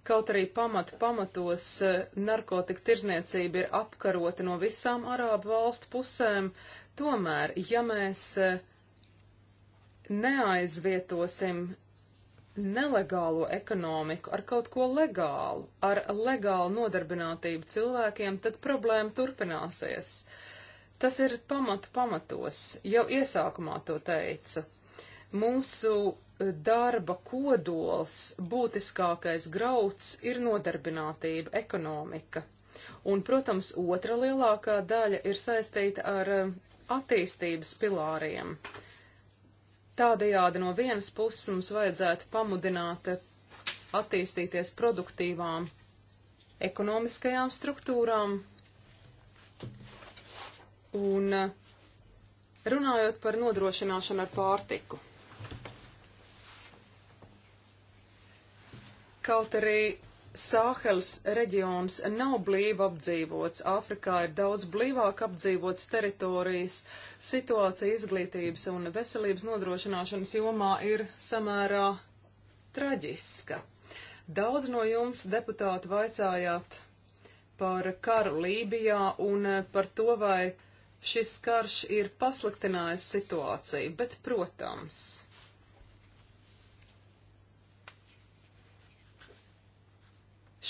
Kaut arī pamat pamatos e, narkotika tirzniecība ir apkarota no visām arābu valstu pusēm, tomēr, ja mēs e, neaizvietosim nelegālo ekonomiku ar kaut ko legālu, ar legālu nodarbinātību cilvēkiem, tad problēma turpināsies. Uh, Tas ir pamatu pamatos, jau iesākumā to teicu. Mūsu e, darba kodols, būtiskākais grauds ir nodarbinātība, ekonomika. Un, protams, otra lielākā daļa ir saistīta ar e, attīstības pilāriem. Tādējādi no vienas puses mums vajadzētu pamudināt e, attīstīties produktīvām ekonomiskajām struktūrām, Un eh, runājot par nodrošināšanu ar pārtiku. Kaut arī Sāhels reģions nav blīvi apdzīvots, Āfrikā ir daudz blīvāk apdzīvots teritorijas, situācija izglītības un veselības nodrošināšanas jomā ir samērā traģiska. Daudz no jums deputāti vaicājāt par karu Lībijā un par to, vai šis karš ir pasliktinājis situāciju, bet, protams,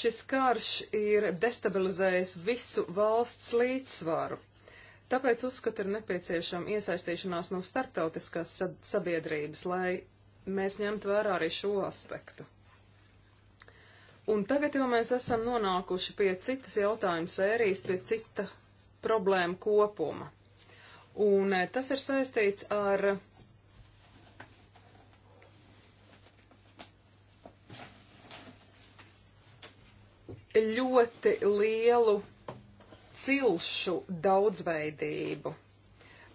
šis karš ir destabilizējis visu valsts līdzsvaru. Tāpēc uzskatu ir nepieciešama iesaistīšanās no starptautiskās sabiedrības, lai mēs ņemtu vērā arī šo aspektu. Un tagad jau mēs esam nonākuši pie citas jautājuma sērijas, pie cita problēmu kopuma. Un eh, tas ir saistīts ar ļoti lielu cilšu daudzveidību.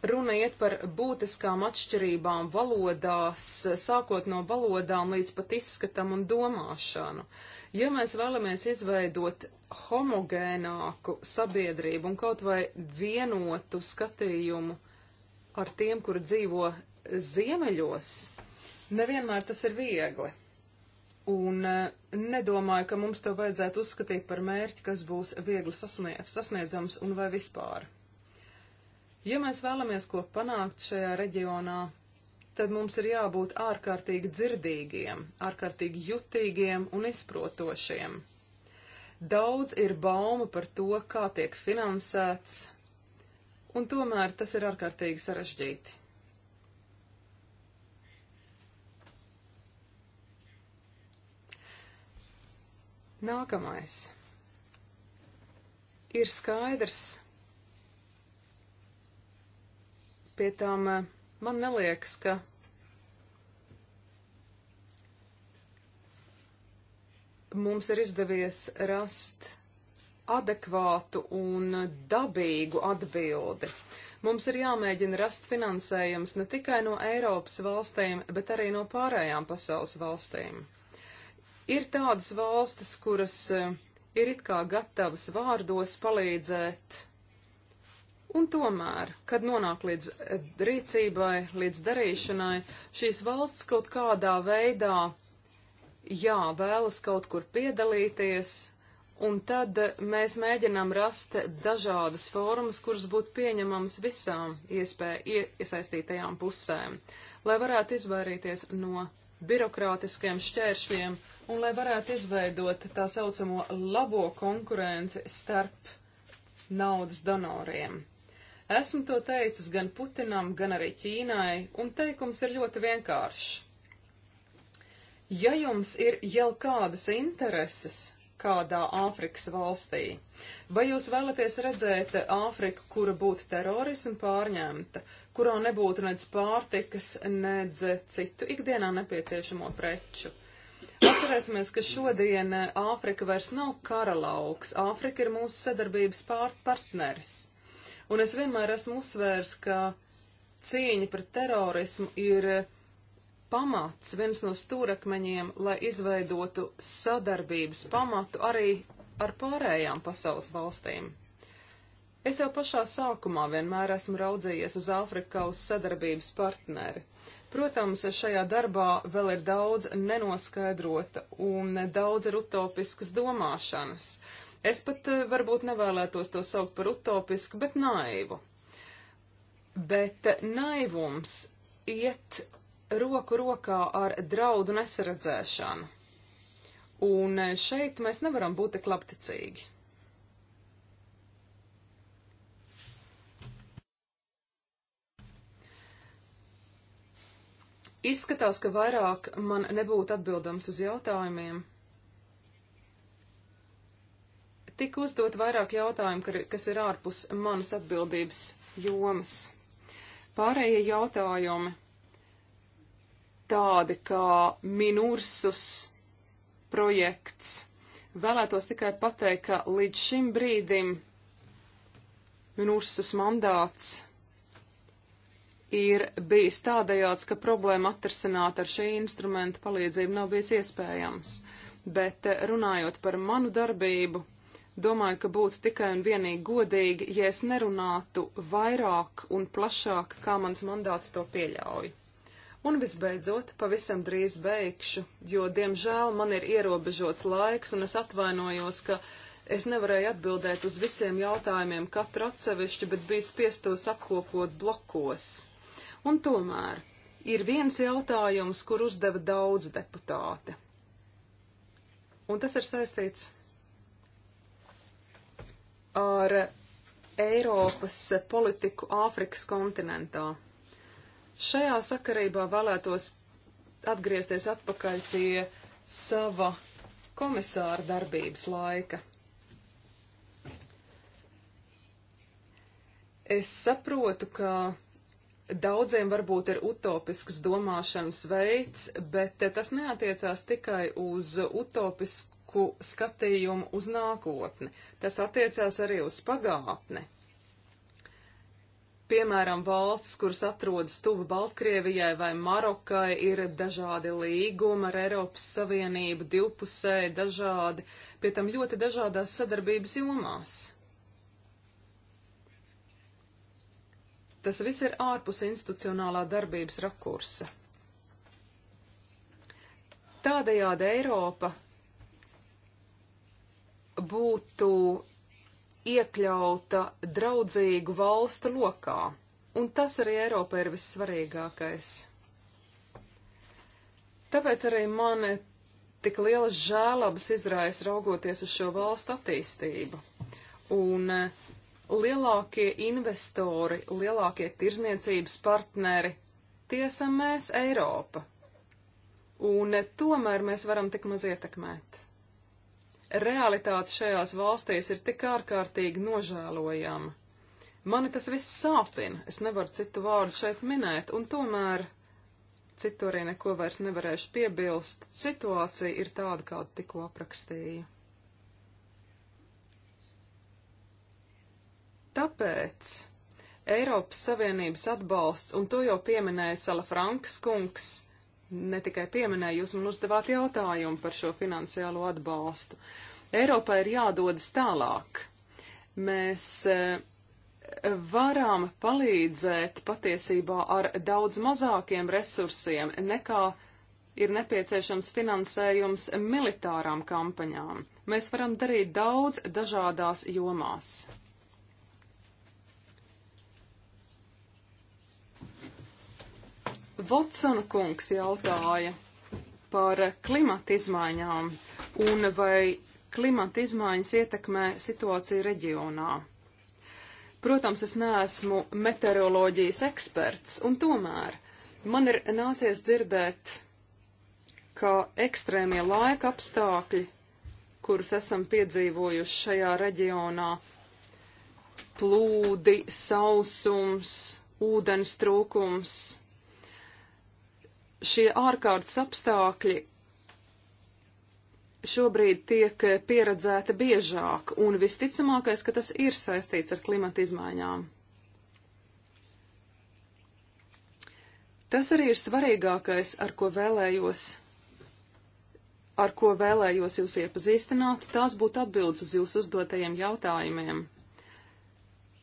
Runa iet par būtiskām atšķirībām valodās, sākot no valodām līdz pat izskatam un domāšanu. Ja mēs vēlamies izveidot homogēnāku sabiedrību un kaut vai vienotu skatījumu ar tiem, kur dzīvo ziemeļos, nevienmēr tas ir viegli. Un eh, nedomāju, ka mums to vajadzētu uzskatīt par mērķi, kas būs viegli sasniedz, sasniedzams un vai vispār. Ja mēs vēlamies ko panākt šajā reģionā, tad mums ir jābūt ārkārtīgi dzirdīgiem, ārkārtīgi jutīgiem un izprotošiem. Daudz ir bauma par to, kā tiek finansēts, un tomēr tas ir ārkārtīgi sarežģīti. Nākamais. Ir skaidrs, Pie tām eh, man neliekas, ka mums ir izdevies rast adekvātu un dabīgu atbildi. Mums ir jāmēģina rast finansējums ne tikai no Eiropas valstīm, bet arī no pārējām pasaules valstīm. Ir tādas valstis, kuras eh, ir it kā gatavas vārdos palīdzēt Un tomēr, kad nonāk līdz rīcībai, līdz darīšanai, šīs valsts kaut kādā veidā, jā, vēlas kaut kur piedalīties, un tad mēs mēģinām rast dažādas formas, kuras būtu pieņemamas visām iespēja iesaistītajām pusēm, lai varētu izvairīties no birokrātiskiem šķēršļiem un lai varētu izveidot tā saucamo labo konkurenci starp naudas donoriem. Esmu to teicis gan Putinam, gan arī Ķīnai, un teikums ir ļoti vienkāršs. Ja jums ir jau kādas intereses kādā Āfrikas valstī, vai jūs vēlaties redzēt Āfriku, kura būtu terorismu pārņemta, kurā nebūtu nedz pārtikas, nedz citu ikdienā nepieciešamo preču? Atcerēsimies, ka šodien Āfrika vairs nav kara lauks, Āfrika ir mūsu sadarbības pār partneris. Un es vienmēr esmu uzsvērs, ka cīņa pret terorismu ir pamats, viens no stūrakmeņiem, lai izveidotu sadarbības pamatu arī ar pārējām pasaules valstīm. Es jau pašā sākumā vienmēr esmu raudzījies uz Āfriku kā uz sadarbības partneri. Protams, šajā darbā vēl ir daudz nenoskaidrota un daudz ir utopiskas domāšanas. Es pat eh, varbūt nevēlētos to saukt par utopisku, bet naivu. Bet eh, naivums iet roku rokā ar draudu nesaredzēšanu. Un eh, šeit mēs nevaram būt tik labticīgi. Izskatās, ka vairāk man nebūtu atbildams uz jautājumiem. Tik uzdot vairāk jautājumu, kas ir ārpus manas atbildības jomas. Pārējie jautājumi tādi kā Minursus projekts. Vēlētos tikai pateikt, ka līdz šim brīdim Minursus mandāts ir bijis tādējāds, ka problēma atrasināt ar šī instrumenta palīdzību nav bijis iespējams. Bet eh, runājot par manu darbību, Domāju, ka būtu tikai un vienīgi godīgi, ja es nerunātu vairāk un plašāk, kā mans mandāts to pieļauj. Un visbeidzot, pavisam drīz beigšu, jo, diemžēl, man ir ierobežots laiks, un es atvainojos, ka es nevarēju atbildēt uz visiem jautājumiem katru atsevišķi, bet biju spiestos apkopot blokos. Un tomēr ir viens jautājums, kur uzdeva daudz deputāti. Un tas ir saistīts ar Eiropas politiku Āfrikas kontinentā. Šajā sakarībā vēlētos atgriezties atpakaļ pie sava komisāra darbības laika. Es saprotu, ka daudziem varbūt ir utopisks domāšanas veids, bet tas neatiecās tikai uz utopisku plašāku skatījumu uz nākotni. Tas attiecās arī uz pagātni. Piemēram, valsts, kuras atrodas tuvu Baltkrievijai vai Marokai, ir dažādi līgumi ar Eiropas Savienību, divpusēji dažādi, pie tam ļoti dažādās sadarbības jomās. Tas viss ir ārpus institucionālā darbības rakursa. Tādējādi Eiropa būtu iekļauta draudzīgu valstu lokā. Un tas arī Eiropā ir vissvarīgākais. Tāpēc arī man tik lielas žēlabas izraisa raugoties uz šo valstu attīstību. Un eh, lielākie investori, lielākie tirzniecības partneri, tie esam mēs Eiropa. Un eh, tomēr mēs varam tik maz ietekmēt realitāte šajās valstīs ir tik ārkārtīgi nožēlojama. Mani tas viss sāpina, es nevaru citu vārdu šeit minēt, un tomēr citu arī neko vairs nevarēšu piebilst. Situācija ir tāda, kādu tikko aprakstīju. Tāpēc Eiropas Savienības atbalsts, un to jau pieminēja Salafrankas kungs, ne tikai pieminēju, jūs man uzdevāt jautājumu par šo finansiālo atbalstu. Eiropai ir jādodas tālāk. Mēs e, varam palīdzēt patiesībā ar daudz mazākiem resursiem nekā ir nepieciešams finansējums militārām kampaņām. Mēs varam darīt daudz dažādās jomās. Votsona kungs jautāja par klimata izmaiņām un vai klimata izmaiņas ietekmē situāciju reģionā. Protams, es neesmu meteoroloģijas eksperts, un tomēr man ir nācies dzirdēt, ka ekstrēmie laika apstākļi, kurus esam piedzīvojuši šajā reģionā, plūdi, sausums, ūdens trūkums, šie ārkārtas apstākļi šobrīd tiek pieredzēti biežāk, un visticamākais, ka tas ir saistīts ar klimata izmaiņām. Tas arī ir svarīgākais, ar ko vēlējos, ar ko vēlējos jūs iepazīstināt, tās būtu atbildes uz jūsu uzdotajiem jautājumiem.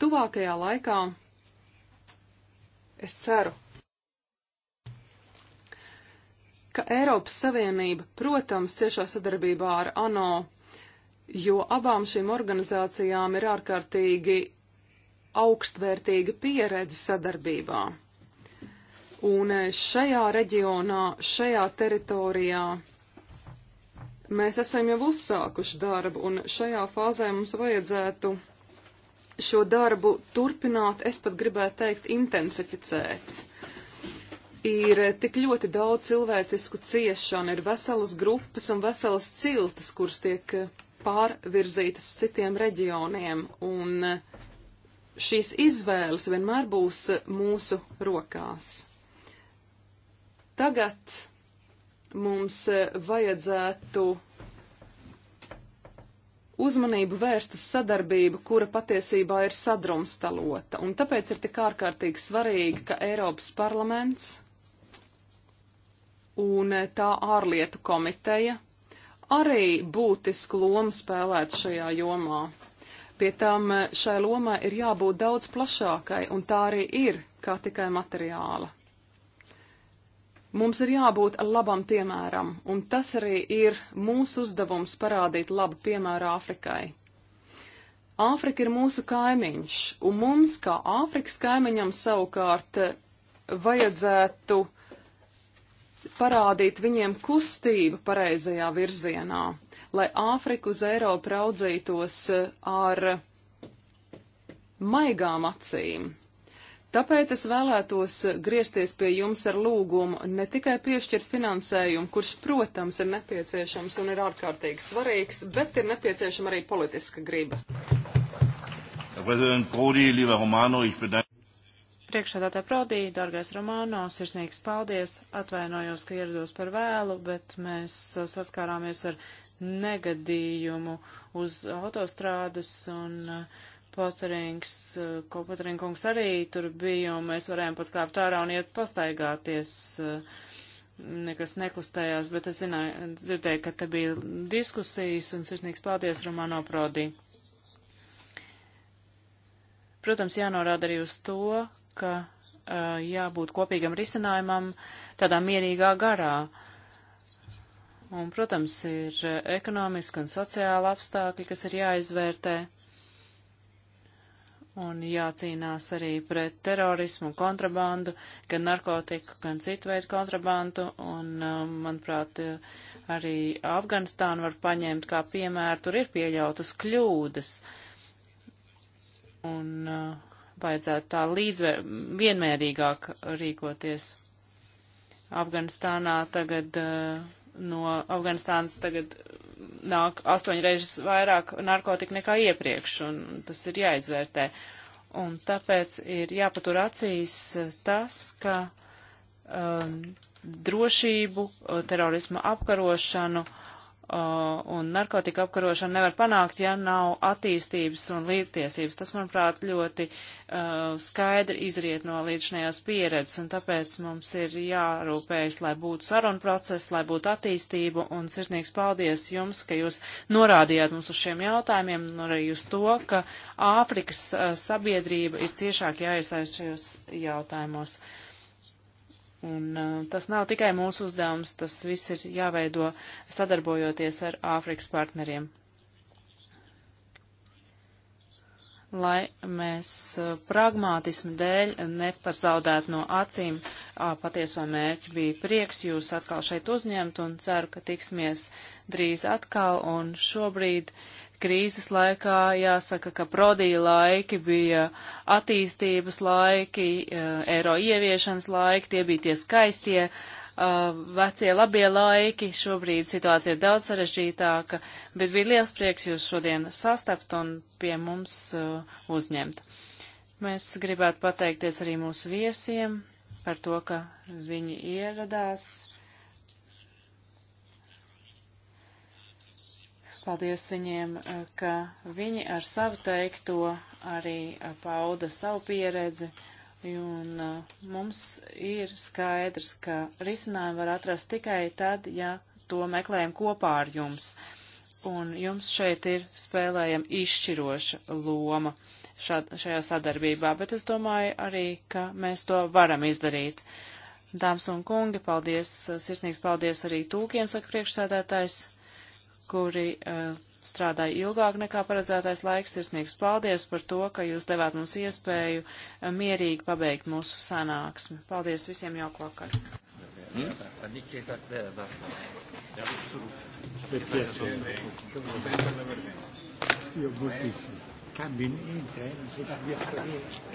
Tuvākajā laikā es ceru, ka Eiropas Savienība, protams, ciešā sadarbībā ar ANO, jo abām šīm organizācijām ir ārkārtīgi augstvērtīga pieredze sadarbībā. Un eh, šajā reģionā, šajā teritorijā mēs esam jau uzsākuši darbu, un šajā fāzē mums vajadzētu šo darbu turpināt, es pat gribētu teikt, intensificēt ir tik ļoti daudz cilvēcisku ciešanu, ir veselas grupas un veselas ciltas, kuras tiek pārvirzītas uz citiem reģioniem, un šīs izvēles vienmēr būs mūsu rokās. Tagad mums vajadzētu uzmanību vērst uz sadarbību, kura patiesībā ir sadrumstalota, un tāpēc ir tik ārkārtīgi svarīgi, ka Eiropas parlaments un tā ārlietu komiteja arī būtisku lomu spēlētu šajā jomā. Pie tam eh, šai lomai ir jābūt daudz plašākai, un tā arī ir, kā tikai materiāla. Mums ir jābūt labam piemēram, un tas arī ir mūsu uzdevums parādīt labu piemēru Āfrikai. Āfrika ir mūsu kaimiņš, un mums, kā Āfrikas kaimiņam, savukārt eh, vajadzētu uh, parādīt viņiem kustību pareizajā virzienā, lai Āfriku uz Eiropu raudzītos eh, ar maigām acīm. Tāpēc es vēlētos griezties pie jums ar lūgumu ne tikai piešķirt finansējumu, kurš, protams, ir nepieciešams un ir ārkārtīgi svarīgs, bet ir nepieciešama arī politiska griba. Herr Präsident Prodi, lieber Romano, ich bedanke Priekšādātā Prodī, dargais Romāno, sirsnīgs paldies, atvainojos, ka ierados par vēlu, bet mēs uh, saskārāmies ar negadījumu uz autostrādes un uh, Poterings, uh, Kopaterinkungs arī tur bija, un mēs varējām pat kāpt ārā un iet pastaigāties. Uh, nekas nekustējās, bet es zināju, dzirdēju, ka te bija diskusijas un sirsnīgs paldies Romano Prodī. Protams, jānorāda arī uz to, ka uh, jābūt kopīgam risinājumam tādā mierīgā garā. Un, protams, ir ekonomiski un sociāli apstākļi, kas ir jāizvērtē. Un jācīnās arī pret terorismu, kontrabandu, gan narkotiku, gan citu veidu kontrabandu. Un, uh, manuprāt, arī Afganistānu var paņemt kā piemēru. Tur ir pieļautas kļūdas. Un, uh, vajadzētu tā līdzver, vienmērīgāk rīkoties. Afganistānā tagad eh, no Afganistānas tagad nāk astoņu reizes vairāk narkotika nekā iepriekš, un tas ir jāizvērtē. Un tāpēc ir jāpatur acīs eh, tas, ka um, drošību, terorisma apkarošanu uh, Uh, un narkotika apkarošanu nevar panākt, ja nav attīstības un līdztiesības. Tas, manuprāt, ļoti uh, skaidri izriet no līdzinējās pieredzes, un tāpēc mums ir jārūpējas, lai būtu saruna process, lai būtu attīstība, un sirsnīgs paldies jums, ka jūs norādījāt mums uz šiem jautājumiem, un arī uz to, ka Āfrikas uh, sabiedrība ir ciešāk jāiesaist šajos jautājumos. Uh, Un uh, tas nav tikai mūsu uzdevums, tas viss ir jāveido sadarbojoties ar Āfrikas partneriem. Lai mēs uh, pragmātismu dēļ nepazaudētu no acīm, uh, patieso mērķi bija prieks jūs atkal šeit uzņemt un ceru, ka tiksimies drīz atkal un šobrīd uh, krīzes laikā jāsaka, ka prodīja laiki bija attīstības laiki, eh, eiro ieviešanas laiki, tie bija tie skaistie, eh, vecie labie laiki. Šobrīd situācija ir daudz sarežģītāka, bet bija liels prieks jūs šodien sastapt un pie mums eh, uzņemt. Mēs gribētu pateikties arī mūsu viesiem par to, ka viņi ieradās Paldies viņiem, eh, ka viņi ar savu teikto arī eh, pauda savu pieredzi. Un eh, mums ir skaidrs, ka risinājumu var atrast tikai tad, ja to meklējam kopā ar jums. Un jums šeit ir spēlējama izšķiroša loma šajā sadarbībā, bet es domāju arī, ka mēs to varam izdarīt. Dāmas un kungi, paldies, sirsnīgs paldies arī tūkiem, saka priekšsēdētājs kuri uh, strādāja ilgāk nekā paredzētais laiks. Sirsnīgs paldies par to, ka jūs devāt mums iespēju uh, mierīgi pabeigt mūsu sanāksmi. Paldies visiem jauku vakaru. Hmm? Io moltissimo, cambio niente, eh, non si cambia niente.